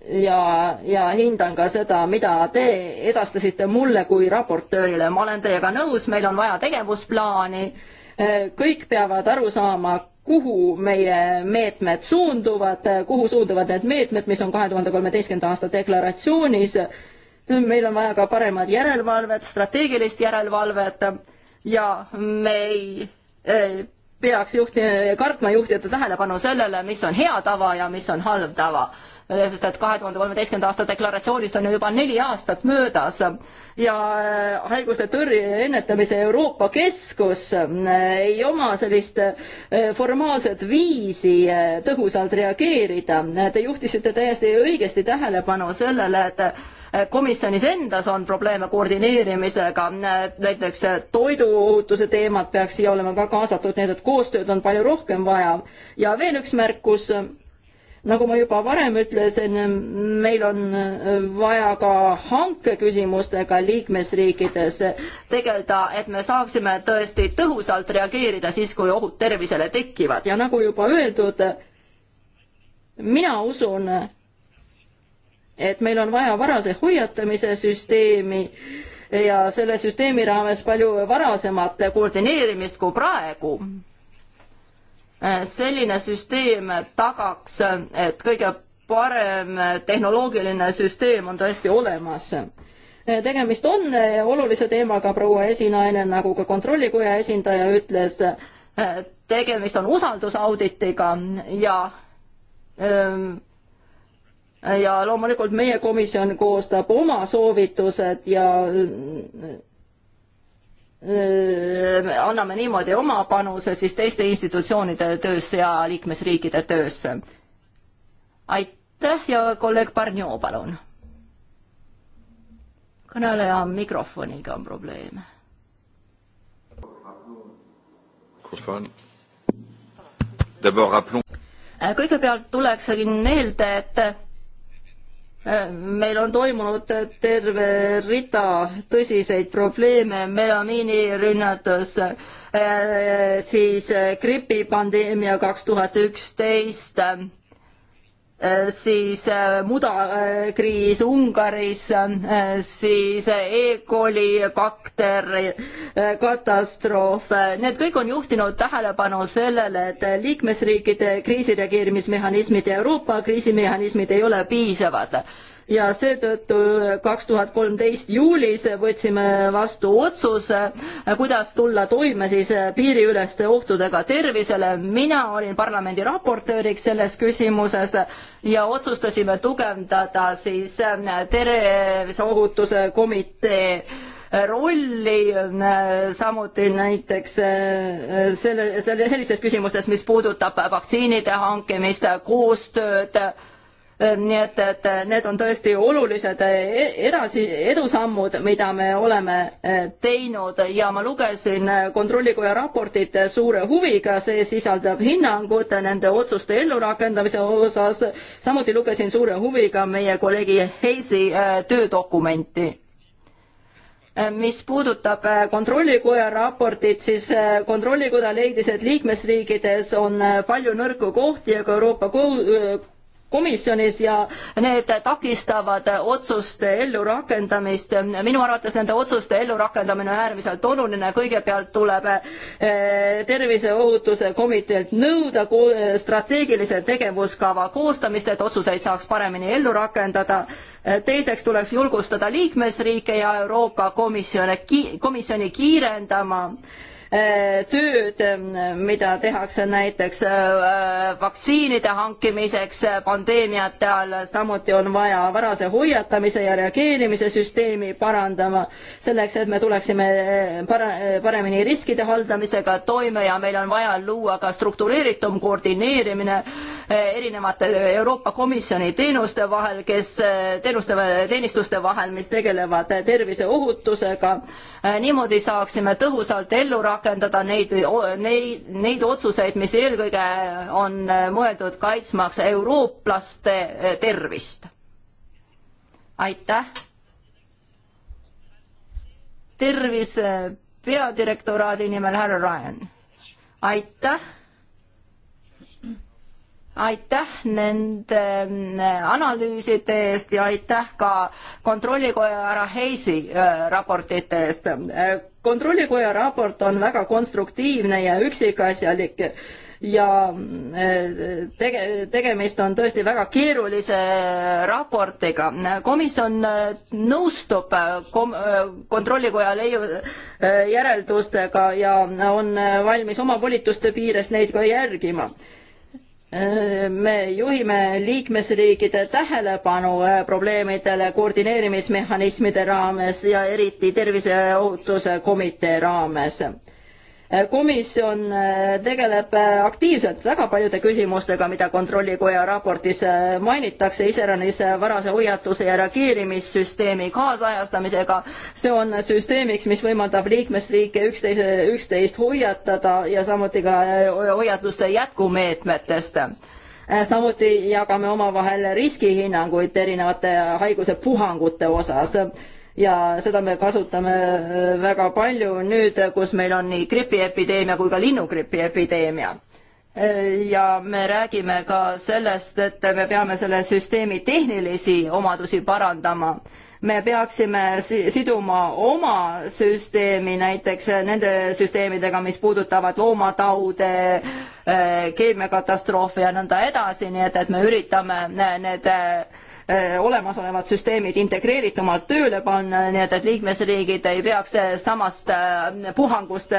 ja, ja hindan ka seda, mida te edastasite mulle kui raportöörile, ma olen teiega nõus, meil on vaja tegevusplaani, kõik peavad aru saama, kuhu meie meetmed suunduvad, kuhu suunduvad need meetmed, mis on kahe tuhande kolmeteistkümnenda aasta deklaratsioonis, meil on vaja ka paremat järelevalvet, strateegilist järelevalvet ja me ei peaks juhti-, kartma juhtida tähelepanu sellele, mis on hea tava ja mis on halb tava. sest et kahe tuhande kolmeteistkümnenda aasta deklaratsioonist on ju juba neli aastat möödas ja äh, haiguste tõrje ja ennetamise Euroopa Keskus äh, ei oma sellist äh, formaalset viisi tõhusalt reageerida. Te juhtisite täiesti õigesti tähelepanu sellele, et komisjonis endas on probleeme koordineerimisega, näiteks toiduohutuse teemad peaks siia olema ka kaasatud, nii et koostööd on palju rohkem vaja. ja veel üks märkus, nagu ma juba varem ütlesin, meil on vaja ka hankeküsimustega liikmesriikides tegeleda, et me saaksime tõesti tõhusalt reageerida siis, kui ohud tervisele tekivad ja nagu juba öeldud, mina usun, et meil on vaja varase hoiatamise süsteemi ja selle süsteemi raames palju varasemat koordineerimist kui praegu. selline süsteem tagaks, et kõige parem tehnoloogiline süsteem on tõesti olemas. tegemist on olulise teemaga, proua esinaine, nagu ka kontrollikoja esindaja ütles, tegemist on usaldusauditiga ja öö, ähm, ja loomulikult meie komisjon koostab oma soovitused ja äh, anname niimoodi oma panuse siis teiste institutsioonide töösse ja liikmesriikide töösse. aitäh ja kolleeg Barnio, palun. kõneleja mikrofoniga on probleem. mikrofon kõigepealt tuleks meelde, et meil on toimunud terve rida tõsiseid probleeme, melamiinirünnatus, äh, siis gripipandeemia kaks tuhat üksteist Äh, siis äh, mudakriis äh, Ungaris, siis e-kooli bakter, katastroof, need kõik on juhtinud tähelepanu sellele, et liikmesriikide kriisireageerimismehhanismid ja Euroopa kriisimehhanismid ei ole piisavad ja seetõttu kaks tuhat kolmteist juulis võtsime vastu otsuse, kuidas tulla toime siis piiriüleste ohtudega tervisele. mina olin parlamendi raportööriks selles küsimuses ja otsustasime tugevdada siis terviseohutuse komitee rolli, samuti näiteks äh, selle, selle, sellistes küsimustes, mis puudutab vaktsiinide hankimist, koostööd Äh, nii et, et need on tõesti olulised äh, e, edasi, edusammud, mida me oleme äh, teinud ja ma lugesin Kontrollikoja raportit suure huviga, see sisaldab hinnangut nende otsuste ellurakendamise osas. samuti lugesin suure huviga meie kolleegi Heisi töödokumenti mis puudutab Kontrollikoja raportit, siis Kontrollikoda leidis, et liikmesriikides on palju nõrku kohti, aga Euroopa komisjonis ja need takistavad otsuste ellurakendamist. minu arvates nende otsuste ellurakendamine on äärmiselt oluline, kõigepealt tuleb eh, terviseohutuse komiteelt nõuda strateegilise tegevuskava koostamist, et otsuseid saaks paremini ellu rakendada. teiseks tuleks julgustada liikmesriike ja Euroopa Komisjoni, komisjoni kiirendama äh, Eh, tööd, eh, mida tehakse näiteks eh, vaktsiinide hankimiseks pandeemiate all, samuti on vaja varase hoiatamise ja reageerimise süsteemi parandama, selleks et me tuleksime para-, paremini riskide haldamisega toime ja meil on vaja luua ka struktureeritum koordineerimine erinevate Euroopa Komisjoni teenuste vahel, kes teenuste, teenistuste vahel, mis tegelevad terviseohutusega, niimoodi saaksime tõhusalt ellu rakendada rakendada neid, neid, neid otsuseid, mis eelkõige on mõeldud kaitsmaks eurooplaste tervist. aitäh. tervise peadirektoraadi nimel härra Ryan. aitäh aitäh nende mm, analüüside eest ja aitäh ka Kontrollikoja härra Heisi äh, raportite eest. kontrollikoja raport on väga konstruktiivne ja üksikasjalik ja mm, äh, tege-, tegemist on tõesti väga keerulise raportiga. komisjon äh, nõustub kom-, kontrollikoja leiu-, järeldustega ja on valmis oma volituste piires neid ka järgima me juhime liikmesriikide tähelepanu äh, probleemidele koordineerimismehhanismide raames ja eriti terviseohutuse komitee raames Äh, komisjon äh, tegeleb äh, aktiivselt väga paljude küsimustega, mida Kontrollikoja raportis mainitakse, iseäranis varase hoiatuse ja reageerimissüsteemi kaasajastamisega. see on süsteemiks, mis võimaldab liikmesriike üksteise, üksteist hoiatada ja samuti ka hoiatuste jätkumeetmetest samuti jagame omavahel riskihinnanguid erinevate haiguse puhangute osas ja seda me kasutame äh, väga palju nüüd, kus meil on nii gripiepideemia kui ka linnugripi epideemia. Äh, ja me räägime ka sellest, et me peame selle süsteemi tehnilisi omadusi parandama me peaksime siduma oma süsteemi näiteks nende süsteemidega, mis puudutavad loomataude, äh, keemiakatastroofe ja nõnda edasi, nii et, et me üritame need, need Äh, olemasolevad süsteemid integreeritumalt tööle panna, nii et, et liikmesriigid ei peaks äh, samast äh, puhangust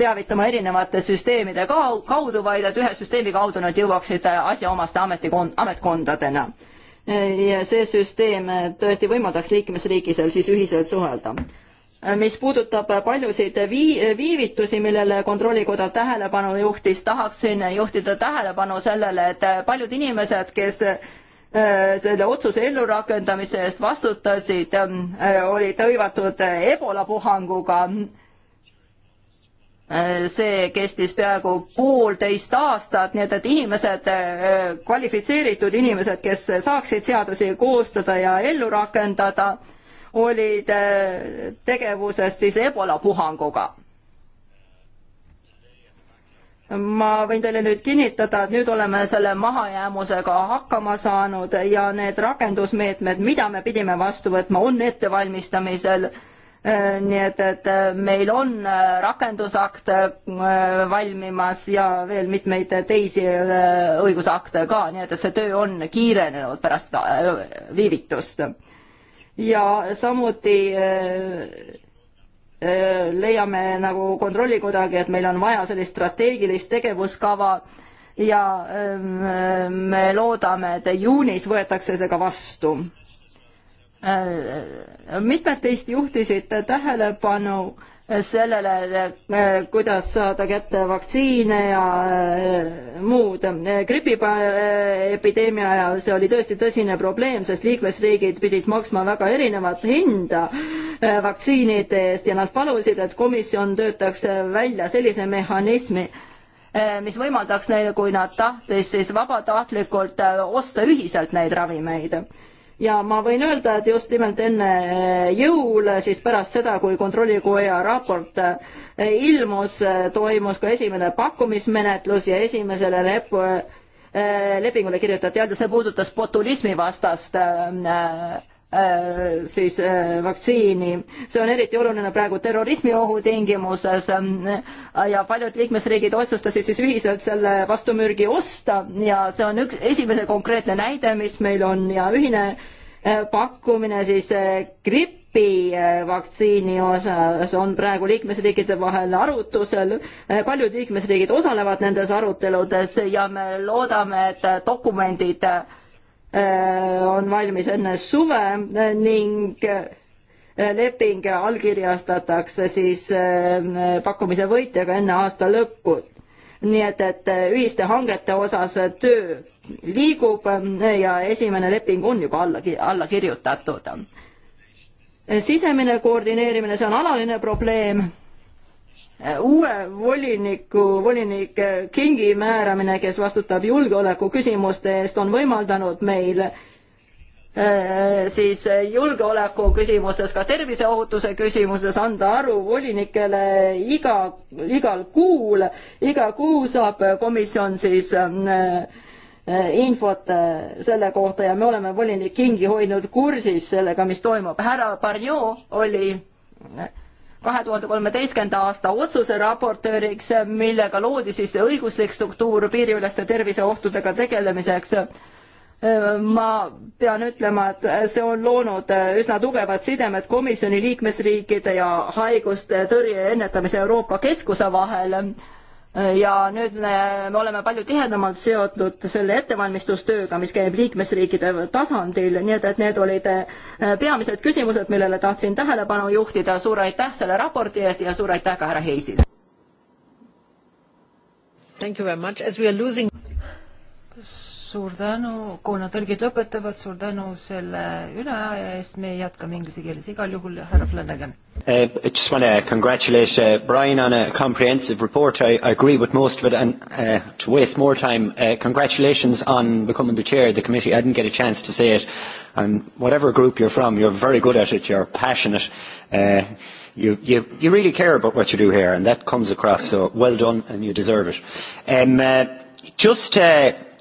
teavitama erinevate süsteemide kaudu, vaid et ühe süsteemi kaudu nad jõuaksid asjaomaste ametikond, ametkondadena ja see süsteem tõesti võimaldaks liikmesriikidel siis ühiselt suhelda mis puudutab paljusid vii-, viivitusi, millele Kontrollikoda tähelepanu juhtis, tahaksin juhtida tähelepanu sellele, et paljud inimesed, kes Äh, selle otsuse ellurakendamise eest vastutasid, ähm, äh, olid hõivatud Ebola puhanguga. Äh, see kestis peaaegu poolteist aastat, nii et, et inimesed, kvalifitseeritud inimesed, kes saaksid seadusi koostada ja ellu rakendada, olid tegevuses siis Ebola puhanguga ma võin teile nüüd kinnitada, et nüüd oleme selle mahajäämusega hakkama saanud ja need rakendusmeetmed, mida me pidime vastu võtma, on ettevalmistamisel. Äh, nii et, et äh, meil on äh, rakendusakt valmimas ja veel mitmeid teisi õigusakte ka, nii et, et see töö on kiirenenud pärast viivitust. ja samuti leiame nagu kontrollikodagi, et meil on vaja sellist strateegilist tegevuskava ja me loodame, et juunis võetakse see ka vastu. mitmed teist juhtisid tähelepanu äh, sellele, kuidas saada kätte vaktsiine ja äh, muud. gripiepideemia ajal see oli tõesti tõsine probleem, sest liikmesriigid pidid maksma väga erinevat hinda äh, vaktsiinide eest ja nad palusid, et komisjon töötaks välja sellise mehhanismi, äh, mis võimaldaks neile, kui nad tahtis, siis vabatahtlikult osta ühiselt neid ravimeid ja ma võin öelda, et just nimelt enne jõule, siis pärast seda, kui Kontrollikoja raport eh, ilmus, eh, toimus ka esimene pakkumismenetlus ja esimesele lep-, eh, lepingule kirjutati alla, see puudutas botulismi vastast äh, Äh, siis äh, vaktsiini. see on eriti oluline praegu terrorismiohu tingimuses äh, ja paljud liikmesriigid otsustasid siis ühiselt selle vastumürgi osta ja see on üks esimene konkreetne näide, mis meil on ja ühine pakkumine siis gripp gripivaktsiini osas on praegu liikmesriikide vahel arutusel, paljud liikmesriigid osalevad nendes aruteludes ja me loodame, et dokumendid äh, Äh, on valmis enne suve äh, ning äh, leping allkirjastatakse siis pakkumise võitjaga enne aasta lõppu. nii et, et ühiste hangete osas töö liigub ja esimene leping on juba alla, alla kirjutatud. sisemine koordineerimine, see on alaline probleem Äh, uue voliniku, volinik äh, Kingi määramine, kes vastutab julgeoleku küsimuste eest, on võimaldanud meil äh, siis julgeoleku küsimustes, ka terviseohutuse küsimuses anda aru volinikele iga, igal kuul, iga kuu saab komisjon siis infot selle kohta ja me oleme volinik Kingi hoidnud kursis sellega, mis toimub. härra Barjot oli kahe tuhande kolmeteistkümnenda aasta otsuse raportööriks, millega loodi siis õiguslik struktuur piiriüleste terviseohtudega tegelemiseks. ma pean ütlema, et see on loonud üsna tugevad sidemed komisjoni liikmesriikide ja haiguste tõrje ennetamise Euroopa Keskuse vahel ja nüüd me, me oleme palju tihedamalt seotud selle ettevalmistustööga, mis käib liikmesriikide tasandil, nii et, et need olid äh, peamised küsimused, millele tahtsin tähelepanu juhtida, suur aitäh selle raporti eest ja suur aitäh ka härra Heisile. Thank you very much, as we are losing suur tänu, kuna tõlgid lõpetavad, suur tänu selle üleaja eest, me jätkame inglise keeles igal juhul, härra Flanagan uh,. I just want to congratulate uh, Brian on a comprehensive report, I, I agree with most of it and uh, to waste more time uh,, congratulations on becoming the chair of the committee, I didn't get a chance to say it. And whatever group you're from, you're very good at it, you're passionate uh,. You, you, you really care about what you do here, and that comes across, so well done, and you deserve it. Um, uh, just uh,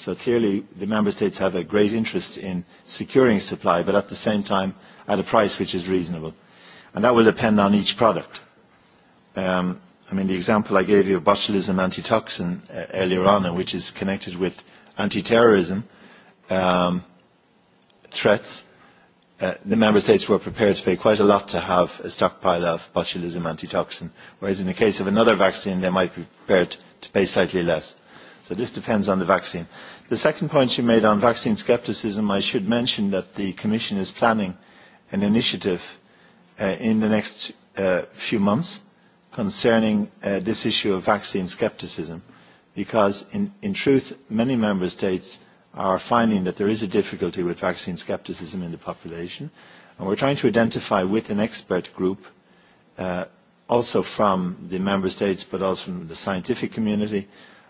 So clearly, the member states have a great interest in securing supply, but at the same time, at a price which is reasonable. And that will depend on each product. Um, I mean, the example I gave you of botulism antitoxin uh, earlier on, and which is connected with anti-terrorism um, threats, uh, the member states were prepared to pay quite a lot to have a stockpile of botulism antitoxin, whereas in the case of another vaccine, they might be prepared to pay slightly less. So this depends on the vaccine. The second point you made on vaccine skepticism, I should mention that the Commission is planning an initiative uh, in the next uh, few months concerning uh, this issue of vaccine skepticism, because in, in truth, many member states are finding that there is a difficulty with vaccine skepticism in the population. And we're trying to identify with an expert group, uh, also from the member states, but also from the scientific community,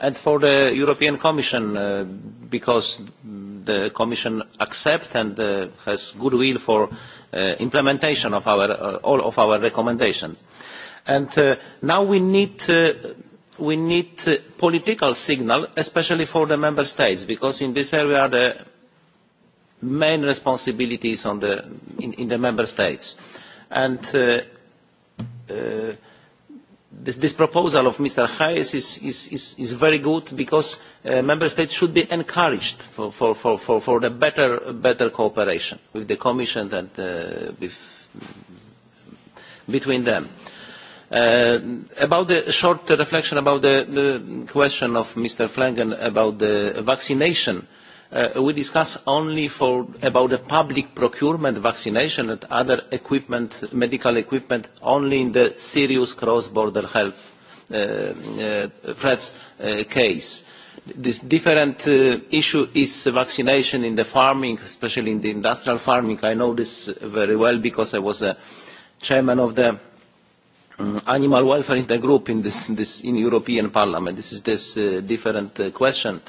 and for the European Commission, uh, because the Commission accepts and uh, has goodwill for uh, implementation of our, uh, all of our recommendations. And uh, now we need, uh, we need uh, political signal, especially for the Member States, because in this area the main responsibilities on the, in, in the Member States. And uh, uh, this, this proposal of Mr. Hayes is, is, is, is very good because uh, member states should be encouraged for, for, for, for, for the better, better cooperation with the Commission and uh, with, between them. Uh, about the short reflection about the, the question of Mr. Flanagan about the vaccination, uh, uh, we discuss only for, about the public procurement, vaccination and other equipment, medical equipment, only in the serious cross-border health uh, uh, threats uh, case. This different uh, issue is vaccination in the farming, especially in the industrial farming. I know this very well because I was a chairman of the um, animal welfare in the group in this, in this in European Parliament. This is this uh, different uh, question. Uh,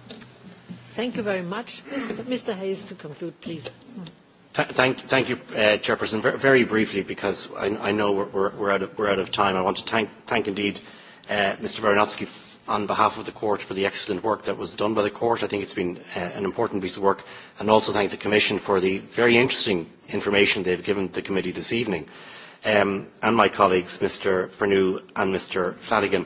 Thank you very much. Mr. Mr. Hayes, to conclude, please. Th thank, thank you, uh, Chairperson. Very, very briefly, because I, I know we're, we're, out of, we're out of time, I want to thank, thank indeed uh, Mr. Veronovsky on behalf of the court for the excellent work that was done by the court. I think it's been uh, an important piece of work, and also thank the Commission for the very interesting information they've given the committee this evening, um, and my colleagues, Mr. Pernew and Mr. Flanagan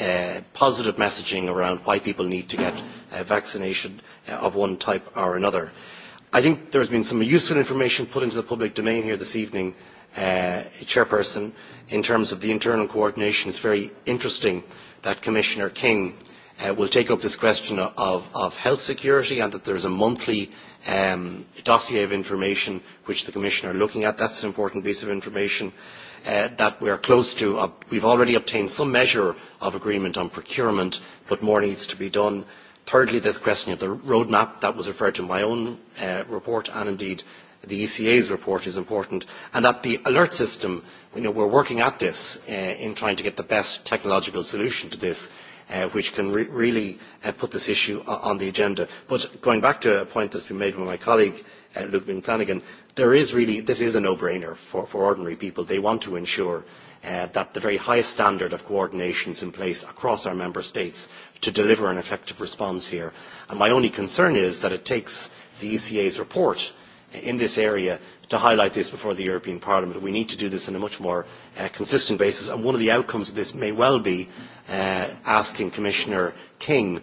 uh, positive messaging around why people need to get uh, vaccination uh, of one type or another. I think there's been some useful information put into the public domain here this evening, uh, Chairperson, in terms of the internal coordination. It's very interesting that Commissioner King uh, will take up this question of, of health security and that there's a monthly um, dossier of information which the Commissioner are looking at. That's an important piece of information. Uh, uh, that we're close to. Uh, we've already obtained some measure of agreement on procurement, but more needs to be done. Thirdly, the question of the roadmap that was referred to in my own uh, report and indeed the ECA's report is important, and that the alert system, you know, we're working at this uh, in trying to get the best technological solution to this, uh, which can re- really uh, put this issue on the agenda. But going back to a point that's been made by my colleague, uh, Luke Flanagan, there is really, this is a no-brainer for, for ordinary people. They want to ensure uh, that the very highest standard of coordination is in place across our member states to deliver an effective response here. And my only concern is that it takes the ECA's report in this area to highlight this before the European Parliament. We need to do this on a much more uh, consistent basis, and one of the outcomes of this may well be uh, asking Commissioner King